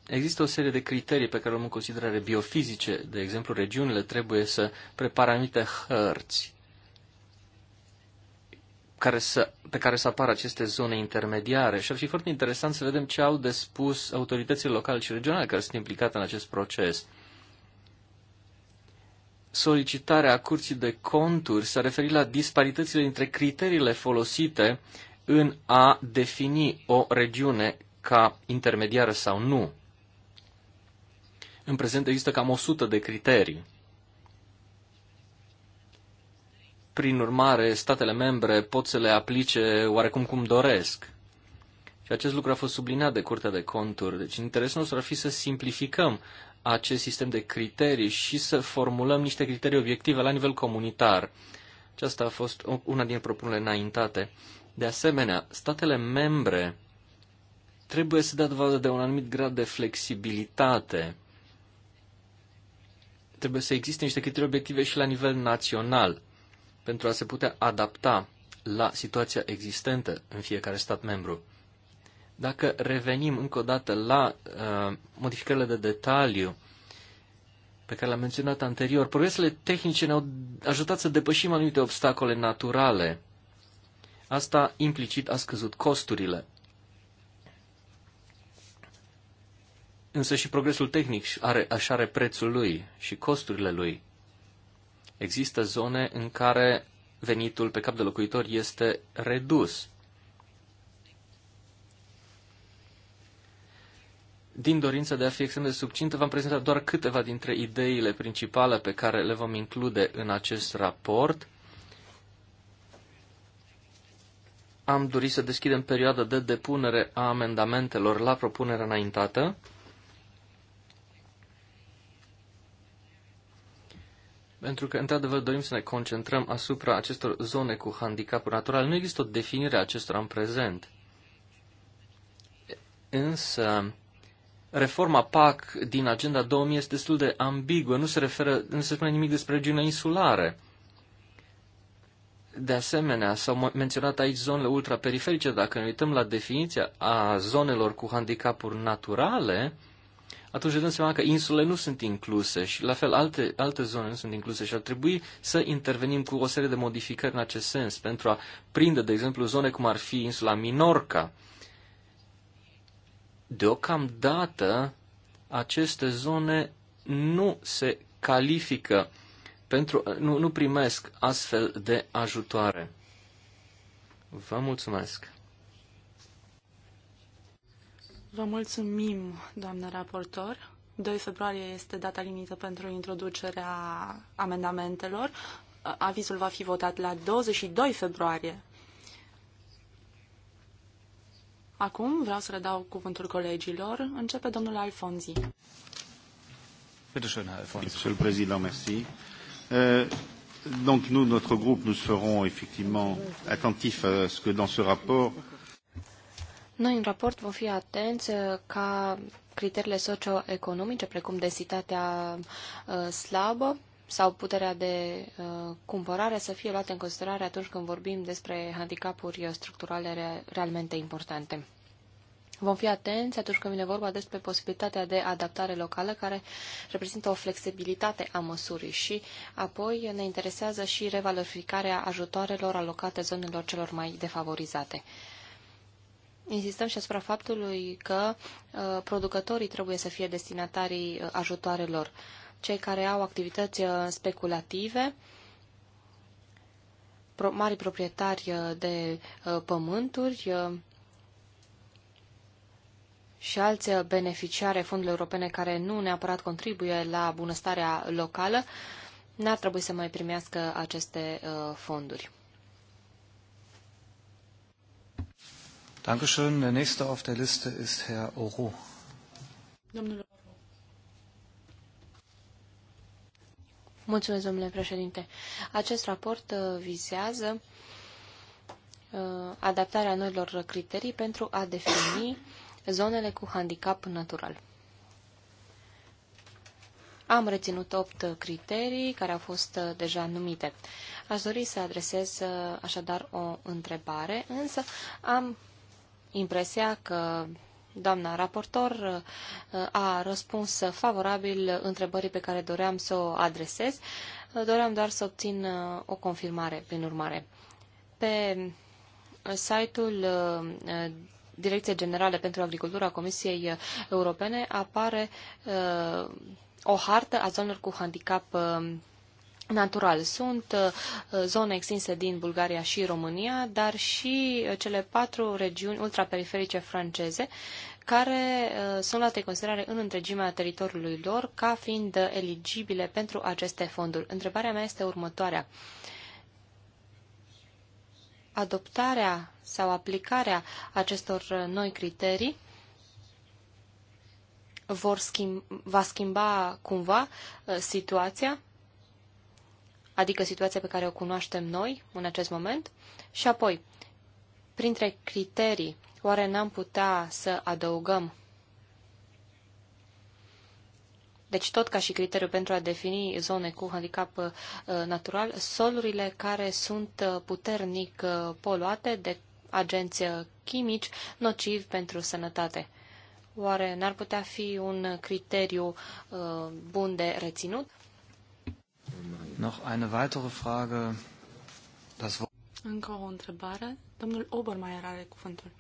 Există o serie de criterii pe care luăm în considerare biofizice, de exemplu, regiunile trebuie să prepare anumite hărți care să, pe care să apară aceste zone intermediare și ar fi foarte interesant să vedem ce au de spus autoritățile locale și regionale care sunt implicate în acest proces. Solicitarea Curții de Conturi s-a referit la disparitățile dintre criteriile folosite în a defini o regiune ca intermediară sau nu. În prezent există cam 100 de criterii Prin urmare, statele membre pot să le aplice oarecum cum doresc. Și acest lucru a fost subliniat de Curtea de Conturi. Deci interesul nostru ar fi să simplificăm acest sistem de criterii și să formulăm niște criterii obiective la nivel comunitar. Aceasta a fost una din propunerile înaintate. De asemenea, statele membre trebuie să dea dovadă de un anumit grad de flexibilitate. Trebuie să existe niște criterii obiective și la nivel național pentru a se putea adapta la situația existentă în fiecare stat membru. Dacă revenim încă o dată la uh, modificările de detaliu pe care le-am menționat anterior, progresele tehnice ne-au ajutat să depășim anumite obstacole naturale. Asta implicit a scăzut costurile. Însă și progresul tehnic are, așa are prețul lui și costurile lui. Există zone în care venitul pe cap de locuitor este redus. Din dorința de a fi extrem de subțintă, v-am prezentat doar câteva dintre ideile principale pe care le vom include în acest raport. Am dorit să deschidem perioada de depunere a amendamentelor la propunerea înaintată pentru că, într-adevăr, dorim să ne concentrăm asupra acestor zone cu handicapuri naturale. Nu există o definire a acestora în prezent. Însă, reforma PAC din Agenda 2000 este destul de ambiguă, nu se, referă, nu se spune nimic despre regiunea insulare. De asemenea, s-au menționat aici zonele ultraperiferice. Dacă ne uităm la definiția a zonelor cu handicapuri naturale, uh, atunci dăm seama că insulele nu sunt incluse și la fel alte, alte zone nu sunt incluse și ar trebui să intervenim cu o serie de modificări în acest sens pentru a prinde, de exemplu, zone cum ar fi insula Minorca. Deocamdată, aceste zone nu se califică pentru, nu, nu primesc astfel de ajutoare. Vă mulțumesc! Vă mulțumim, doamnă raportor. 2 februarie este data limită pentru introducerea amendamentelor. Avizul va fi votat la 22 februarie. Acum vreau să redau cuvântul colegilor. Începe domnul Alfonzi. Alfonsi. Monsieur le Président, merci. Euh, donc nous, notre groupe, nous serons effectivement attentifs à ce que dans ce rapport euh, noi în raport vom fi atenți uh, ca criteriile socioeconomice, precum densitatea uh, slabă, sau puterea de uh, cumpărare să fie luate în considerare atunci când vorbim despre handicapuri structurale realmente importante. Vom fi atenți atunci când vine vorba despre posibilitatea de adaptare locală, care reprezintă o flexibilitate a măsurii și apoi ne interesează și revalorificarea ajutoarelor alocate zonelor celor mai defavorizate. Insistăm și asupra faptului că uh, producătorii trebuie să fie destinatarii uh, ajutoarelor. Cei care au activități uh, speculative, pro, mari proprietari uh, de uh, pământuri uh, și alți beneficiari fondurilor europene care nu neapărat contribuie la bunăstarea locală, n-ar trebui să mai primească aceste fonduri. Dankeschön. Der nächste auf der Liste ist Herr Oro. Mulțumesc, domnule președinte. Acest raport uh, vizează uh, adaptarea noilor criterii pentru a defini zonele cu handicap natural. Am reținut opt criterii care au fost uh, deja numite. Aș dori să adresez așadar o întrebare, însă am impresia că doamna raportor uh, a răspuns favorabil întrebării pe care doream să o adresez. Uh, doream doar să obțin uh, o confirmare, prin urmare. Pe site-ul Direcției Generale pentru Agricultura Comisiei Europene apare o hartă a zonelor cu handicap natural. Sunt uh, zone extinse din Bulgaria și România, dar și uh, cele patru regiuni ultraperiferice franceze, care uh, sunt luate în considerare în întregimea teritoriului lor ca fiind eligibile pentru aceste fonduri. Întrebarea mea este următoarea. Adoptarea sau aplicarea acestor noi criterii vor schimba, va schimba cumva situația adică situația pe care o cunoaștem noi în acest moment, și apoi, printre criterii, oare n-am putea să adăugăm deci tot ca și criteriu pentru a defini zone cu handicap uh, natural, solurile care sunt uh, puternic uh, poluate de agenți chimici nocivi pentru sănătate. Oare n-ar putea fi un criteriu bun de reținut? Noch eine weitere Frage. Das Încă o întrebare. Domnul Obermeier are cuvântul.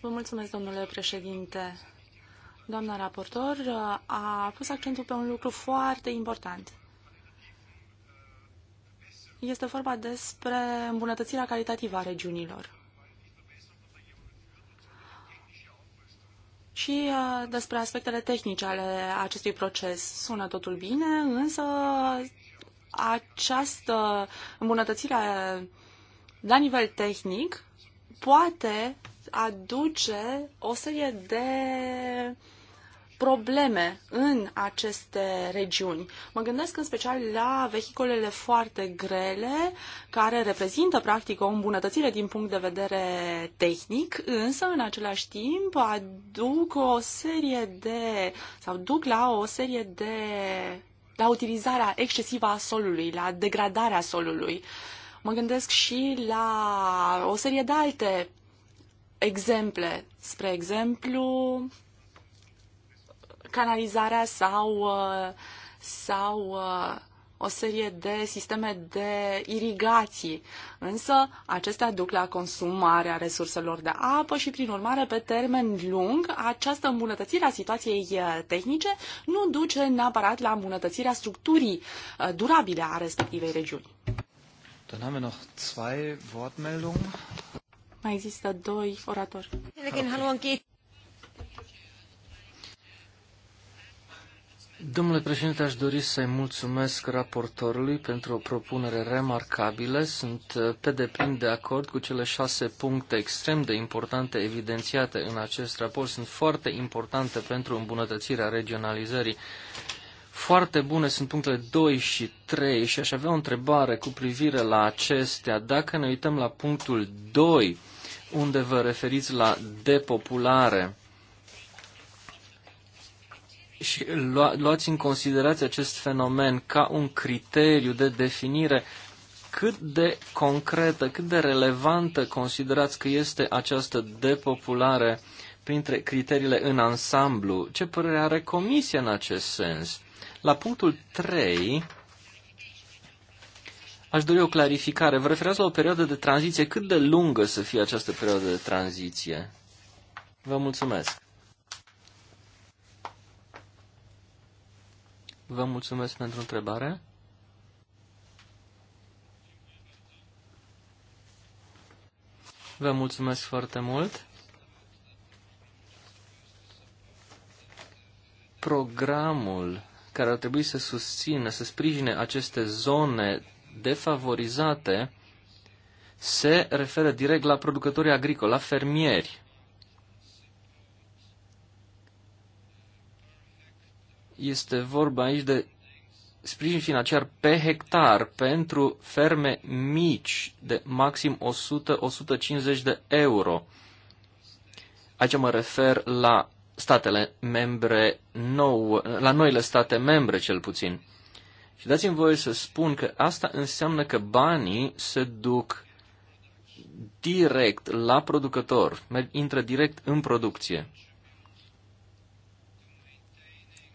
Vă mulțumesc, domnule președinte. Doamna raportor uh, a pus accentul pe un lucru foarte important. Este vorba despre îmbunătățirea calitativă a regiunilor. și uh, despre aspectele tehnice ale acestui proces. Sună totul bine, însă această îmbunătățire la nivel tehnic poate aduce o serie de probleme în aceste regiuni. Mă gândesc în special la vehiculele foarte grele, care reprezintă practic o îmbunătățire din punct de vedere tehnic, însă în același timp aduc o serie de sau duc la o serie de la utilizarea excesivă a solului, la degradarea solului. Mă gândesc și la o serie de alte exemple. Spre exemplu, canalizarea sau, uh, sau uh, o serie de sisteme de irigații, însă acestea duc la consumarea resurselor de apă și, prin urmare, pe termen lung, această îmbunătățire a situației tehnice nu duce neapărat la îmbunătățirea structurii durabile a respectivei regiuni. Mai există doi oratori. Domnule președinte, aș dori să-i mulțumesc raportorului pentru o propunere remarcabilă. Sunt uh, pe deplin de acord cu cele șase puncte extrem de importante evidențiate în acest raport. Sunt foarte importante pentru îmbunătățirea regionalizării. Foarte bune sunt punctele 2 și 3 și aș avea o întrebare cu privire la acestea. Dacă ne uităm la punctul 2, unde vă referiți la depopulare, și lua, luați în considerație acest fenomen ca un criteriu de definire cât de concretă, cât de relevantă considerați că este această depopulare printre criteriile în ansamblu? Ce părere are Comisia în acest sens? La punctul 3, aș dori o clarificare. Vă referați la o perioadă de tranziție. Cât de lungă să fie această perioadă de tranziție? Vă mulțumesc. Vă mulțumesc pentru întrebare. Vă mulțumesc foarte mult. Programul care ar trebui să susțină, să sprijine aceste zone defavorizate se referă direct la producătorii agricoli, la fermieri. Este vorba aici de sprijin financiar pe hectar pentru ferme mici de maxim 100-150 de euro. Aici mă refer la statele membre nou, la noile state membre cel puțin. Și dați-mi voie să spun că asta înseamnă că banii se duc direct la producător, merg, intră direct în producție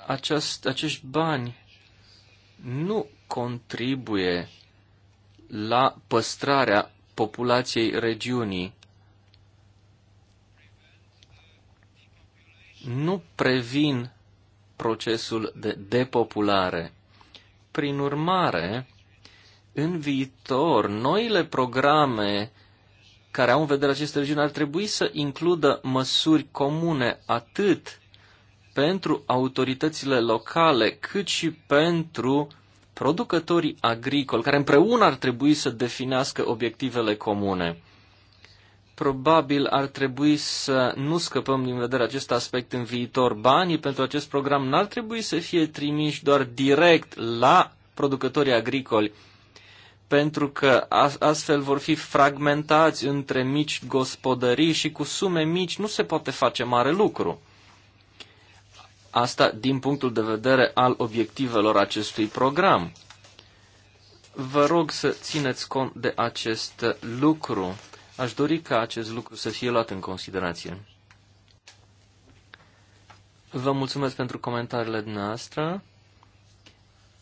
aceast, acești bani nu contribuie la păstrarea populației regiunii. Nu previn procesul de depopulare. Prin urmare, în viitor, noile programe care au în vedere aceste regiuni ar trebui să includă măsuri comune atât pentru autoritățile locale, cât și pentru producătorii agricoli, care împreună ar trebui să definească obiectivele comune. Probabil ar trebui să nu scăpăm din vedere acest aspect în viitor. Banii pentru acest program n-ar trebui să fie trimiși doar direct la producătorii agricoli, pentru că astfel vor fi fragmentați între mici gospodării și cu sume mici nu se poate face mare lucru. Asta din punctul de vedere al obiectivelor acestui program. Vă rog să țineți cont de acest lucru. Aș dori ca acest lucru să fie luat în considerație. Vă mulțumesc pentru comentariile noastre.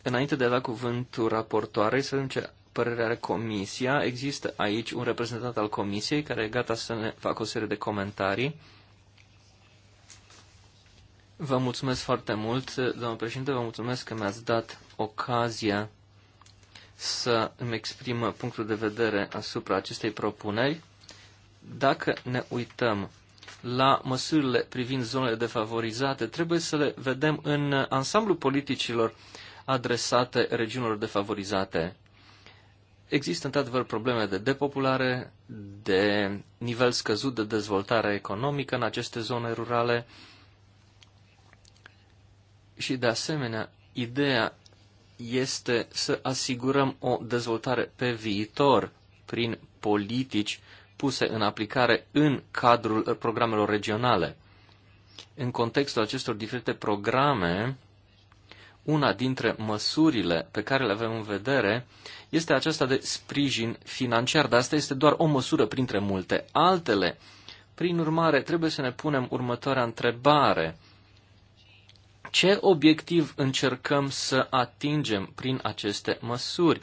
Înainte de a da cuvântul raportoarei, să vedem ce părere are comisia. Există aici un reprezentant al comisiei care e gata să ne facă o serie de comentarii. Vă mulțumesc foarte mult, domnul președinte, vă mulțumesc că mi-ați dat ocazia să îmi exprim punctul de vedere asupra acestei propuneri. Dacă ne uităm la măsurile privind zonele defavorizate, trebuie să le vedem în ansamblul politicilor adresate regiunilor defavorizate. Există într-adevăr probleme de depopulare, de nivel scăzut de dezvoltare economică în aceste zone rurale, și de asemenea, ideea este să asigurăm o dezvoltare pe viitor prin politici puse în aplicare în cadrul programelor regionale. În contextul acestor diferite programe, una dintre măsurile pe care le avem în vedere este aceasta de sprijin financiar, dar asta este doar o măsură printre multe altele. Prin urmare, trebuie să ne punem următoarea întrebare. Ce obiectiv încercăm să atingem prin aceste măsuri?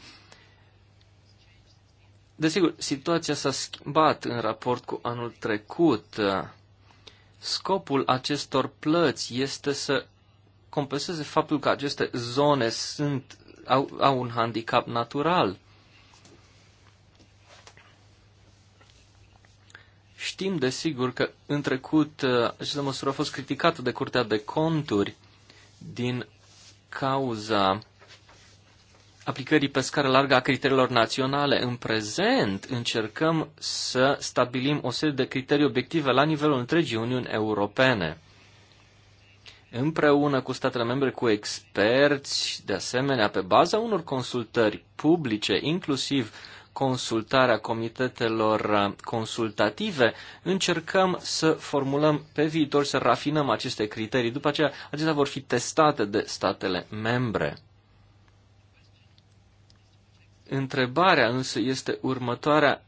Desigur, situația s-a schimbat în raport cu anul trecut. Scopul acestor plăți este să compenseze faptul că aceste zone sunt, au, au un handicap natural. Știm, desigur, că în trecut uh, această măsură a fost criticată de Curtea de Conturi din cauza aplicării pe scară largă a criteriilor naționale. În prezent încercăm să stabilim o serie de criterii obiective la nivelul întregii Uniuni Europene. Împreună cu statele membre, cu experți, de asemenea, pe baza unor consultări publice, inclusiv consultarea comitetelor uh, consultative, încercăm să formulăm pe viitor, să rafinăm aceste criterii. După aceea, acestea vor fi testate de statele membre. Întrebarea însă este următoarea.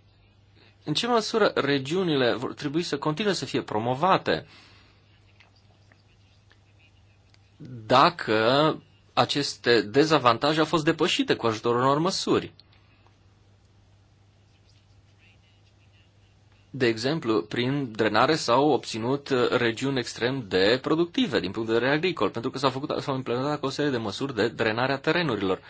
În ce măsură regiunile vor trebui să continue să fie promovate? Dacă aceste dezavantaje au fost depășite cu ajutorul unor măsuri. De exemplu, prin drenare s-au obținut uh, regiuni extrem de productive din punct de vedere agricol, pentru că s-au, făcut, s-au implementat o serie de măsuri de drenare a terenurilor.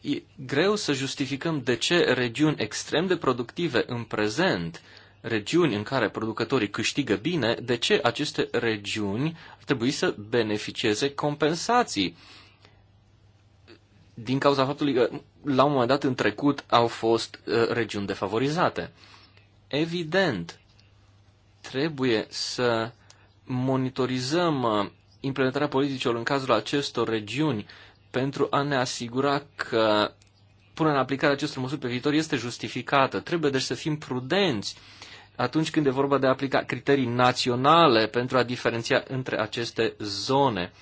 E greu să justificăm de ce regiuni extrem de productive în prezent, regiuni în care producătorii câștigă bine, de ce aceste regiuni ar trebui să beneficieze compensații din cauza faptului că la un moment dat în trecut au fost uh, regiuni defavorizate. Evident, trebuie să monitorizăm uh, implementarea politicilor în cazul acestor regiuni pentru a ne asigura că punerea în aplicare acestor măsuri pe viitor este justificată. Trebuie deci să fim prudenți atunci când e vorba de a aplica criterii naționale pentru a diferenția între aceste zone.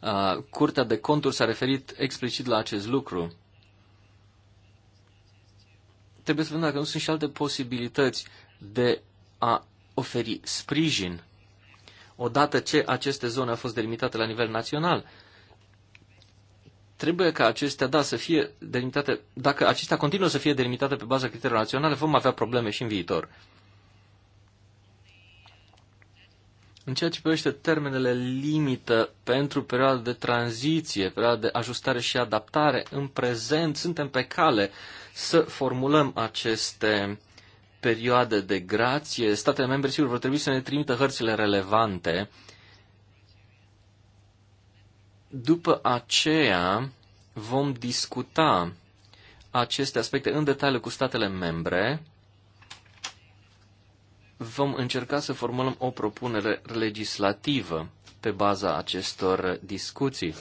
Uh, Curtea de conturi s-a referit explicit la acest lucru trebuie să vedem dacă nu sunt și alte posibilități de a oferi sprijin odată ce aceste zone au fost delimitate la nivel național. Trebuie ca acestea, da, să fie delimitate, dacă acestea continuă să fie delimitate pe baza criteriilor naționale, vom avea probleme și în viitor. În ceea ce privește termenele limită pentru perioada de tranziție, perioada de ajustare și adaptare, în prezent suntem pe cale să formulăm aceste perioade de grație. Statele membre, sigur, vor trebui să ne trimită hărțile relevante. După aceea vom discuta aceste aspecte în detaliu cu statele membre vom încerca să formulăm o propunere legislativă pe baza acestor discuții.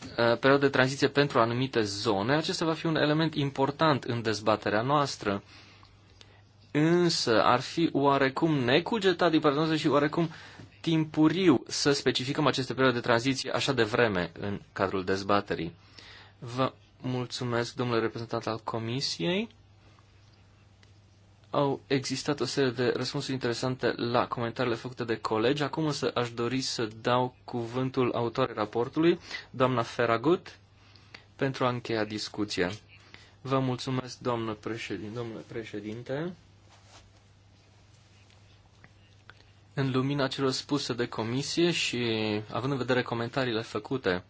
Uh, perioada de tranziție pentru anumite zone, acesta va fi un element important în dezbaterea noastră, însă ar fi oarecum necugetat din partea noastră și oarecum timpuriu să specificăm aceste perioade de tranziție așa de vreme în cadrul dezbaterii. Vă mulțumesc, domnule reprezentant al Comisiei. Au existat o serie de răspunsuri interesante la comentariile făcute de colegi. Acum însă aș dori să dau cuvântul autoare raportului, doamna Feragut, pentru a încheia discuția. Vă mulțumesc, doamnă președin, domnule președinte. În lumina celor spuse de comisie și având în vedere comentariile făcute,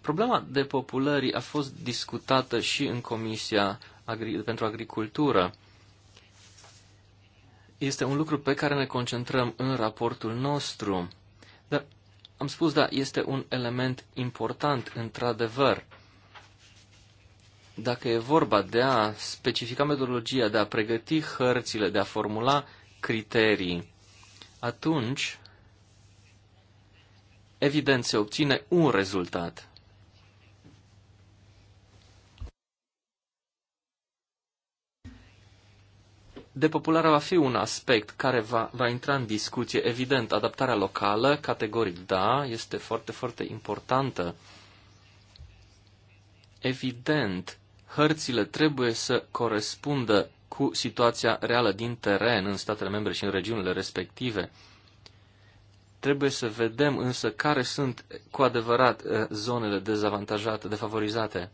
problema depopulării a fost discutată și în Comisia Agri- pentru Agricultură este un lucru pe care ne concentrăm în raportul nostru. Dar am spus, da, este un element important, într-adevăr. Dacă e vorba de a specifica metodologia, de a pregăti hărțile, de a formula criterii, atunci, evident, se obține un rezultat. Depopularea va fi un aspect care va, va intra în discuție. Evident, adaptarea locală, categoric da, este foarte, foarte importantă. Evident, hărțile trebuie să corespundă cu situația reală din teren în statele membre și în regiunile respective. Trebuie să vedem însă care sunt cu adevărat eh, zonele dezavantajate, defavorizate.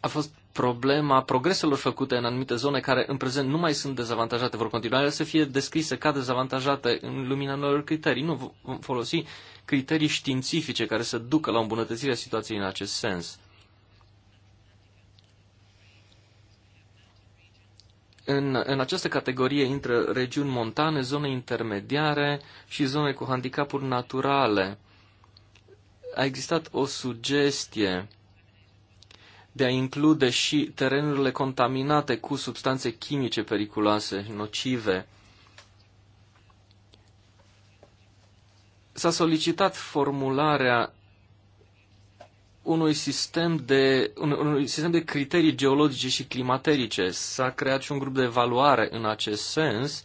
a fost problema progreselor făcute în anumite zone care în prezent nu mai sunt dezavantajate, vor continua să fie descrise ca dezavantajate în lumina noilor criterii. Nu vom folosi criterii științifice care să ducă la îmbunătățirea situației în acest sens. În, în această categorie intră regiuni montane, zone intermediare și zone cu handicapuri naturale. A existat o sugestie de a include și terenurile contaminate cu substanțe chimice periculoase, nocive. S-a solicitat formularea unui sistem de, un, unui sistem de criterii geologice și climaterice. S-a creat și un grup de evaluare în acest sens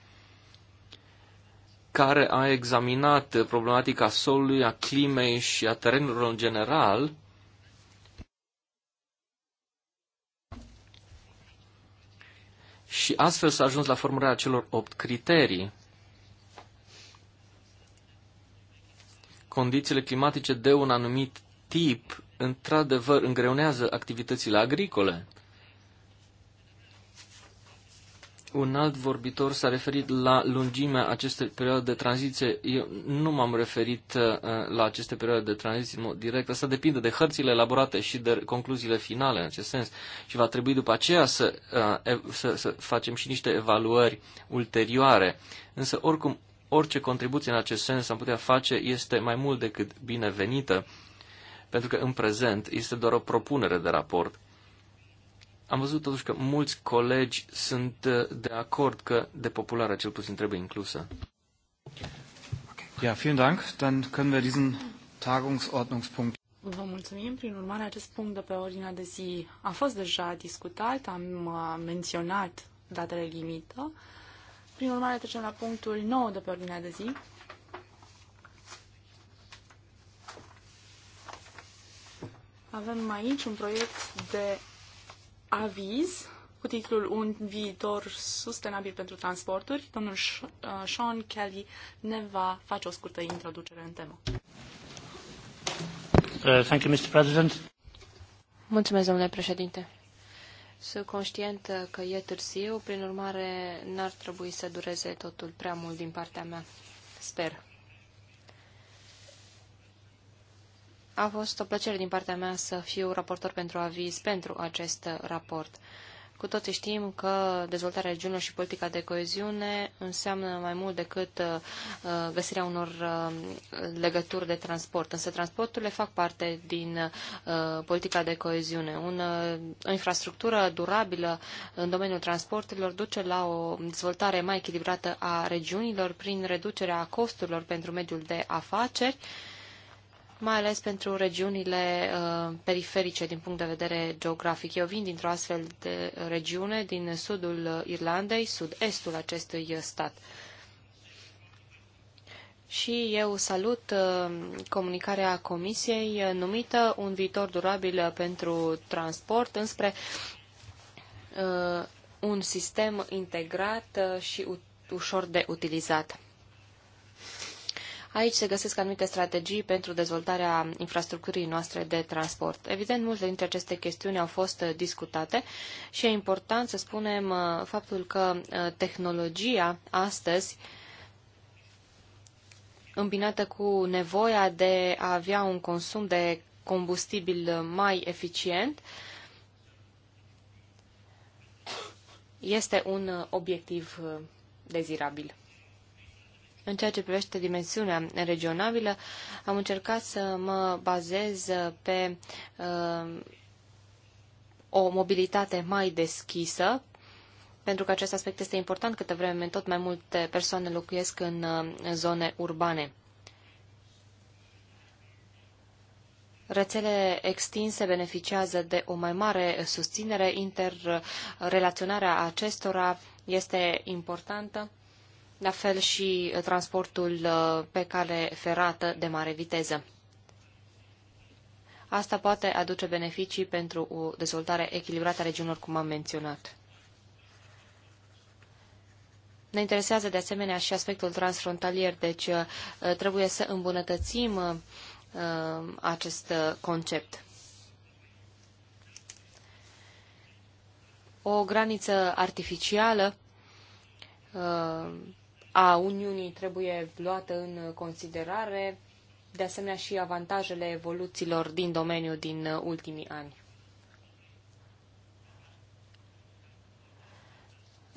care a examinat problematica solului, a climei și a terenurilor în general Și astfel s-a ajuns la formularea celor opt criterii. Condițiile climatice de un anumit tip, într-adevăr, îngreunează activitățile agricole. un alt vorbitor s-a referit la lungimea acestei perioade de tranziție. Eu nu m-am referit uh, la aceste perioade de tranziție în mod direct. Asta depinde de hărțile elaborate și de concluziile finale în acest sens. Și va trebui după aceea să, uh, să, să facem și niște evaluări ulterioare. Însă, oricum, orice contribuție în acest sens am putea face este mai mult decât binevenită, pentru că în prezent este doar o propunere de raport am văzut totuși că mulți colegi sunt uh, de acord că depopularea cel puțin trebuie inclusă. Ja, vielen Dank. Dann können wir diesen Tagungsordnungspunkt. Vă mulțumim. Prin urmare, acest punct de pe ordinea de zi a fost deja discutat, am uh, menționat datele limită. Prin urmare, trecem la punctul 9 de pe ordinea de zi. Avem aici un proiect de aviz cu titlul Un viitor sustenabil pentru transporturi. Domnul uh, Sean Kelly ne va face o scurtă introducere în temă. Uh, thank you, Mr. President. Mulțumesc, domnule președinte. Sunt conștient că e târziu, prin urmare n-ar trebui să dureze totul prea mult din partea mea. Sper. A fost o plăcere din partea mea să fiu raportor pentru aviz pentru acest raport. Cu toții știm că dezvoltarea regiunilor și politica de coeziune înseamnă mai mult decât uh, uh, găsirea unor uh, legături de transport. Însă transporturile fac parte din politica de coeziune. Un, o infrastructură durabilă în domeniul transporturilor duce la o dezvoltare mai echilibrată a regiunilor prin reducerea costurilor pentru mediul de afaceri, mai ales pentru regiunile uh, periferice din punct de vedere geografic. Eu vin dintr-o astfel de regiune, din sudul Irlandei, sud-estul acestui stat. Și eu salut uh, comunicarea Comisiei uh, numită Un viitor durabil pentru transport înspre uh, un sistem integrat uh, și ușor de utilizat. Aici se găsesc anumite strategii pentru dezvoltarea infrastructurii noastre de transport. Evident, multe dintre aceste chestiuni au fost uh, discutate și e important să spunem uh, faptul că uh, tehnologia astăzi îmbinată cu nevoia de a avea un consum de combustibil mai eficient, este un obiectiv dezirabil. În ceea ce privește dimensiunea regionabilă, am încercat să mă bazez pe uh, o mobilitate mai deschisă, pentru că acest aspect este important câtă vreme tot mai multe persoane locuiesc în uh, zone urbane. Rețele extinse beneficiază de o mai mare susținere, interrelaționarea acestora este importantă la fel și uh, transportul uh, pe cale ferată de mare viteză. Asta poate aduce beneficii pentru o dezvoltare echilibrată a regiunilor, cum am menționat. Ne interesează de asemenea și aspectul transfrontalier, deci uh, trebuie să îmbunătățim acest concept. O graniță artificială a Uniunii trebuie luată în considerare, de asemenea și avantajele evoluțiilor din domeniu din ultimii ani.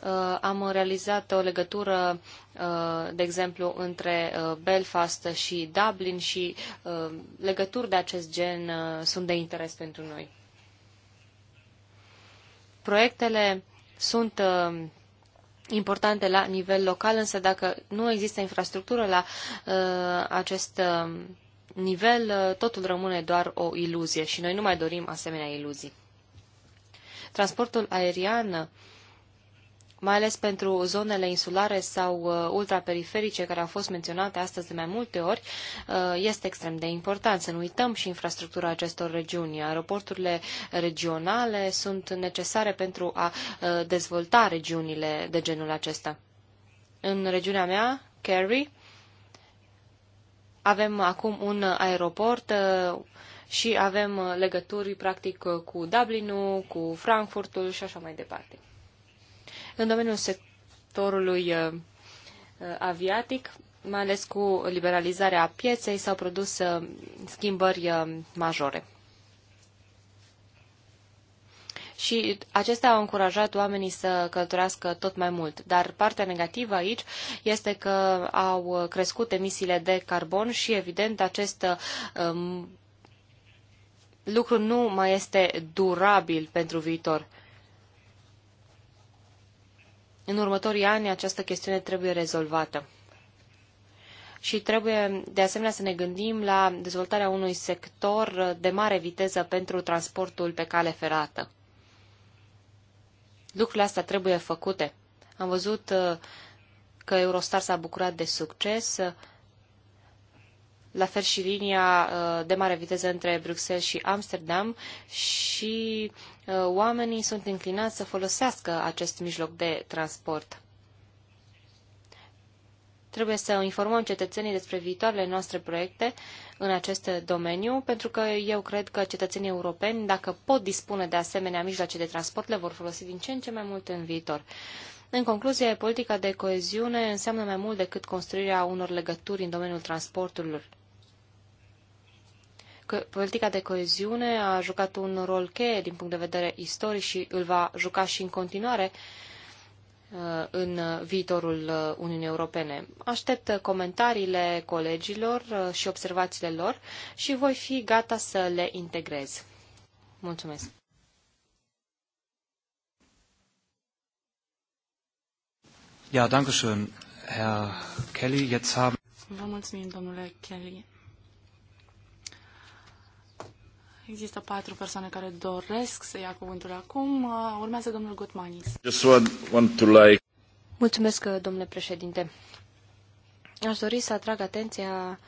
Uh, am realizat o legătură, uh, de exemplu, între uh, Belfast și Dublin și legături de acest gen sunt de interes pentru noi. Proiectele sunt importante la nivel local, însă dacă nu există infrastructură la uh, acest uh, nivel, uh, totul rămâne doar o iluzie și noi nu mai dorim asemenea iluzii. Transportul aerian mai ales pentru zonele insulare sau uh, ultraperiferice care au fost menționate astăzi de mai multe ori, uh, este extrem de important. Să nu uităm și infrastructura acestor regiuni. Aeroporturile regionale sunt necesare pentru a uh, dezvolta regiunile de genul acesta. În regiunea mea, Kerry, avem acum un aeroport și avem legături practic cu Dublinul, cu Frankfurtul și așa mai departe în domeniul sectorului uh, uh, aviatic, mai ales cu liberalizarea pieței, s-au produs uh, schimbări majore. Și acestea au încurajat oamenii să călătorească tot mai mult. Dar partea negativă aici este că au crescut emisiile de carbon și, evident, acest um, lucru nu mai este durabil pentru viitor în următorii ani această chestiune trebuie rezolvată. Și trebuie de asemenea să ne gândim la dezvoltarea unui sector de mare viteză pentru transportul pe cale ferată. Lucrurile astea trebuie făcute. Am văzut uh, că Eurostar s-a bucurat de succes la fel și linia uh, de mare viteză între Bruxelles și Amsterdam și uh, oamenii sunt înclinați să folosească acest mijloc de transport. Trebuie să informăm cetățenii despre viitoarele noastre proiecte în acest domeniu, pentru că eu cred că cetățenii europeni, dacă pot dispune de asemenea mijloace de transport, le vor folosi din ce în ce mai mult în viitor. În concluzie, politica de coeziune înseamnă mai mult decât construirea unor legături în domeniul transporturilor politica de coeziune a jucat un rol cheie din punct de vedere istoric și îl va juca și în continuare uh, în viitorul uh, Uniunii Europene. Aștept uh, comentariile colegilor și observațiile lor și voi fi gata să le integrez. Mulțumesc! Ja, danke schön, Herr Kelly. Jetzt haben Vă mulțumim, domnule Kelly. Există patru persoane care doresc să ia cuvântul acum. Uh, urmează domnul Gutmanis. Just want to like... Mulțumesc, uh, domnule președinte. Aș dori să atrag atenția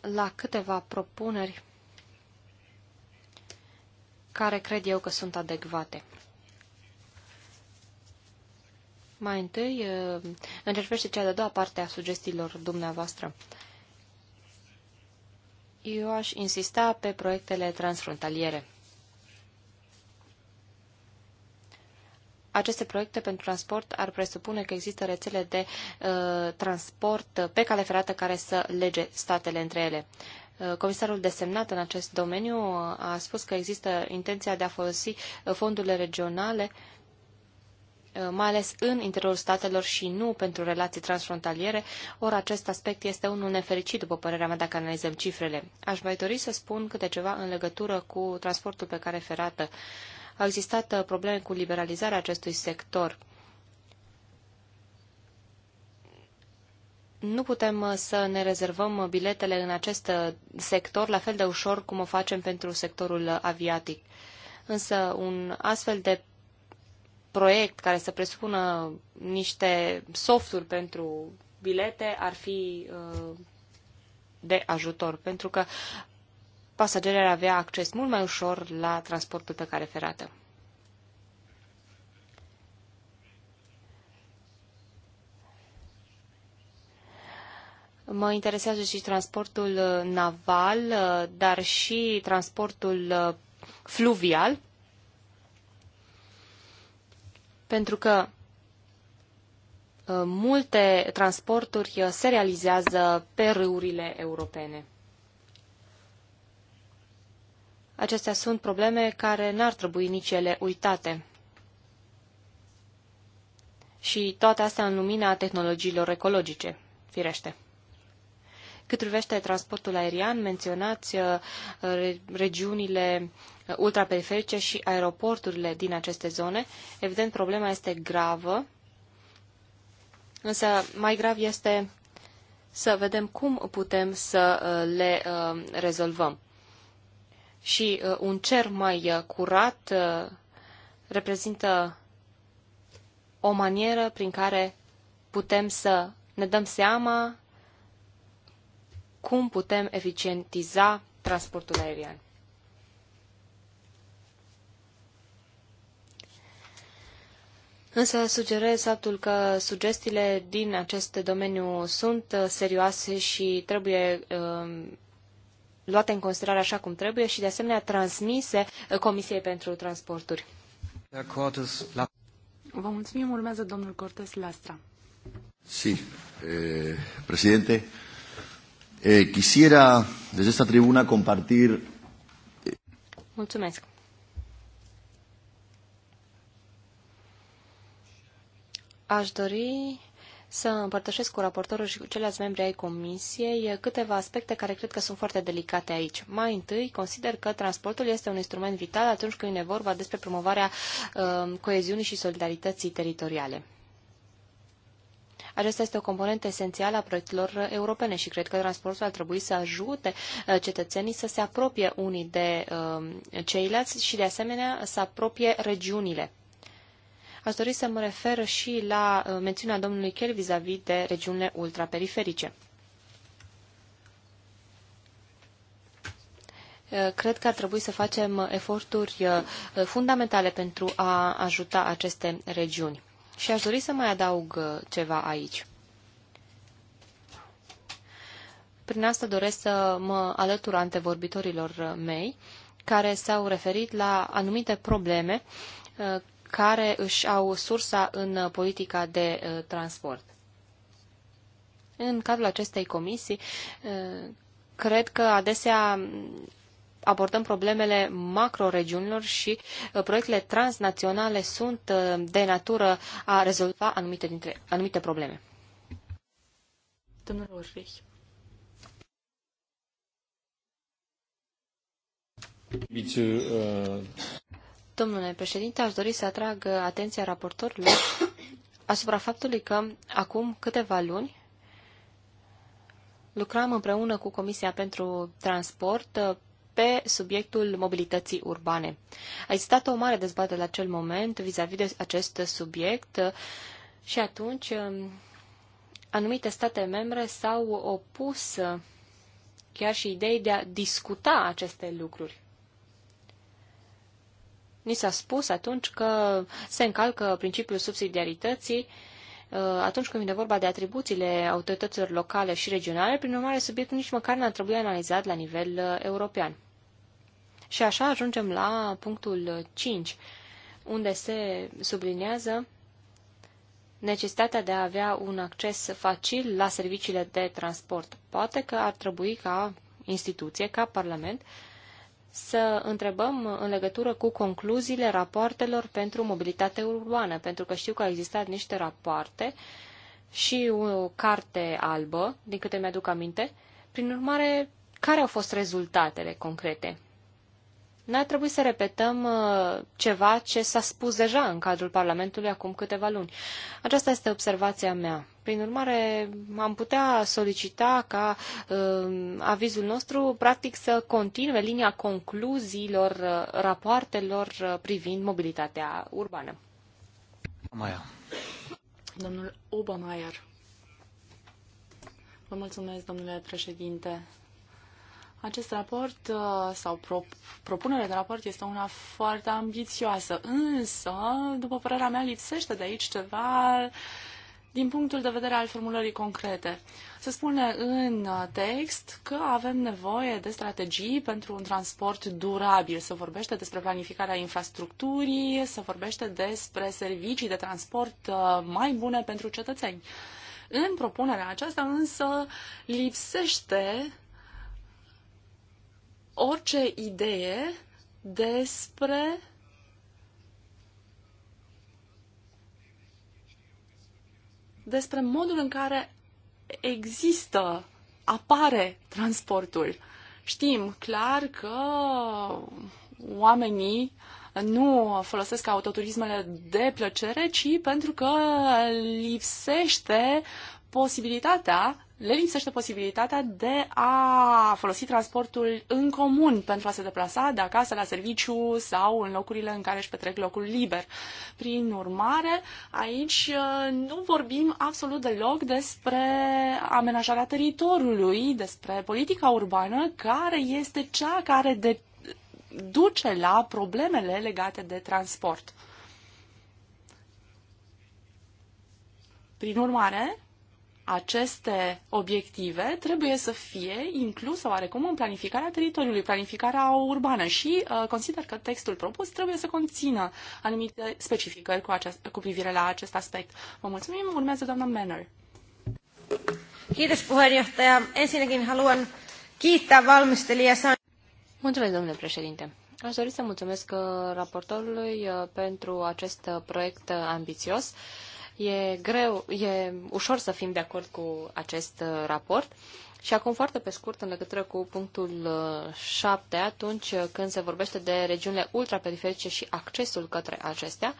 la câteva propuneri care cred eu că sunt adecvate. Mai întâi, uh, încercește cea de-a doua parte a sugestiilor dumneavoastră. Uh, eu aș insista pe proiectele transfrontaliere. Aceste proiecte pentru transport ar presupune că există rețele de uh, transport pe cale ferată care să lege statele între ele. Uh, comisarul desemnat în acest domeniu a spus că există intenția de a folosi uh, fondurile regionale uh, Uh, mai ales în interiorul statelor și nu pentru relații transfrontaliere, ori acest aspect este unul nefericit, după părerea mea, dacă analizăm cifrele. Aș mai dori să spun câte ceva în legătură cu transportul pe care ferată. Au existat uh, probleme cu liberalizarea acestui sector. Nu putem uh, să ne rezervăm biletele în acest sector la fel de ușor cum o facem pentru sectorul aviatic. Însă un astfel de proiect care să presupună niște softuri pentru bilete ar fi uh, de ajutor, pentru că pasagerii ar avea acces mult mai ușor la transportul pe care ferată. Mă interesează și transportul uh, naval, uh, dar și transportul fluvial pentru că uh, multe transporturi uh, se realizează pe râurile europene. Acestea sunt probleme care n-ar trebui nici ele uitate. Și toate astea în lumina tehnologiilor ecologice, firește. Cât privește transportul aerian, menționați uh, regiunile uh, ultraperiferice și aeroporturile din aceste zone. Evident, problema este gravă, însă mai grav este să vedem cum putem să uh, le rezolvăm. Și un cer mai curat reprezintă o manieră prin care putem să ne dăm seama cum putem eficientiza transportul aerian. Însă sugerez faptul că sugestiile din acest domeniu sunt uh, serioase și trebuie um, luate în considerare așa cum trebuie și de asemenea transmise uh, Comisiei pentru Transporturi. Vă mulțumim, urmează domnul Cortes Lastra. Si, sí, eh, președinte, Eh, quisiera desde esta tribuna compartir. Eh, Mulțumesc. Aș dori să împărtășesc cu raportorul și cu ceilalți membri ai comisiei eh, câteva aspecte care cred că sunt foarte delicate aici. Mai întâi, consider că transportul este un instrument vital atunci când e vorba despre promovarea uh, coeziunii și solidarității teritoriale. Aceasta este o componentă esențială a proiectelor europene și cred că transportul ar trebui să ajute uh, cetățenii să se apropie unii de uh, ceilalți și de asemenea să apropie regiunile. Aș dori să mă refer și la uh, mențiunea domnului Kelly vis-a-vis de regiunile ultraperiferice. Cred că ar trebui să facem eforturi fundamentale pentru a ajuta aceste regiuni. Și aș dori să mai adaug uh, ceva aici. Prin asta doresc să mă alătur antevorbitorilor uh, mei care s-au referit la anumite probleme uh, care își au sursa în politica de transport. În cadrul acestei comisii, cred că adesea abordăm problemele macroregiunilor și uh, proiectele transnaționale sunt uh, de natură a rezolva anumite, dintre, anumite probleme. Domnul uh, Domnule președinte, aș dori să atrag atenția raportorului *coughs* asupra faptului că acum câteva luni lucram împreună cu Comisia pentru Transport pe subiectul mobilității urbane. A existat o mare dezbatere la acel moment vis-a-vis -vis de acest subiect și atunci um, anumite state membre s-au opus uh, chiar și idei de a discuta aceste lucruri. Ni s-a spus atunci că se încalcă principiul subsidiarității uh, atunci când vine vorba de atribuțiile autorităților locale și regionale, prin urmare subiectul nici măcar n-ar trebui analizat la nivel uh, european. Și așa ajungem la punctul 5, unde se subliniază necesitatea de a avea un acces facil la serviciile de transport. Poate că ar trebui ca instituție, ca Parlament, să întrebăm în legătură cu concluziile rapoartelor pentru mobilitate urbană, pentru că știu că au existat niște rapoarte și o carte albă, din câte mi-aduc aminte. Prin urmare, care au fost rezultatele concrete? N-ar trebui să repetăm uh, ceva ce s-a spus deja în cadrul Parlamentului acum câteva luni. Aceasta este observația mea. Prin urmare, am putea solicita ca uh, avizul nostru, practic, să continue linia concluziilor uh, rapoartelor uh, privind mobilitatea urbană. Maia. Domnul Obamaier. Vă mulțumesc, domnule președinte. Acest raport uh, sau pro, propunerea de raport este una foarte ambițioasă, însă, după părerea mea, lipsește de aici ceva din punctul de vedere al formulării concrete. Se spune în text că avem nevoie de strategii pentru un transport durabil. Se vorbește despre planificarea infrastructurii, se vorbește despre servicii de transport uh, mai bune pentru cetățeni. În propunerea aceasta însă lipsește orice idee despre despre modul în care există, apare transportul. Știm clar că oamenii nu folosesc autoturismele de plăcere, ci pentru că lipsește posibilitatea, le lipsește posibilitatea de a folosi transportul în comun pentru a se deplasa de acasă la serviciu sau în locurile în care își petrec locul liber. Prin urmare, aici uh, nu vorbim absolut deloc despre amenajarea teritoriului, despre politica urbană, care este cea care de- duce la problemele legate de transport. Prin urmare, aceste obiective trebuie să fie inclusă oarecum în planificarea teritoriului, planificarea urbană și uh, consider că textul propus trebuie să conțină anumite specificări cu, acest, cu privire la acest aspect. Vă mulțumim, urmează doamna Manner. haluan kiittää Mulțumesc, domnule președinte. Aș dori să mulțumesc uh, raportorului uh, pentru acest uh, proiect ambițios E greu, e ușor să fim de acord cu acest uh, raport. Și acum foarte pe scurt în legătură cu punctul 7, uh, atunci uh, când se vorbește de regiunile ultraperiferice și accesul către acestea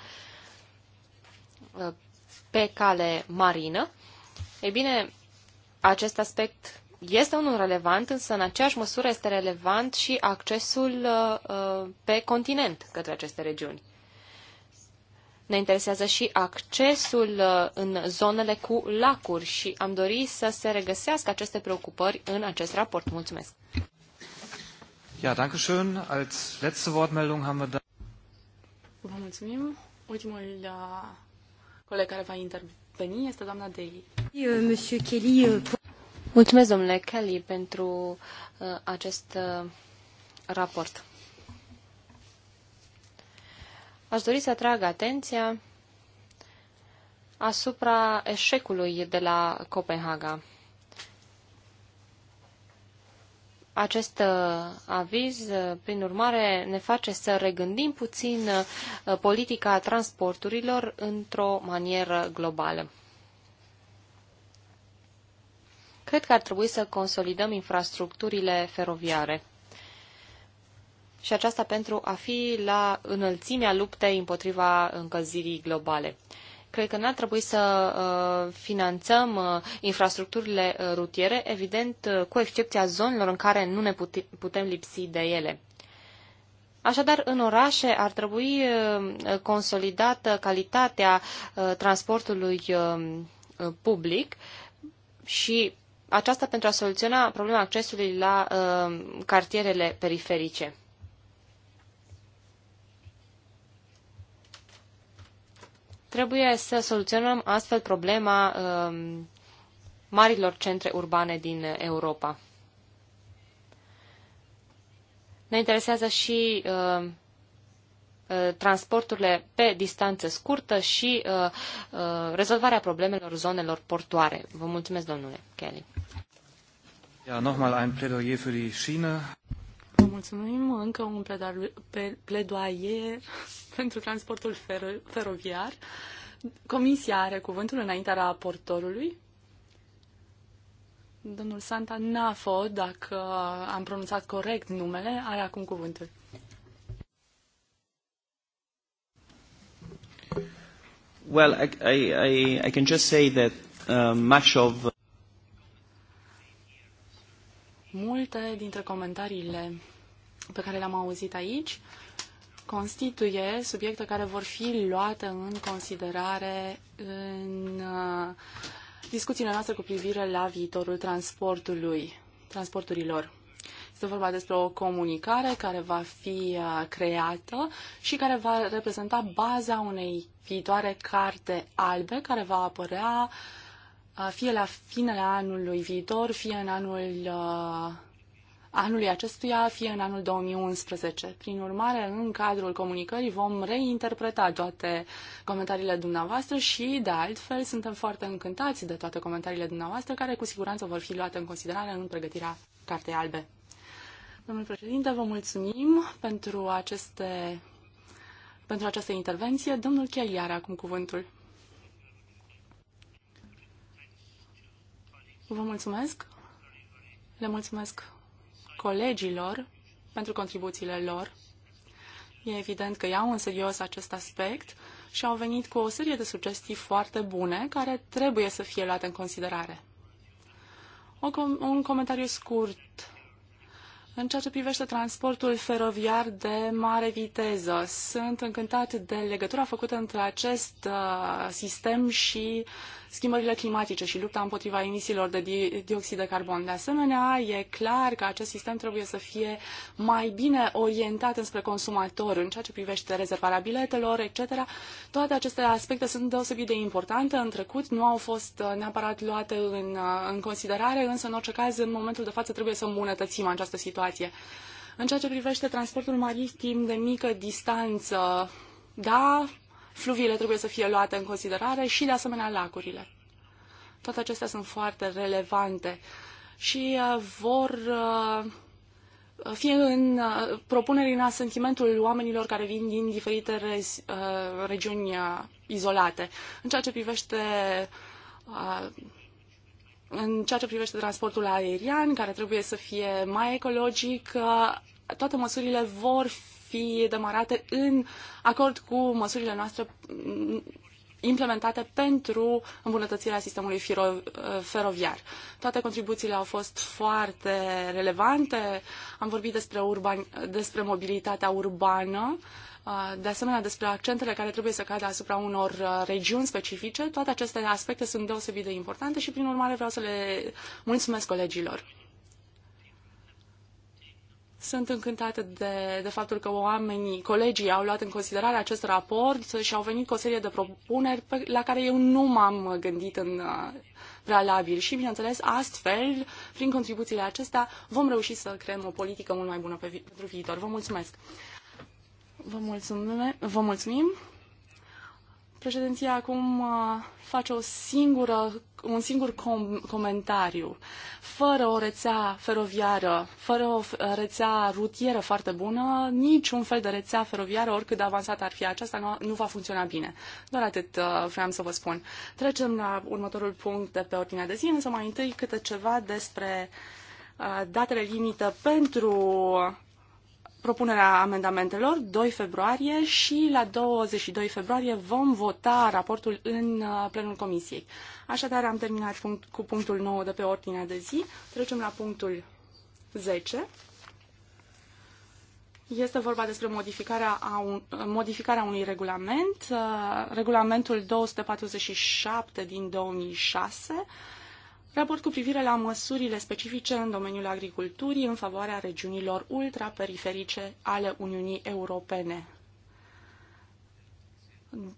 pe cale marină, e bine, acest aspect este unul relevant, însă în aceeași măsură este relevant și accesul pe continent către aceste regiuni. Ne interesează și accesul uh, în zonele cu lacuri și am dorit să se regăsească aceste preocupări în acest raport. Mulțumesc! Ja, danke schön. Als letzte Wortmeldung haben wir da Vă mulțumim. Ultimul da, coleg care va interveni este doamna Deli. Euh, monsieur Kelly. Euh, Mulțumesc, domnule Kelly, pentru uh, acest uh, raport. Aș dori să atrag atenția asupra eșecului de la Copenhaga. Acest uh, aviz, uh, prin urmare, ne face să regândim puțin uh, politica transporturilor într-o manieră globală. Cred că ar trebui să consolidăm infrastructurile feroviare și aceasta pentru a fi la înălțimea luptei împotriva încălzirii globale. Cred că n-ar trebui să uh, finanțăm uh, infrastructurile uh, rutiere, evident, cu excepția zonelor în care nu ne putem lipsi de ele. Așadar, în orașe ar trebui consolidată calitatea transportului public și aceasta pentru a soluționa problema accesului la cartierele periferice. Trebuie să soluționăm astfel problema um, marilor centre urbane din Europa. Ne interesează și um, uh, transporturile pe distanță scurtă și uh, uh, rezolvarea problemelor zonelor portoare. Vă mulțumesc, domnule Kelly. Ja, nochmal ein Plädoyer für die Schiene mulțumim. Încă un pledoaier *laughs* pentru transportul feroviar. Comisia are cuvântul înaintea raportorului. Domnul Santa Nafo, dacă am pronunțat corect numele, are acum cuvântul. Well, I, I, I can just say that uh, much of Multe dintre comentariile pe care le-am auzit aici constituie subiecte care vor fi luate în considerare în uh, discuțiile noastre cu privire la viitorul transportului, transporturilor. Este vorba despre o comunicare care va fi uh, creată și care va reprezenta baza unei viitoare carte albe care va apărea uh, fie la finele anului viitor, fie în anul anului acestuia, fie în anul 2011. Prin urmare, în cadrul comunicării vom reinterpreta toate comentariile dumneavoastră și, de altfel, suntem foarte încântați de toate comentariile dumneavoastră, care cu siguranță vor fi luate în considerare în pregătirea Cartei Albe. Domnul președinte, vă mulțumim pentru, aceste, pentru această intervenție. Domnul Chei are acum cuvântul. Vă mulțumesc. Le mulțumesc colegilor pentru contribuțiile lor. E evident că iau în serios acest aspect și au venit cu o serie de sugestii foarte bune care trebuie să fie luate în considerare. O com- un comentariu scurt. În ceea ce privește transportul feroviar de mare viteză, sunt încântat de legătura făcută între acest uh, sistem și uh, schimbările climatice și lupta împotriva emisiilor de dioxid de carbon. De asemenea, e clar că acest sistem trebuie să fie mai bine orientat înspre consumator în ceea ce privește rezervarea biletelor, etc. Toate aceste aspecte sunt deosebit de importante. În trecut nu au fost uh, neapărat luate în, uh, în considerare, însă, în orice caz, în momentul de față trebuie să îmbunătățim această situație. În ceea ce privește transportul maritim de mică distanță, da, Fluviile trebuie să fie luate în considerare și, de asemenea, lacurile. Toate acestea sunt foarte relevante și uh, vor uh, fi în uh, propunerii în asentimentul oamenilor care vin din diferite regiuni izolate. În ceea ce privește în ceea ce privește transportul aerian, care trebuie să fie mai ecologic, toate măsurile vor fi demarate în acord cu măsurile noastre implementate pentru îmbunătățirea sistemului feroviar. Toate contribuțiile au fost foarte relevante. Am vorbit despre, urban, despre mobilitatea urbană, uh, de asemenea despre accentele care trebuie să cadă asupra unor uh, regiuni specifice. Toate aceste aspecte sunt deosebit de importante și, prin urmare, vreau să le mulțumesc colegilor. Sunt încântată de, de faptul că oamenii, colegii au luat în considerare acest raport și au venit cu o serie de propuneri pe, la care eu nu m-am gândit în uh, prealabil și, bineînțeles, astfel, prin contribuțiile acestea, vom reuși să creăm o politică mult mai bună pe vi- pentru viitor. Vă mulțumesc! Vă mulțumim! Vă mulțumim. Președinția acum uh, face o singură, un singur com- comentariu. Fără o rețea feroviară, fără o rețea rutieră foarte bună, niciun fel de rețea feroviară, oricât de avansată ar fi aceasta, nu, nu va funcționa bine. Doar atât uh, vreau să vă spun. Trecem la următorul punct de pe ordinea de zi, însă mai întâi câte ceva despre uh, datele limită pentru propunerea amendamentelor 2 februarie și la 22 februarie vom vota raportul în uh, plenul comisiei. Așadar, am terminat punct, cu punctul 9 de pe ordinea de zi. Trecem la punctul 10. Este vorba despre modificarea, a un, modificarea unui regulament, uh, regulamentul 247 din 2006, raport cu privire la măsurile specifice în domeniul agriculturii în favoarea regiunilor ultraperiferice ale Uniunii Europene.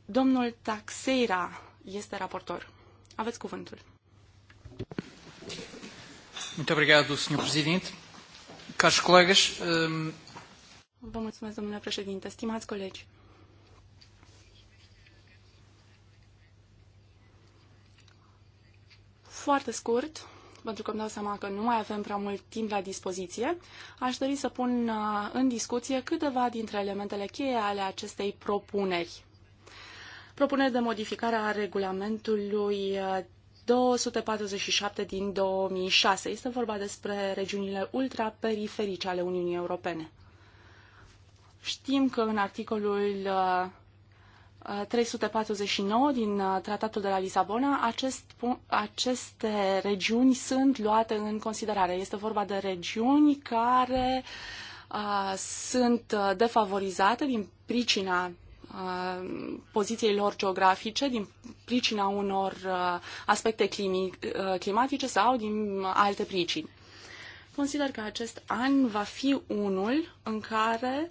Domnul Taxeira este raportor. Aveți cuvântul. Muito obrigado, Sr. Presidente. Caros colegas, um... Vă mulțumesc, domnule președinte. Stimați colegi, Foarte scurt, pentru că îmi dau seama că nu mai avem prea mult timp la dispoziție, aș dori să pun uh, în discuție câteva dintre elementele cheie ale acestei propuneri. Propuneri de modificare a regulamentului 247 uh, din 2006. Este vorba despre regiunile ultraperiferice ale Uniunii Europene. Știm că în articolul uh, 349 uh, din uh, Tratatul de la Lisabona, acest, aceste regiuni sunt luate în considerare. Este vorba de regiuni care uh, sunt uh, defavorizate din pricina poziției lor geografice din pricina unor aspecte climatice sau din alte pricini. Consider că acest an va fi unul în care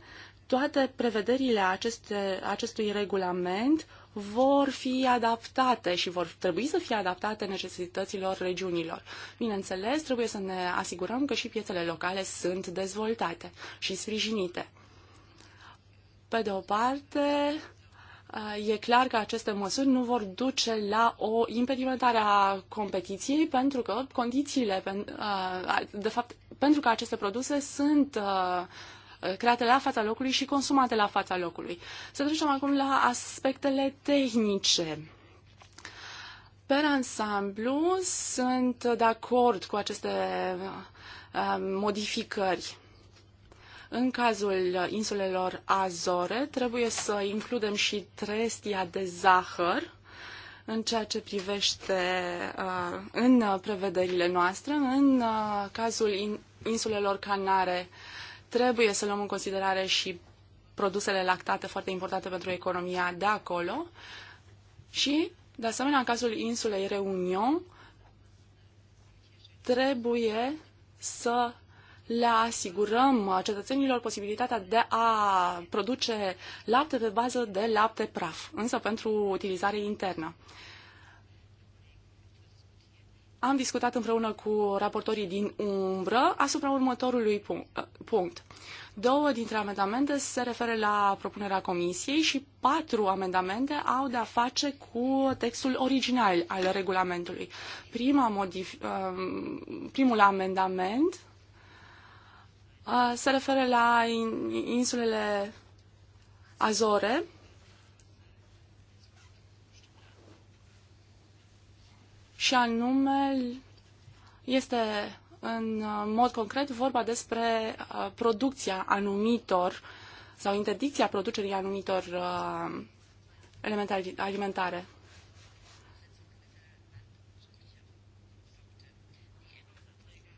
toate prevederile aceste, acestui regulament vor fi adaptate și vor trebui să fie adaptate necesităților regiunilor. Bineînțeles, trebuie să ne asigurăm că și piețele locale sunt dezvoltate și sprijinite. Pe de o parte, E clar că aceste măsuri nu vor duce la o impedimentare a competiției pentru că condițiile, de fapt, pentru că aceste produse sunt create la fața locului și consumate la fața locului. Să trecem acum la aspectele tehnice. Per ansamblu, sunt de acord cu aceste um, modificări. În cazul insulelor Azore, trebuie să includem și trestia de zahăr în ceea ce privește uh, în prevederile noastre. În uh, cazul insulelor Canare, Trebuie să luăm în considerare și produsele lactate foarte importante pentru economia de acolo și, de asemenea, în cazul insulei Reunion, trebuie să le asigurăm cetățenilor posibilitatea de a produce lapte pe bază de lapte praf, însă pentru utilizare internă am discutat împreună cu raportorii din umbră asupra următorului ă, punct. Două dintre amendamente se referă la propunerea comisiei și patru amendamente au de-a face cu textul original al regulamentului. Prima ă, primul amendament ă, se referă la insulele Azore, și anume este în uh, mod concret vorba despre uh, producția anumitor sau interdicția producerii anumitor uh, elemente alimentare.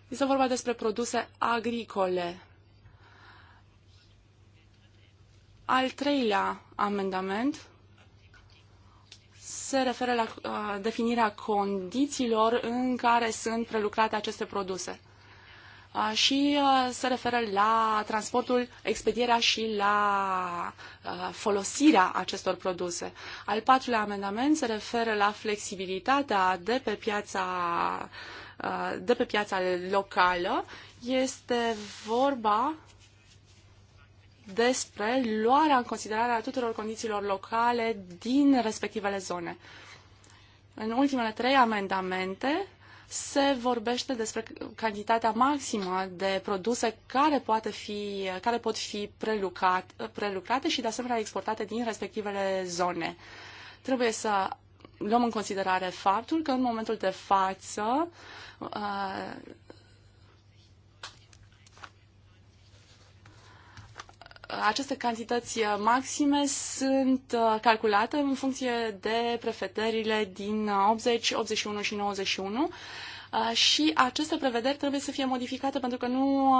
Este vorba despre produse agricole. Al treilea amendament se referă la uh, definirea condițiilor în care sunt prelucrate aceste produse uh, și uh, se referă la transportul, expedierea și la folosirea acestor produse. Al patrulea amendament se referă la flexibilitatea de pe piața de pe piața locală. Este vorba despre luarea în considerare a tuturor condițiilor locale din respectivele zone. În ultimele trei amendamente se vorbește despre cantitatea maximă de produse care, poate fi, care pot fi prelucrat, prelucrate și, de asemenea, exportate din respectivele zone. Trebuie să luăm în considerare faptul că, în momentul de față, uh, aceste cantități uh, maxime sunt uh, calculate în funcție de prevederile din 80, uh, 81 și 91 și aceste prevederi trebuie să fie modificate pentru că nu,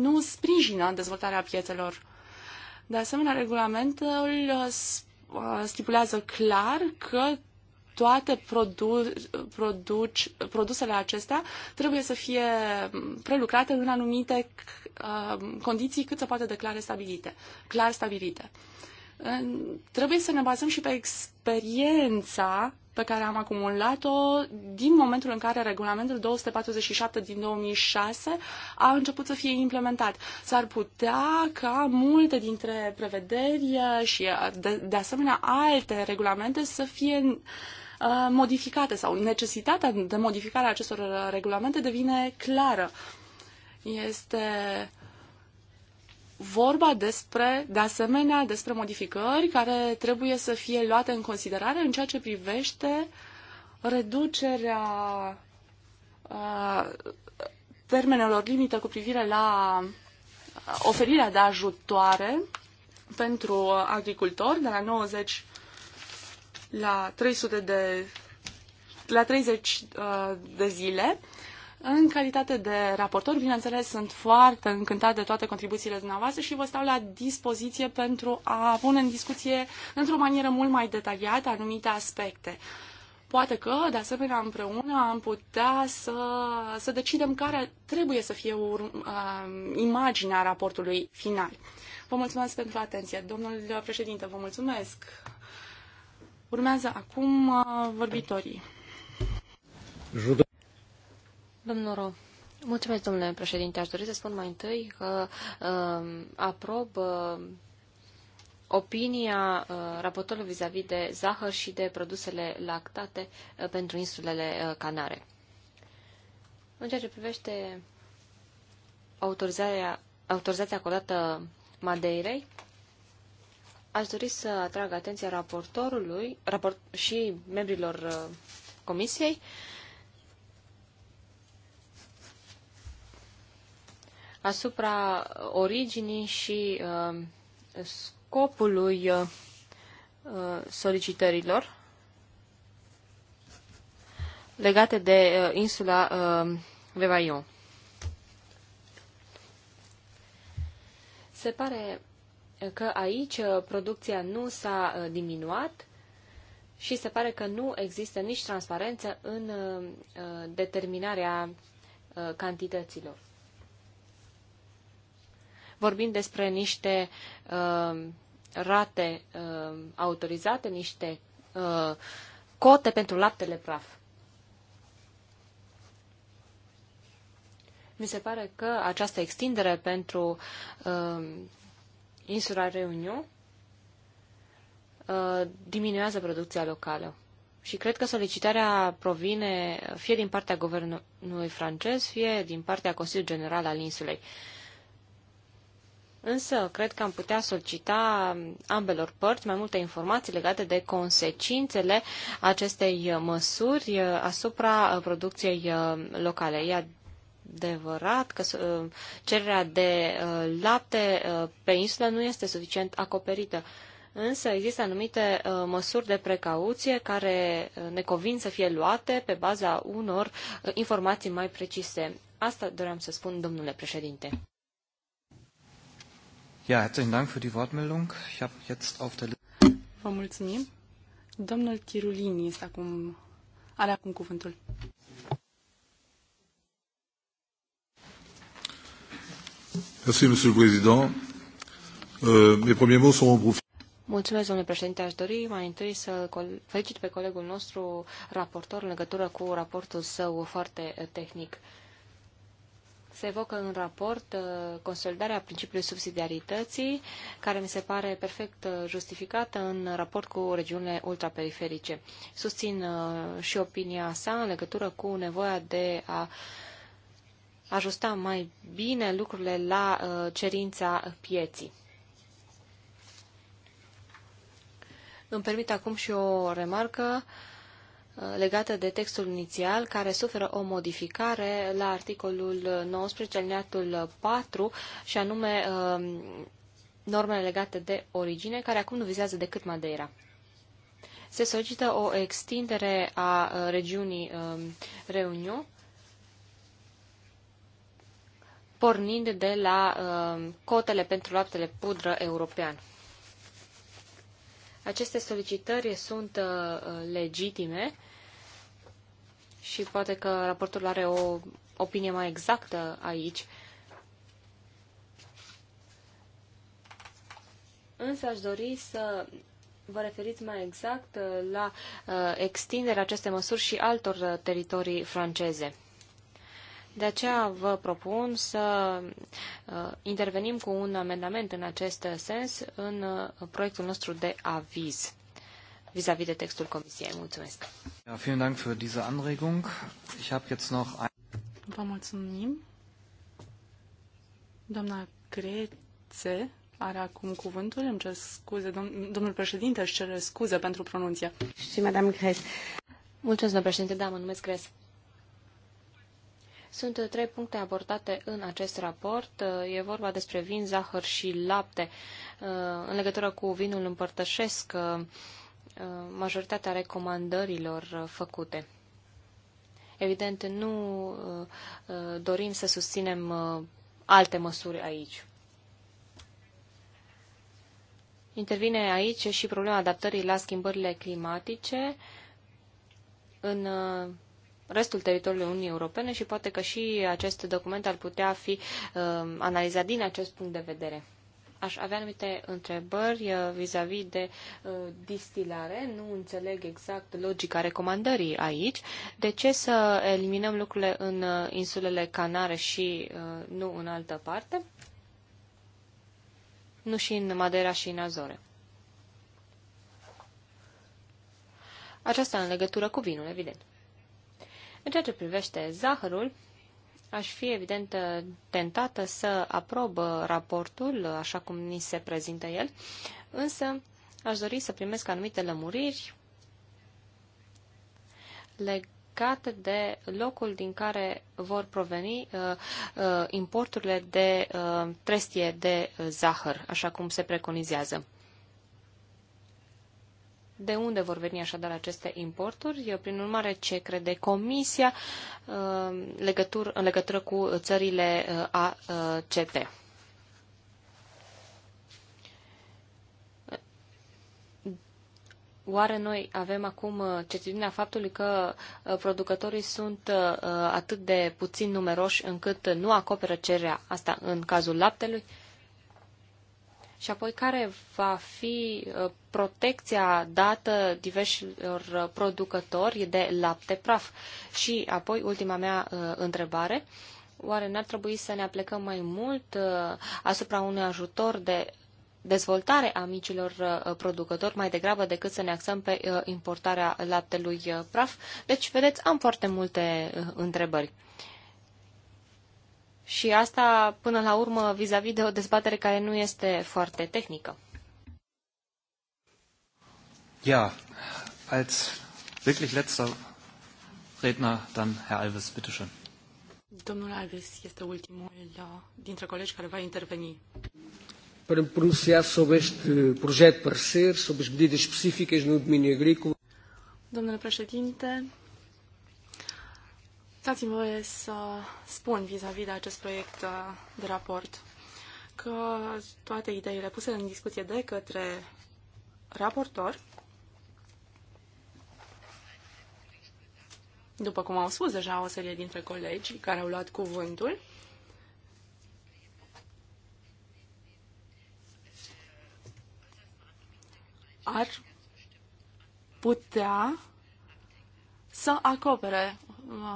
nu sprijină dezvoltarea piețelor. De asemenea, regulamentul stipulează clar că toate produ- produci, produsele acestea trebuie să fie prelucrate în anumite uh, condiții cât se poate clar stabilite, clar stabilite. Trebuie să ne bazăm și pe experiența pe care am acumulat-o din momentul în care regulamentul 247 din 2006 a început să fie implementat. S-ar putea ca multe dintre prevederi uh, și uh, de, de asemenea alte regulamente să fie uh, Uh, modificate sau necesitatea de modificare a acestor uh, regulamente devine clară. Este vorba despre, de asemenea, despre modificări care trebuie să fie luate în considerare în ceea ce privește reducerea uh, termenelor limită cu privire la uh, oferirea de ajutoare pentru agricultori de la 90 la 300 de la 30 uh, de zile. În calitate de raportor, bineînțeles, sunt foarte încântat de toate contribuțiile dumneavoastră și vă stau la dispoziție pentru a pune în discuție într-o manieră mult mai detaliată anumite aspecte. Poate că, de asemenea, împreună am putea să, să decidem care trebuie să fie ur, uh, imaginea raportului final. Vă mulțumesc pentru atenție. Domnul președinte, vă mulțumesc. Urmează acum uh, vorbitorii. Domnul Ro, mulțumesc, domnule președinte. Aș dori să spun mai întâi că uh, aprob uh, opinia uh, raportorului vis-a-vis de zahăr și de produsele lactate uh, pentru insulele uh, Canare. În ceea ce privește autorizarea, autorizația acordată Madeirei, Aș dori să atrag atenția raportorului raport, și membrilor uh, comisiei asupra originii și uh, scopului uh, solicitărilor legate de uh, insula uh, Se pare că aici uh, producția nu s-a uh, diminuat și se pare că nu există nici transparență în uh, determinarea cantităților. Vorbim despre niște rate autorizate, niște cote pentru laptele praf. Mi se pare că această extindere pentru insula Reunion uh, diminuează producția locală. Și cred că solicitarea provine fie din partea guvernului francez, fie din partea Consiliului General al insulei. Însă, cred că am putea solicita ambelor părți mai multe informații legate de consecințele acestei măsuri uh, asupra uh, producției locale. Ea adevărat că uh, cererea de uh, lapte uh, pe insulă nu este suficient acoperită. Însă există anumite măsuri de precauție care ne convin să fie luate pe baza unor informații mai precise. Asta doream să spun, domnule președinte. Ja, herzlichen Dank für die Wortmeldung. Ich habe jetzt auf der Vă mulțumim. Domnul Tirulini este acum, are acum cuvântul. Merci, Monsieur le Président. Euh, mes premiers mots Mulțumesc, domnule președinte. Aș dori mai întâi să felicit pe colegul nostru raportor în legătură cu raportul său foarte eh, tehnic. Se evocă în raport eh, consolidarea principiului subsidiarității, care mi se pare perfect eh, justificată în raport cu regiunile ultraperiferice. Susțin și opinia sa în legătură cu nevoia de a ajusta mai bine lucrurile la uh, cerința pieții. Îmi permit acum și o remarcă uh, legată de textul inițial, care suferă o modificare la articolul 19, alineatul 4, și anume uh, normele legate de origine, care acum nu vizează decât Madeira. Se solicită o extindere a regiunii Reunion pornind de la uh, cotele pentru laptele pudră european. Aceste solicitări sunt uh, legitime și poate că raportul are o opinie mai exactă aici. Însă aș dori să vă referiți mai exact uh, la extinderea acestei măsuri și altor teritorii franceze. De aceea vă propun să uh, intervenim cu un amendament în acest sens în uh, proiectul nostru de aviz vis-a-vis -vis de textul Comisiei. Mulțumesc! Vă mulțumim. Doamna Crețe are acum cuvântul. Îmi cer scuze, domnul președinte își cere scuze pentru pronunția. Și madame Crețe. Mulțumesc, domnul președinte. Da, mă numesc Crețe. Sunt trei puncte abordate în acest raport. E vorba despre vin, zahăr și lapte. Uh, în legătură cu vinul împărtășesc uh, uh, majoritatea recomandărilor făcute. Evident, nu dorim să susținem alte măsuri aici. Intervine aici și problema adaptării la schimbările climatice în restul teritoriului Uniunii Europene și poate că și acest document ar putea fi uh, analizat din acest punct de vedere. Aș avea anumite întrebări uh, vis-a-vis uh, -vis de uh, distilare. Nu înțeleg exact logica recomandării aici. De ce să eliminăm lucrurile în uh, insulele Canare și uh, nu în altă parte? Nu și în Madeira și în Azore. Aceasta în legătură cu vinul, evident. În ceea ce privește zahărul, aș fi evident tentată să aprob raportul așa cum ni se prezintă el, însă aș dori să primesc anumite lămuriri legate de locul din care vor proveni uh, uh, importurile de uh, trestie de zahăr, așa cum se preconizează. De unde vor veni așadar aceste importuri? Eu, prin urmare, ce crede Comisia uh, legătur, în legătură cu țările uh, ACP? Uh, Oare noi avem acum certitudinea faptului că producătorii sunt atât de puțin numeroși încât nu acoperă cererea asta în cazul laptelui? Și apoi care va fi uh, protecția dată diversilor uh, producători de lapte praf? Și apoi ultima mea uh, întrebare. Oare n-ar trebui să ne aplecăm mai mult asupra unui ajutor de dezvoltare a micilor producători mai degrabă decât să ne axăm pe importarea laptelui praf? Deci, vedeți, am foarte multe întrebări. Și asta, până la urmă, vis-a-vis -vis de o dezbatere care nu este foarte tehnică. Ja, als wirklich letzter Redner dann Herr Alves, bitteschön. Domnul Alves este ultimul da, dintre colegi care va interveni. Para me pronunciar sobre este proiect de ser, sobre as medidas específicas no domínio agrícola. Domnule președinte, Dați-mi voie să spun vis-a-vis -vis de acest proiect uh, de raport că toate ideile puse în discuție de către raportor, după cum au spus deja o serie dintre colegi care au luat cuvântul, ar putea să acopere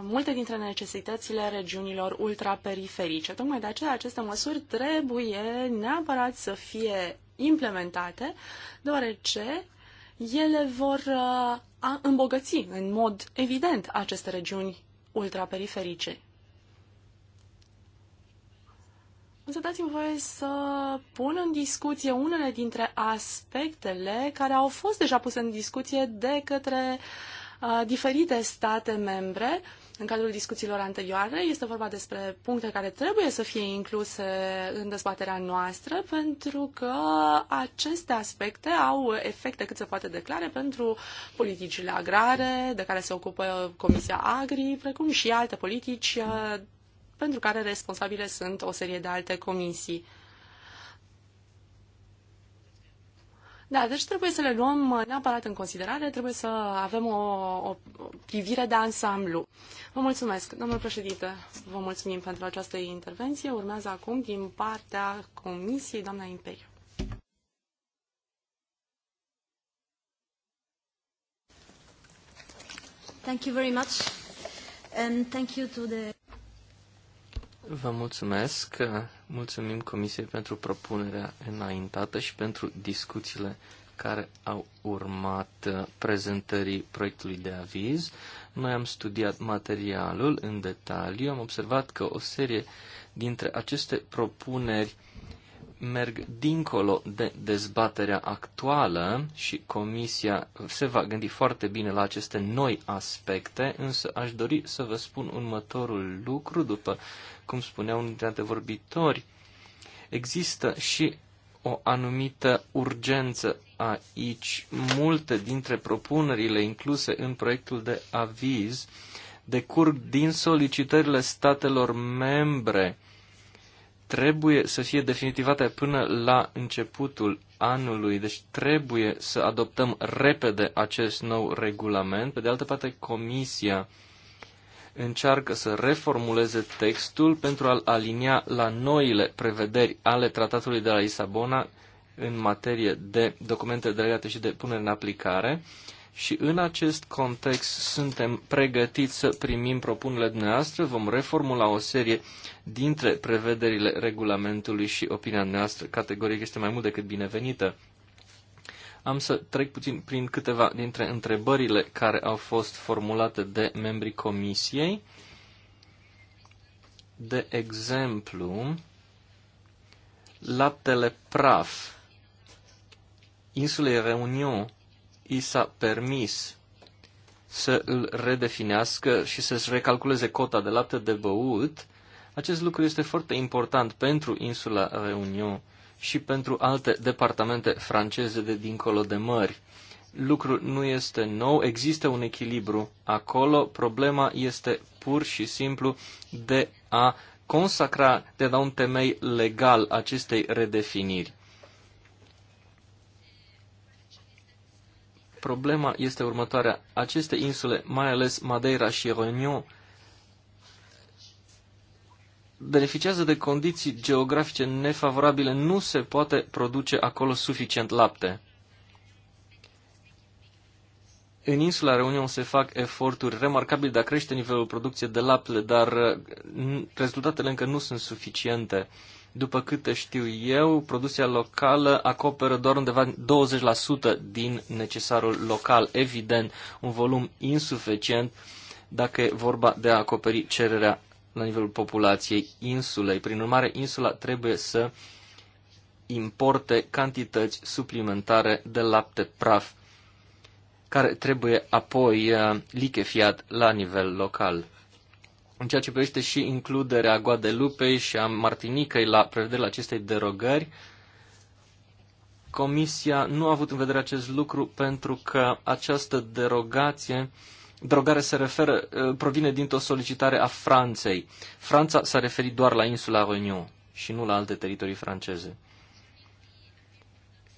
multe dintre necesitățile regiunilor ultraperiferice. Tocmai de aceea aceste măsuri trebuie neapărat să fie implementate, deoarece ele vor uh, îmbogăți în mod evident aceste regiuni ultraperiferice. Însă dați-mi voie să pun în discuție unele dintre aspectele care au fost deja puse în discuție de către uh, Uh, diferite state membre în cadrul discuțiilor anterioare. Este vorba despre puncte care trebuie să fie incluse în dezbaterea noastră, pentru că aceste aspecte au efecte cât se poate declare pentru politicile agrare, de care se ocupă Comisia Agri, precum și alte politici uh, pentru care responsabile sunt o serie de alte comisii. Da, deci trebuie să le luăm neapărat în considerare, trebuie să avem o, o privire de ansamblu. Vă mulțumesc, domnul președinte, vă mulțumim pentru această intervenție. Urmează acum din partea Comisiei, doamna Imperiu. Thank you very much and thank you to the Vă mulțumesc. Mulțumim Comisiei pentru propunerea înaintată și pentru discuțiile care au urmat prezentării proiectului de aviz. Noi am studiat materialul în detaliu, am observat că o serie dintre aceste propuneri merg dincolo de dezbaterea actuală și Comisia se va gândi foarte bine la aceste noi aspecte, însă aș dori să vă spun următorul lucru, după cum spunea unul dintre vorbitori. Există și o anumită urgență aici. Multe dintre propunerile incluse în proiectul de aviz decurg din solicitările statelor membre trebuie să fie definitivate până la începutul anului, deci trebuie să adoptăm repede acest nou regulament. Pe de altă parte, Comisia încearcă să reformuleze textul pentru a-l alinia la noile prevederi ale Tratatului de la Lisabona în materie de documente delegate și de punere în aplicare. Uh, și în acest context suntem pregătiți să primim propunerile dumneavoastră, vom reformula o serie dintre prevederile regulamentului și opinia noastră categoric este mai mult decât binevenită. Am să trec puțin prin câteva dintre întrebările care au fost formulate de membrii comisiei. De exemplu, laptele praf, insulei Reunion i s-a permis să îl redefinească și să-și recalculeze cota de lapte de băut, acest lucru este foarte important pentru insula Reunion și pentru alte departamente franceze de dincolo de mări. Lucrul nu este nou, există un echilibru acolo, problema este pur și simplu de a consacra, de a da un temei legal acestei redefiniri. Problema este următoarea. Aceste insule, mai ales Madeira și Reunion, beneficiază de condiții geografice nefavorabile. Nu se poate produce acolo suficient lapte. În insula Reunion se fac eforturi remarcabile de a crește nivelul producției de lapte, dar mm, rezultatele încă nu sunt suficiente. Uh, după câte știu eu, producția locală acoperă doar undeva 20% din necesarul local, evident, un volum insuficient dacă e vorba de a acoperi cererea la nivelul populației insulei. Prin urmare, insula trebuie să importe cantități suplimentare de lapte praf, care trebuie apoi uh, lichefiat la nivel local în ceea ce privește și includerea Guadelupei și a Martinicăi la prevederea acestei derogări, Comisia nu a avut în vedere acest lucru pentru că această derogație, derogare se referă, uh, provine dintr-o solicitare a Franței. Franța s-a referit doar la insula Réunion și nu la alte teritorii franceze.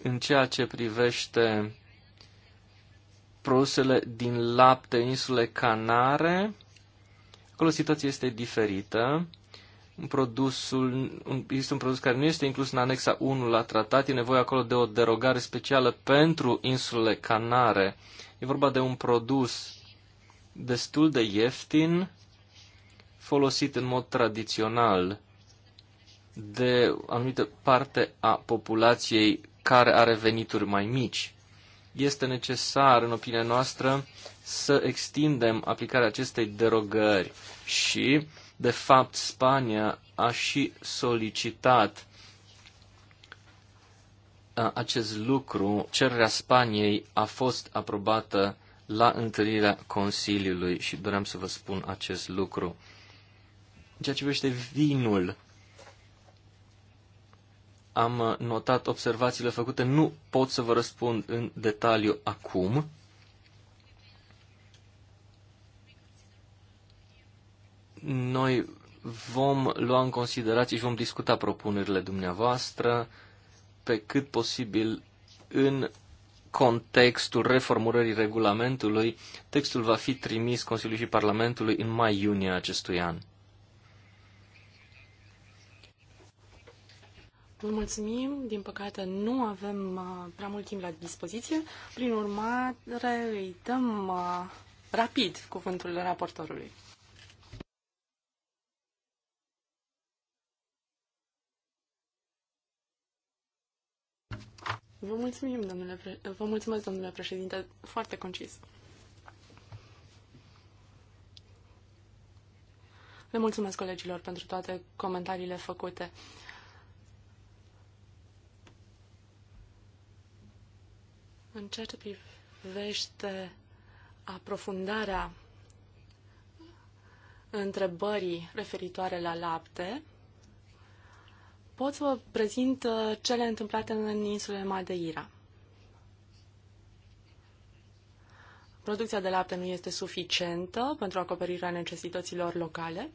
În ceea ce privește produsele din lapte, insule Canare, Acolo situația este diferită. Un produsul, un, este un produs care nu este inclus în anexa 1 la tratat, e nevoie acolo de o derogare specială pentru insulele Canare. E vorba de un produs destul de ieftin, folosit în mod tradițional de anumită parte a populației care are venituri mai mici este necesar, în opinia noastră, să extindem aplicarea acestei derogări și, de fapt, Spania a și solicitat acest lucru. Cererea Spaniei a fost aprobată la întâlnirea Consiliului și doream să vă spun acest lucru. În ceea ce privește vinul, am uh, notat observațiile făcute. Nu pot să vă răspund în detaliu acum. Noi vom lua în considerație și vom discuta propunerile dumneavoastră pe cât posibil în contextul reformulării regulamentului. Textul va fi trimis Consiliului și Parlamentului în mai-iunie acestui an. Mulțumim, din păcate nu avem uh, prea mult timp la dispoziție, prin urmare îi dăm uh, rapid cuvântul raportorului. Vă mulțumim, domnule, pre... vă mulțumesc, domnule președinte, foarte concis. Le mulțumesc colegilor pentru toate comentariile făcute. În ceea ce privește aprofundarea întrebării referitoare la lapte, pot să vă prezint uh, cele întâmplate în insulele Madeira. Producția de lapte nu este suficientă pentru acoperirea necesităților locale.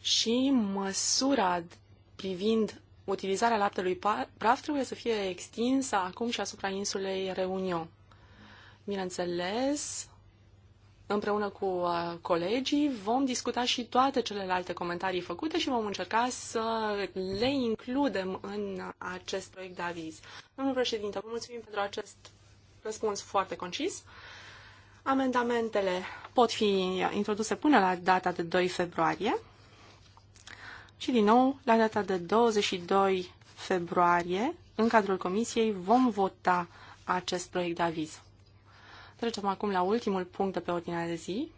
Și măsura privind utilizarea laptelui praf trebuie să fie extinsă acum și asupra insulei Reunion. Bineînțeles, împreună cu uh, colegii vom discuta și toate celelalte comentarii făcute și vom încerca să le includem în acest proiect de aviz. Domnul președinte, vă mulțumim pentru acest răspuns foarte concis. Amendamentele pot fi introduse până la data de 2 februarie. Și din nou, la data de 22 februarie, în cadrul comisiei, vom vota acest proiect de aviz. Trecem acum la ultimul punct de pe ordinea de zi,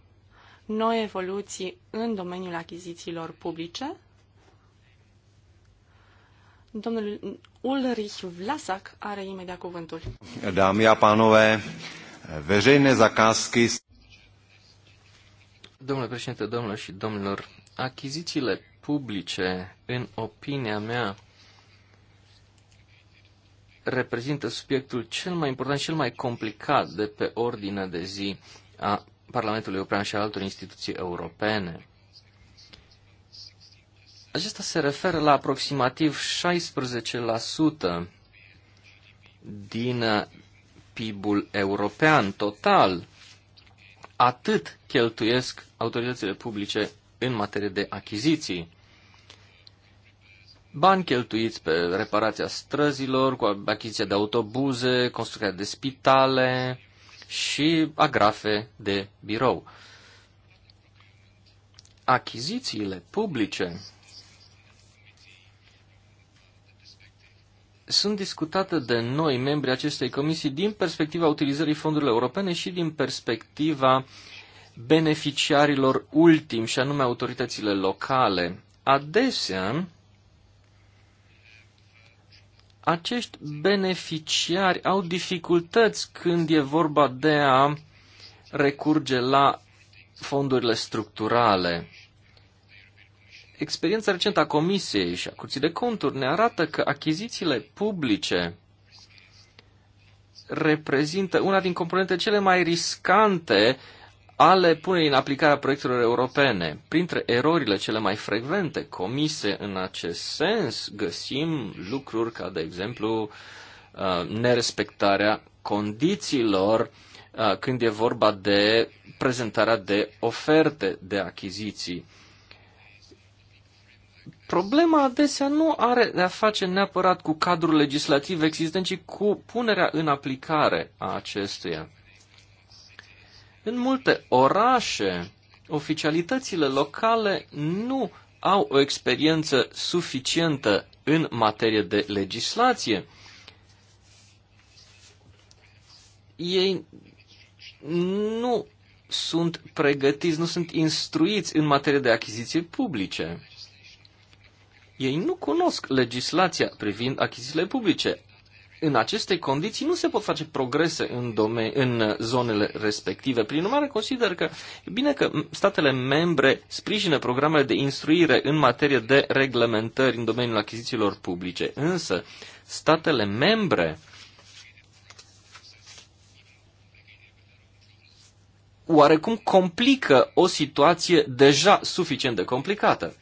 noi evoluții în domeniul achizițiilor publice. Domnul Ulrich Vlasak are imediat cuvântul. Dámy a pánové, veřejné zakázky... Domnule președinte, domnilor și domnilor, achizițiile publice, în opinia mea, reprezintă subiectul cel mai important, cel mai complicat de pe ordinea de zi a Parlamentului European și a altor instituții europene. Acesta se referă la aproximativ 16% din PIB-ul european total. Atât cheltuiesc autoritățile publice în materie de achiziții bani cheltuiți pe reparația străzilor, cu achiziția de autobuze, construcția de spitale și agrafe de birou. Achizițiile publice sunt discutate de noi, membrii acestei comisii, din perspectiva utilizării fondurilor europene și din perspectiva beneficiarilor ultim, și anume autoritățile locale. Adesea, acești beneficiari au dificultăți când e vorba de a recurge la fondurile structurale. Experiența recentă a Comisiei și a Curții de Conturi ne arată că achizițiile publice reprezintă una din componentele cele mai riscante ale punerii în aplicare a proiectelor europene. Printre erorile cele mai frecvente comise în acest sens, găsim lucruri ca, de exemplu, uh, nerespectarea condițiilor uh, când e vorba de prezentarea de oferte de achiziții. Problema adesea nu are de a face neapărat cu cadrul legislativ existent, ci cu punerea în aplicare a acestuia. În multe orașe, oficialitățile locale nu au o experiență suficientă în materie de legislație. Ei nu sunt pregătiți, nu sunt instruiți în materie de achiziții publice. Ei nu cunosc legislația privind achizițiile publice în aceste condiții nu se pot face progrese în, dome- în zonele respective. Prin urmare, consider că e bine că statele membre sprijină programele de instruire în materie de reglementări în domeniul achizițiilor publice, însă statele membre oarecum complică o situație deja suficient de complicată.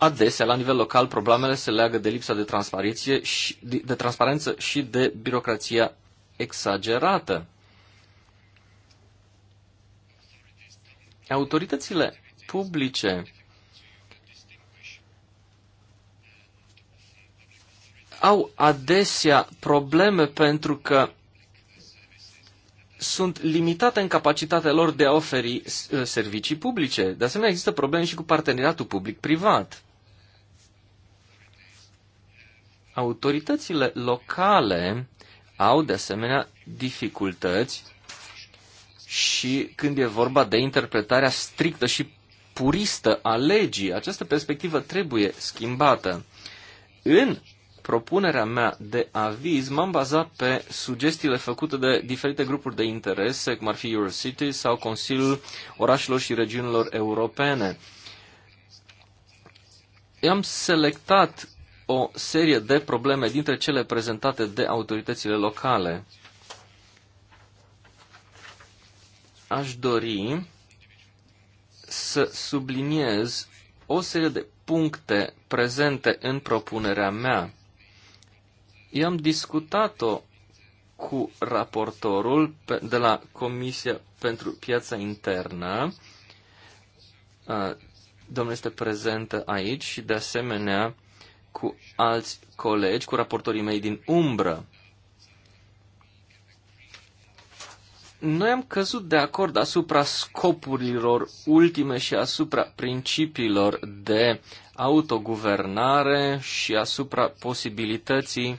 Adesea, la nivel local, problemele se leagă de lipsa de, transparenție și, de transparență și de birocrația exagerată. Autoritățile publice au adesea probleme pentru că sunt limitate în capacitatea lor de a oferi servicii publice. De asemenea, există probleme și cu parteneriatul public-privat. Autoritățile locale au de asemenea dificultăți și când e vorba de interpretarea strictă și puristă a legii, această perspectivă trebuie schimbată. În propunerea mea de aviz m-am bazat pe sugestiile făcute de diferite grupuri de interese, cum ar fi Eurocity sau Consiliul Orașelor și Regiunilor Europene. I-am selectat o serie de probleme dintre cele prezentate de autoritățile locale. Aș dori să subliniez o serie de puncte prezente în propunerea mea. I-am discutat-o cu raportorul de la Comisia pentru Piața Internă. Uh, domnul este prezent aici și, de asemenea, cu alți colegi, cu raportorii mei din umbră. Noi am căzut de acord asupra scopurilor ultime și asupra principiilor de autoguvernare și asupra posibilității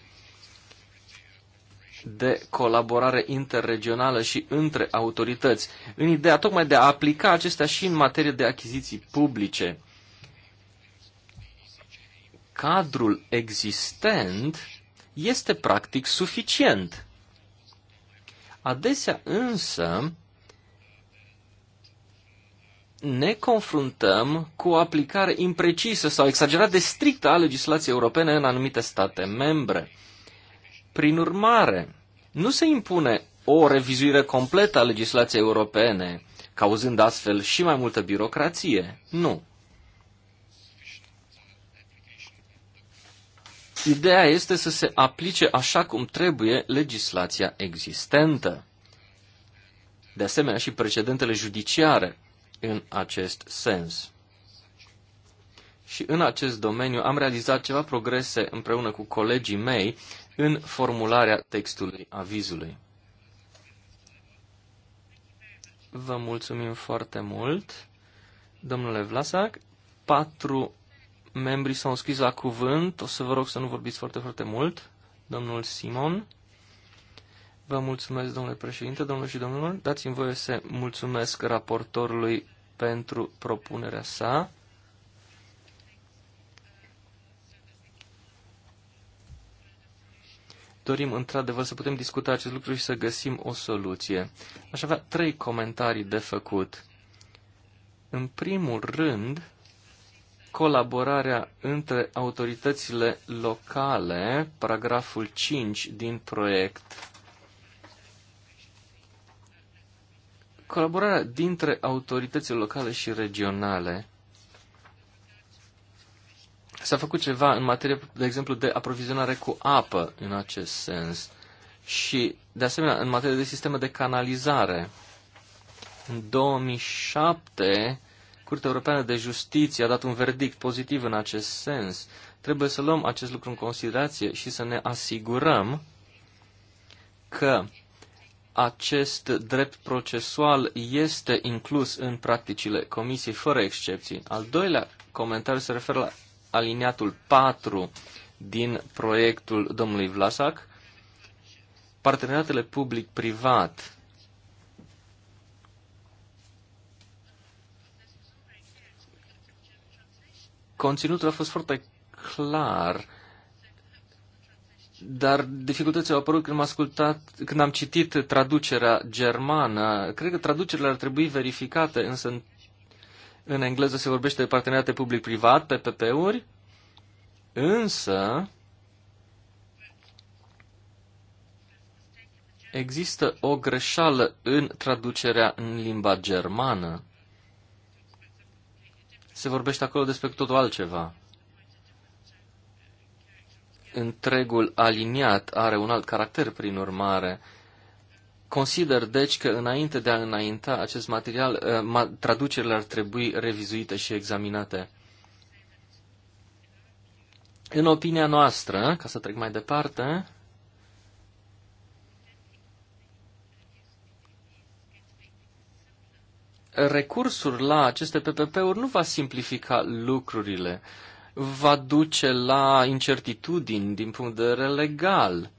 de colaborare interregională și între autorități, în ideea tocmai de a aplica acestea și în materie de achiziții publice cadrul existent este practic suficient. Adesea însă ne confruntăm cu o aplicare imprecisă sau exagerat de strictă a legislației europene în anumite state membre. Prin urmare, nu se impune o revizuire completă a legislației europene, cauzând astfel și mai multă birocrație. Nu. Ideea este să se aplice așa cum trebuie legislația existentă. De asemenea și precedentele judiciare în acest sens. Și în acest domeniu am realizat ceva progrese împreună cu colegii mei în formularea textului avizului. Vă mulțumim foarte mult, domnule Vlasac. Patru membrii s-au înscris la cuvânt. O să vă rog să nu vorbiți foarte, foarte mult. Domnul Simon. Vă mulțumesc, domnule președinte, domnul și domnilor. Dați-mi voie să mulțumesc raportorului pentru propunerea sa. Dorim într-adevăr să putem discuta acest lucru și să găsim o soluție. Aș avea trei comentarii de făcut. În primul rând, colaborarea între autoritățile locale, paragraful 5 din proiect. Colaborarea dintre autoritățile locale și regionale. S-a făcut ceva în materie, de exemplu, de aprovizionare cu apă în acest sens și, de asemenea, în materie de sisteme de canalizare. În 2007, Curtea Europeană de Justiție a dat un verdict pozitiv în acest sens. Trebuie să luăm acest lucru în considerație și să ne asigurăm că acest drept procesual este inclus în practicile comisiei, fără excepții. Al doilea comentariu se referă la aliniatul 4 din proiectul domnului Vlasac. Parteneriatele public-privat Conținutul a fost foarte clar, dar dificultățile au apărut când am ascultat, când am citit traducerea germană. Cred că traducerile ar trebui verificate, însă în, în engleză se vorbește de parteneriate public-privat, PPP-uri, însă există o greșeală în traducerea în limba germană se vorbește acolo despre totul altceva. Întregul aliniat are un alt caracter, prin urmare. Consider, deci, că înainte de a înainta acest material, eh, traducerile ar trebui revizuite și examinate. În opinia noastră, ca să trec mai departe, recursul la aceste PPP-uri nu va simplifica lucrurile, va duce la incertitudini din punct de vedere legal.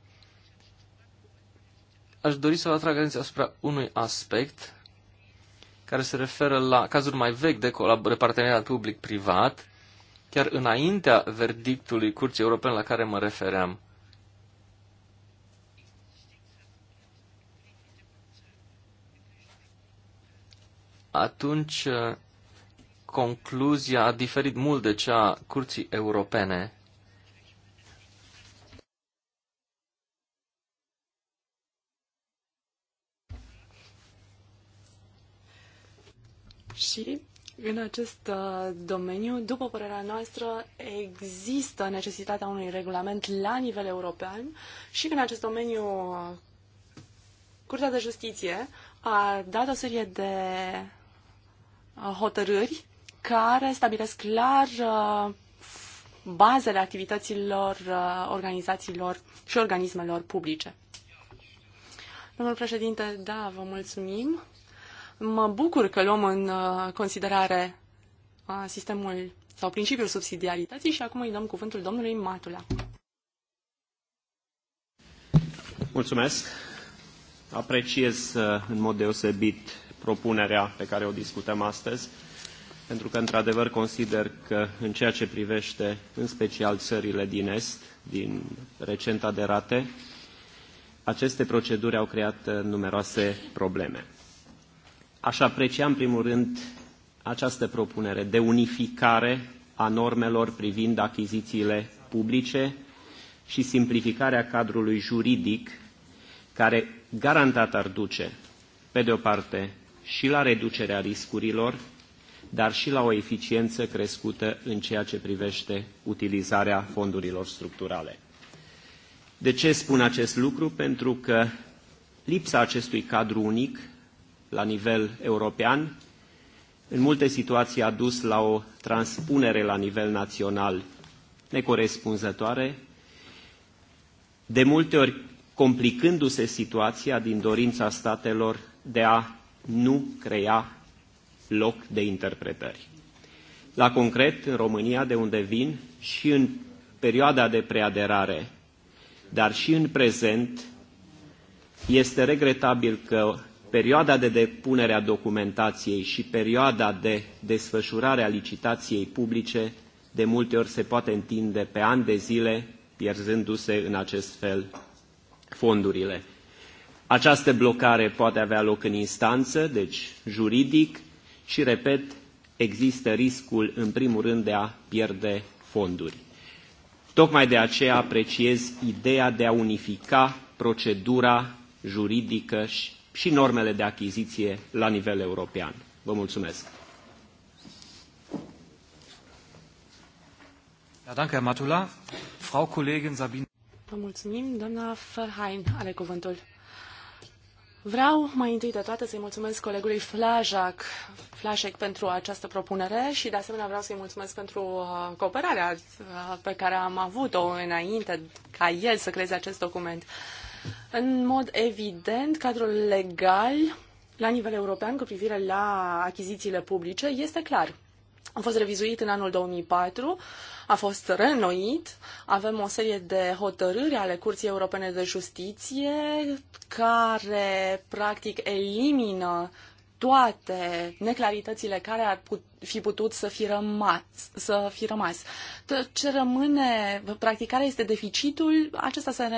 Aș dori să vă atrag atenția asupra unui aspect care se referă la cazuri mai vechi de parteneriat public-privat, chiar înaintea verdictului Curții Europene la care mă refeream. atunci uh, concluzia a diferit mult de cea a Curții Europene. Și în acest uh, domeniu, după părerea noastră, există necesitatea unui regulament la nivel european și în acest domeniu uh, Curtea de Justiție a dat o serie de Uh, hotărâri care stabilesc clar uh, bazele activităților uh, organizațiilor și organismelor publice. Domnul președinte, da, vă mulțumim. Mă bucur că luăm în considerare sistemul sau principiul subsidiarității și acum îi dăm cuvântul domnului Matula. Mulțumesc. Apreciez în mod deosebit propunerea pe care o discutăm astăzi, pentru că, într-adevăr, consider că în ceea ce privește, în special, țările din Est, din recenta aderate, aceste proceduri au creat uh, numeroase probleme. Aș aprecia, în primul rând, această propunere de unificare a normelor privind achizițiile publice și simplificarea cadrului juridic care garantat ar duce, pe de o parte, și la reducerea riscurilor, dar și la o eficiență crescută în ceea ce privește utilizarea fondurilor structurale. De ce spun acest lucru? Pentru că lipsa acestui cadru unic la nivel european în multe situații a dus la o transpunere la nivel național necorespunzătoare, de multe ori complicându-se situația din dorința statelor de a nu crea loc de interpretări. La concret, în România, de unde vin, și în perioada de preaderare, dar și în prezent, este regretabil că perioada de depunere a documentației și perioada de desfășurare a licitației publice de multe ori se poate întinde pe ani de zile, pierzându-se în acest fel fondurile. Această blocare poate avea loc în instanță, deci juridic, și, repet, există riscul, în primul rând, de a pierde fonduri. Tocmai de aceea apreciez ideea de a unifica procedura juridică și normele de achiziție la nivel european. Vă mulțumesc! Ja, danke, Herr Matula. Frau Kollegin Sabine. Vă mulțumim, doamna Ferhain are cuvântul. Vreau mai întâi de toate să-i mulțumesc colegului Flajac, Flașec pentru această propunere și de asemenea vreau să-i mulțumesc pentru uh, cooperarea uh, pe care am avut-o înainte ca el să creeze acest document. În mod evident, cadrul legal la nivel european cu privire la achizițiile publice este clar a fost revizuit în anul 2004, a fost reînnoit, avem o serie de hotărâri ale Curții Europene de Justiție care practic elimină toate neclaritățile care ar put, fi putut să fi rămas. Să fi rămas. Ce rămâne, practic, care este deficitul, acesta se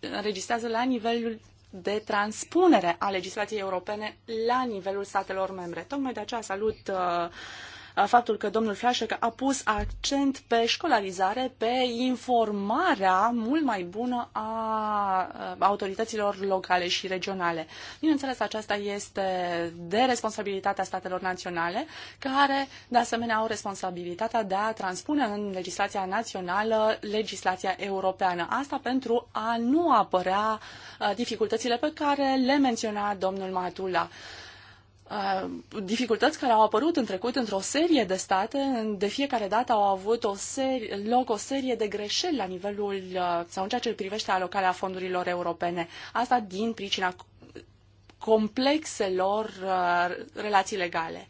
înregistrează la nivelul de transpunere a legislației europene la nivelul statelor membre. Tocmai de aceea salut uh, faptul că domnul Flașec a pus accent pe școlarizare, pe informarea mult mai bună a autorităților locale și regionale. Bineînțeles, aceasta este de responsabilitatea statelor naționale, care, de asemenea, au responsabilitatea de a transpune în legislația națională legislația europeană. Asta pentru a nu apărea dificultățile pe care le menționa domnul Matula. Uh, dificultăți care au apărut în trecut într-o serie de state, de fiecare dată au avut o serie, loc o serie de greșeli la nivelul uh, sau în ceea ce privește alocarea fondurilor europene. Asta din pricina complexelor uh, relații legale.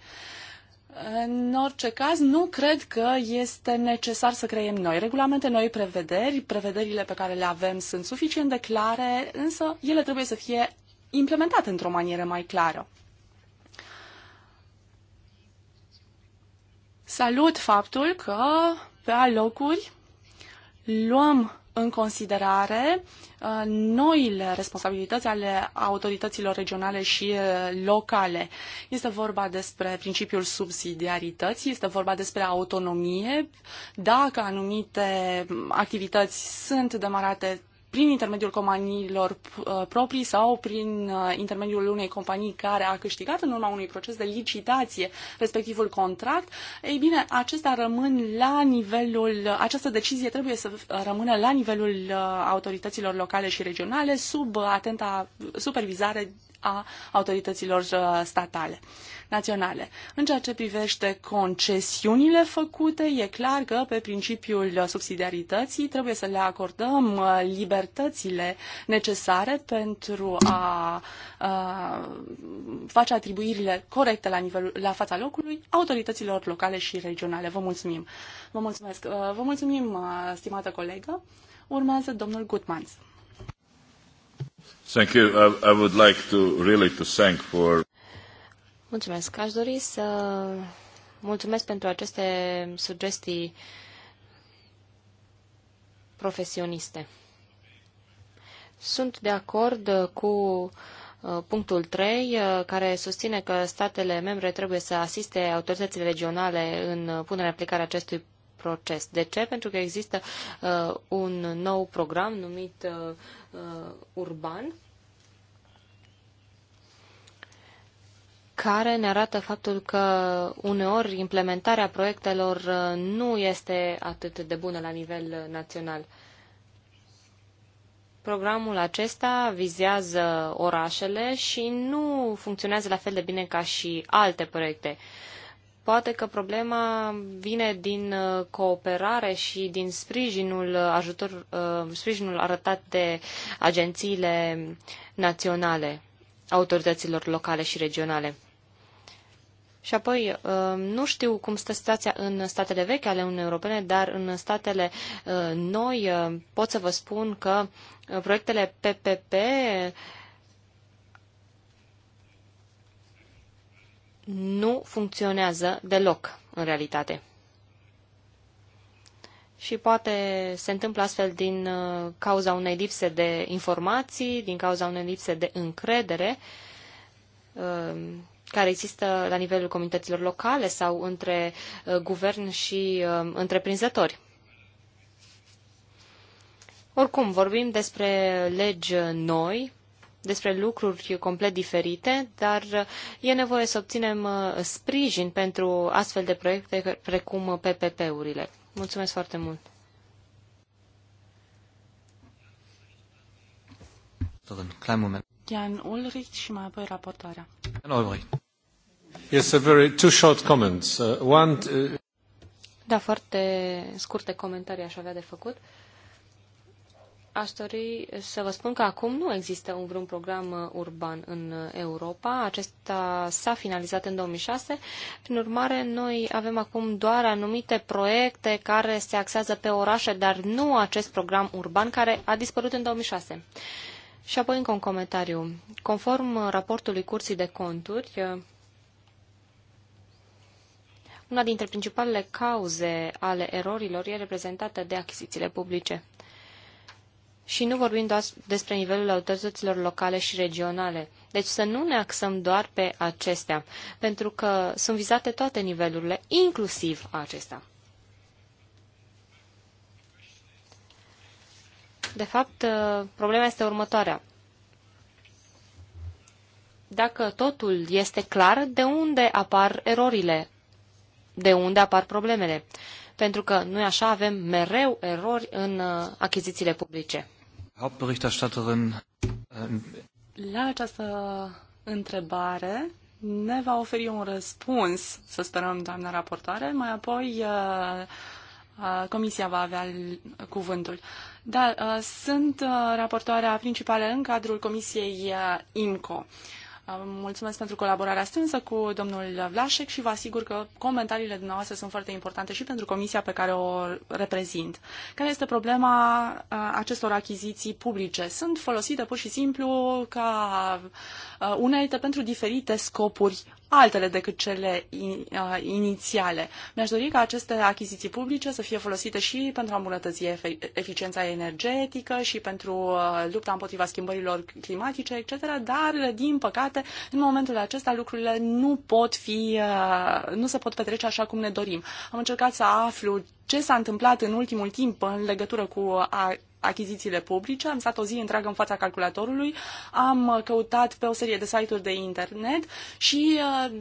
În orice caz, nu cred că este necesar să creiem noi regulamente, noi prevederi. Prevederile pe care le avem sunt suficient de clare, însă ele trebuie să fie implementate într-o manieră mai clară. Salut faptul că pe alocuri luăm în considerare uh, noile responsabilități ale autorităților regionale și uh, locale. Este vorba despre principiul subsidiarității, este vorba despre autonomie. Dacă anumite activități sunt demarate prin intermediul companiilor uh, proprii sau prin uh, intermediul unei companii care a câștigat în urma unui proces de licitație respectivul contract, ei bine, acestea rămân la nivelul, această decizie trebuie să rămână la nivelul uh, autorităților locale și regionale sub atenta supervizare a autorităților statale naționale. În ceea ce privește concesiunile făcute, e clar că pe principiul subsidiarității trebuie să le acordăm uh, libertățile necesare pentru a, a uh, face atribuirile corecte la, nivel, la fața locului autorităților locale și regionale. Vă mulțumim. Vă mulțumesc. Uh, vă mulțumim, stimată colegă. Urmează domnul Gutmans. Thank you. I, I would like to really to thank for Mulțumesc. Aș dori să mulțumesc pentru aceste sugestii profesioniste. Sunt de acord cu uh, punctul 3, uh, care susține că statele membre trebuie să asiste autoritățile regionale în uh, punerea în aplicare acestui proces. De ce? Pentru că există uh, un nou program numit uh, uh, Urban care ne arată faptul că uneori implementarea proiectelor uh, nu este atât de bună la nivel uh, național. Programul acesta vizează orașele și nu funcționează la fel de bine ca și alte proiecte. Poate că problema vine din uh, cooperare și din sprijinul, ajutor, sprijinul arătat de agențiile naționale autorităților locale și regionale. Și apoi, uh, nu știu cum stă situația în statele vechi ale Uniunii Europene, dar în statele uh, noi uh, pot să vă spun că proiectele PPP nu funcționează deloc în realitate. Și poate se întâmplă astfel din cauza unei lipse de informații, din cauza unei lipse de încredere care există la nivelul comunităților locale sau între uh, guvern și uh, întreprinzători. Oricum, vorbim despre legi noi, despre lucruri complet diferite, dar uh, e nevoie să obținem sprijin pentru astfel de proiecte precum PPP-urile. Mulțumesc foarte mult! Jan Ulrich și mai apoi raportarea. Jan Ulrich. Uh, uh, da, foarte scurte comentarii aș avea de făcut. Aș dori să vă spun că acum nu există un vreun program uh, urban în Europa. Acesta s-a finalizat în 2006. Prin urmare, noi avem acum doar anumite proiecte care se axează pe orașe, dar nu acest program urban care a dispărut în 2006. Și apoi încă un comentariu. Conform raportului Curții de Conturi, una dintre principalele cauze ale erorilor e reprezentată de achizițiile publice. Și nu vorbim doar despre nivelul autorităților locale și regionale. Deci să nu ne axăm doar pe acestea, pentru că sunt vizate toate nivelurile, inclusiv acesta. De fapt, problema este următoarea. Dacă totul este clar, de unde apar erorile de unde apar problemele. Pentru că noi așa avem mereu erori în uh, achizițiile publice. Uh, La această întrebare ne va oferi un răspuns, să sperăm, doamna raportoare, mai apoi uh, comisia va avea cuvântul. Da, sunt raportoarea principală în cadrul comisiei IMCO. Mulțumesc pentru colaborarea strânsă cu domnul Vlașec și vă asigur că comentariile dumneavoastră sunt foarte importante și pentru comisia pe care o reprezint. Care este problema acestor achiziții publice? Sunt folosite pur și simplu ca Uh, unelte pentru diferite scopuri altele decât cele uh, inițiale. Mi-aș dori ca aceste achiziții publice să fie folosite și pentru a îmbunătăți eficiența energetică și pentru uh, lupta împotriva schimbărilor climatice, etc., dar, din păcate, în momentul acesta lucrurile nu pot fi, nu se pot petrece așa cum ne dorim. Am încercat să aflu ce s-a întâmplat în ultimul timp în legătură cu achizițiile publice, am stat o zi întreagă în fața calculatorului, am uh, căutat pe o serie de site-uri de internet și uh,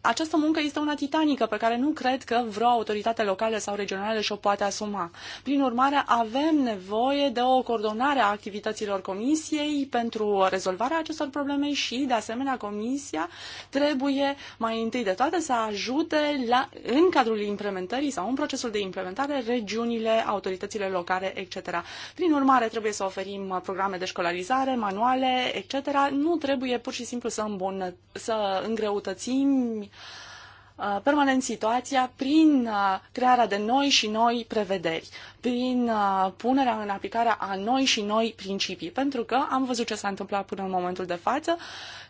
această muncă este una titanică pe care nu cred că vreo autoritate locală sau regională și-o poate asuma. Prin urmare, avem nevoie de o coordonare a activităților comisiei pentru rezolvarea acestor probleme și, de asemenea, comisia trebuie mai întâi de toate să ajute la, în cadrul implementării sau în procesul de implementare regiunile, autoritățile locale, etc. Prin urmare, trebuie să oferim programe de școlarizare, manuale, etc. Nu trebuie pur și simplu să, îmbună, să îngreutățim uh, permanent situația prin uh, crearea de noi și noi prevederi, prin uh, punerea în aplicare a noi și noi principii, pentru că am văzut ce s-a întâmplat până în momentul de față.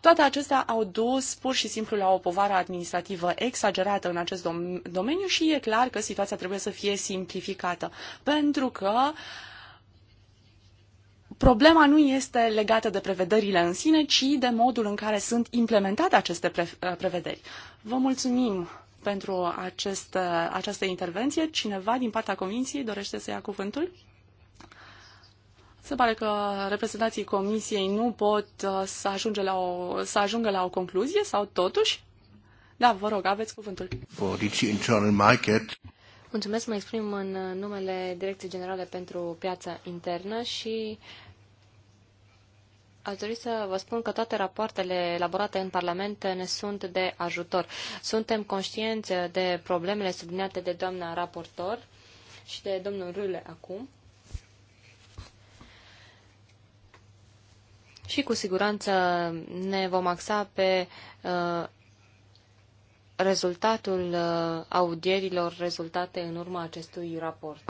Toate acestea au dus pur și simplu la o povară administrativă exagerată în acest dom- domeniu și e clar că situația trebuie să fie simplificată, pentru că uh, problema nu este legată de prevederile în sine, ci de modul în care sunt implementate aceste uh, prevederi. Vă mulțumim pentru acest, uh, această intervenție. Cineva din partea Comisiei dorește să ia cuvântul? Se pare că reprezentanții Comisiei nu pot uh, să, ajunge la o, să ajungă la o concluzie sau totuși? Da, vă rog, aveți cuvântul. internal market. Mulțumesc, mă exprim în numele Direcției Generale pentru Piața Internă și Aș dori să vă spun că toate rapoartele elaborate în Parlament ne sunt de ajutor. Suntem conștienți de problemele subliniate de doamna raportor și de domnul Râle acum. Și cu siguranță ne vom axa pe uh, rezultatul uh, audierilor rezultate în urma acestui raport.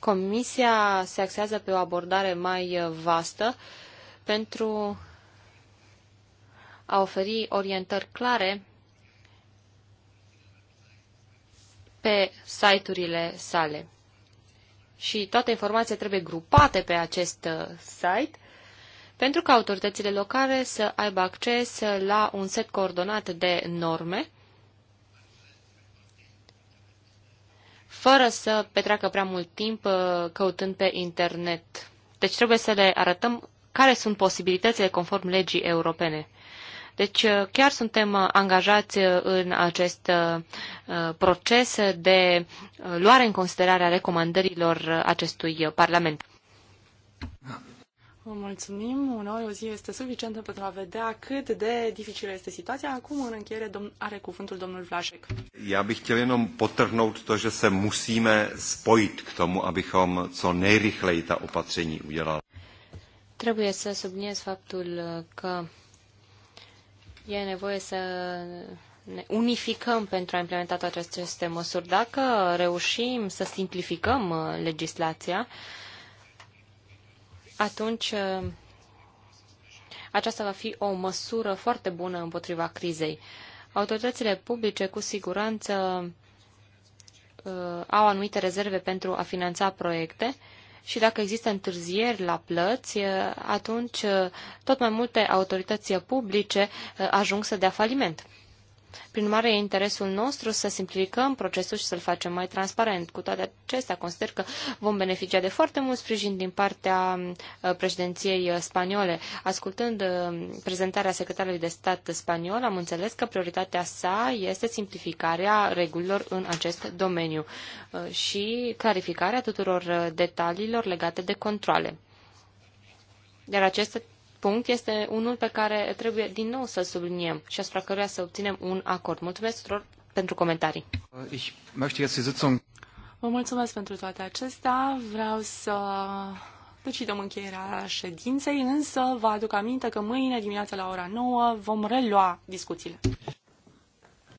Comisia se axează pe o abordare mai uh, vastă pentru a oferi orientări clare pe site-urile sale. Și toate informațiile trebuie grupate pe acest uh, site pentru ca autoritățile locale să aibă acces la un set coordonat de norme fără să petreacă prea mult timp uh, căutând pe internet. Deci trebuie să le arătăm care sunt posibilitățile conform legii europene. Deci uh, chiar suntem uh, angajați în acest proces de luare în considerare a recomandărilor acestui Parlament. Da. Vă mulțumim. Uneori o zi este suficientă pentru a vedea cât de dificilă este situația. Acum, în încheiere, domn, are cuvântul domnul Vlașek. Já bych chtěl jenom potrhnout to, že se musíme spojit k tomu, abychom co nejrychleji ta opatření udělali. Trebuie să subliniez faptul că e nevoie să ne unificăm pentru a implementa toate aceste măsuri. Dacă reușim să simplificăm uh, legislația, atunci uh, aceasta va fi o măsură foarte bună împotriva crizei. Autoritățile publice, cu siguranță, uh, au anumite rezerve pentru a finanța proiecte și dacă există întârzieri la plăți, uh, atunci tot mai multe autorități publice ajung să dea faliment. Prin urmare, e interesul nostru să simplificăm procesul și să-l facem mai transparent. Cu toate acestea, consider că vom beneficia de foarte mult sprijin din partea uh, președinției uh, spaniole. Ascultând uh, prezentarea secretarului de stat spaniol, am înțeles că prioritatea sa este simplificarea regulilor în acest domeniu și clarificarea tuturor detaliilor legate de controle. Iar aceste punct este unul pe care trebuie din nou să subliniem și asupra căruia să obținem un acord. Mulțumesc tuturor pentru comentarii. Vă mulțumesc pentru toate acestea. Vreau să decidem încheierea ședinței, însă vă aduc aminte că mâine dimineața la ora 9 vom relua discuțiile.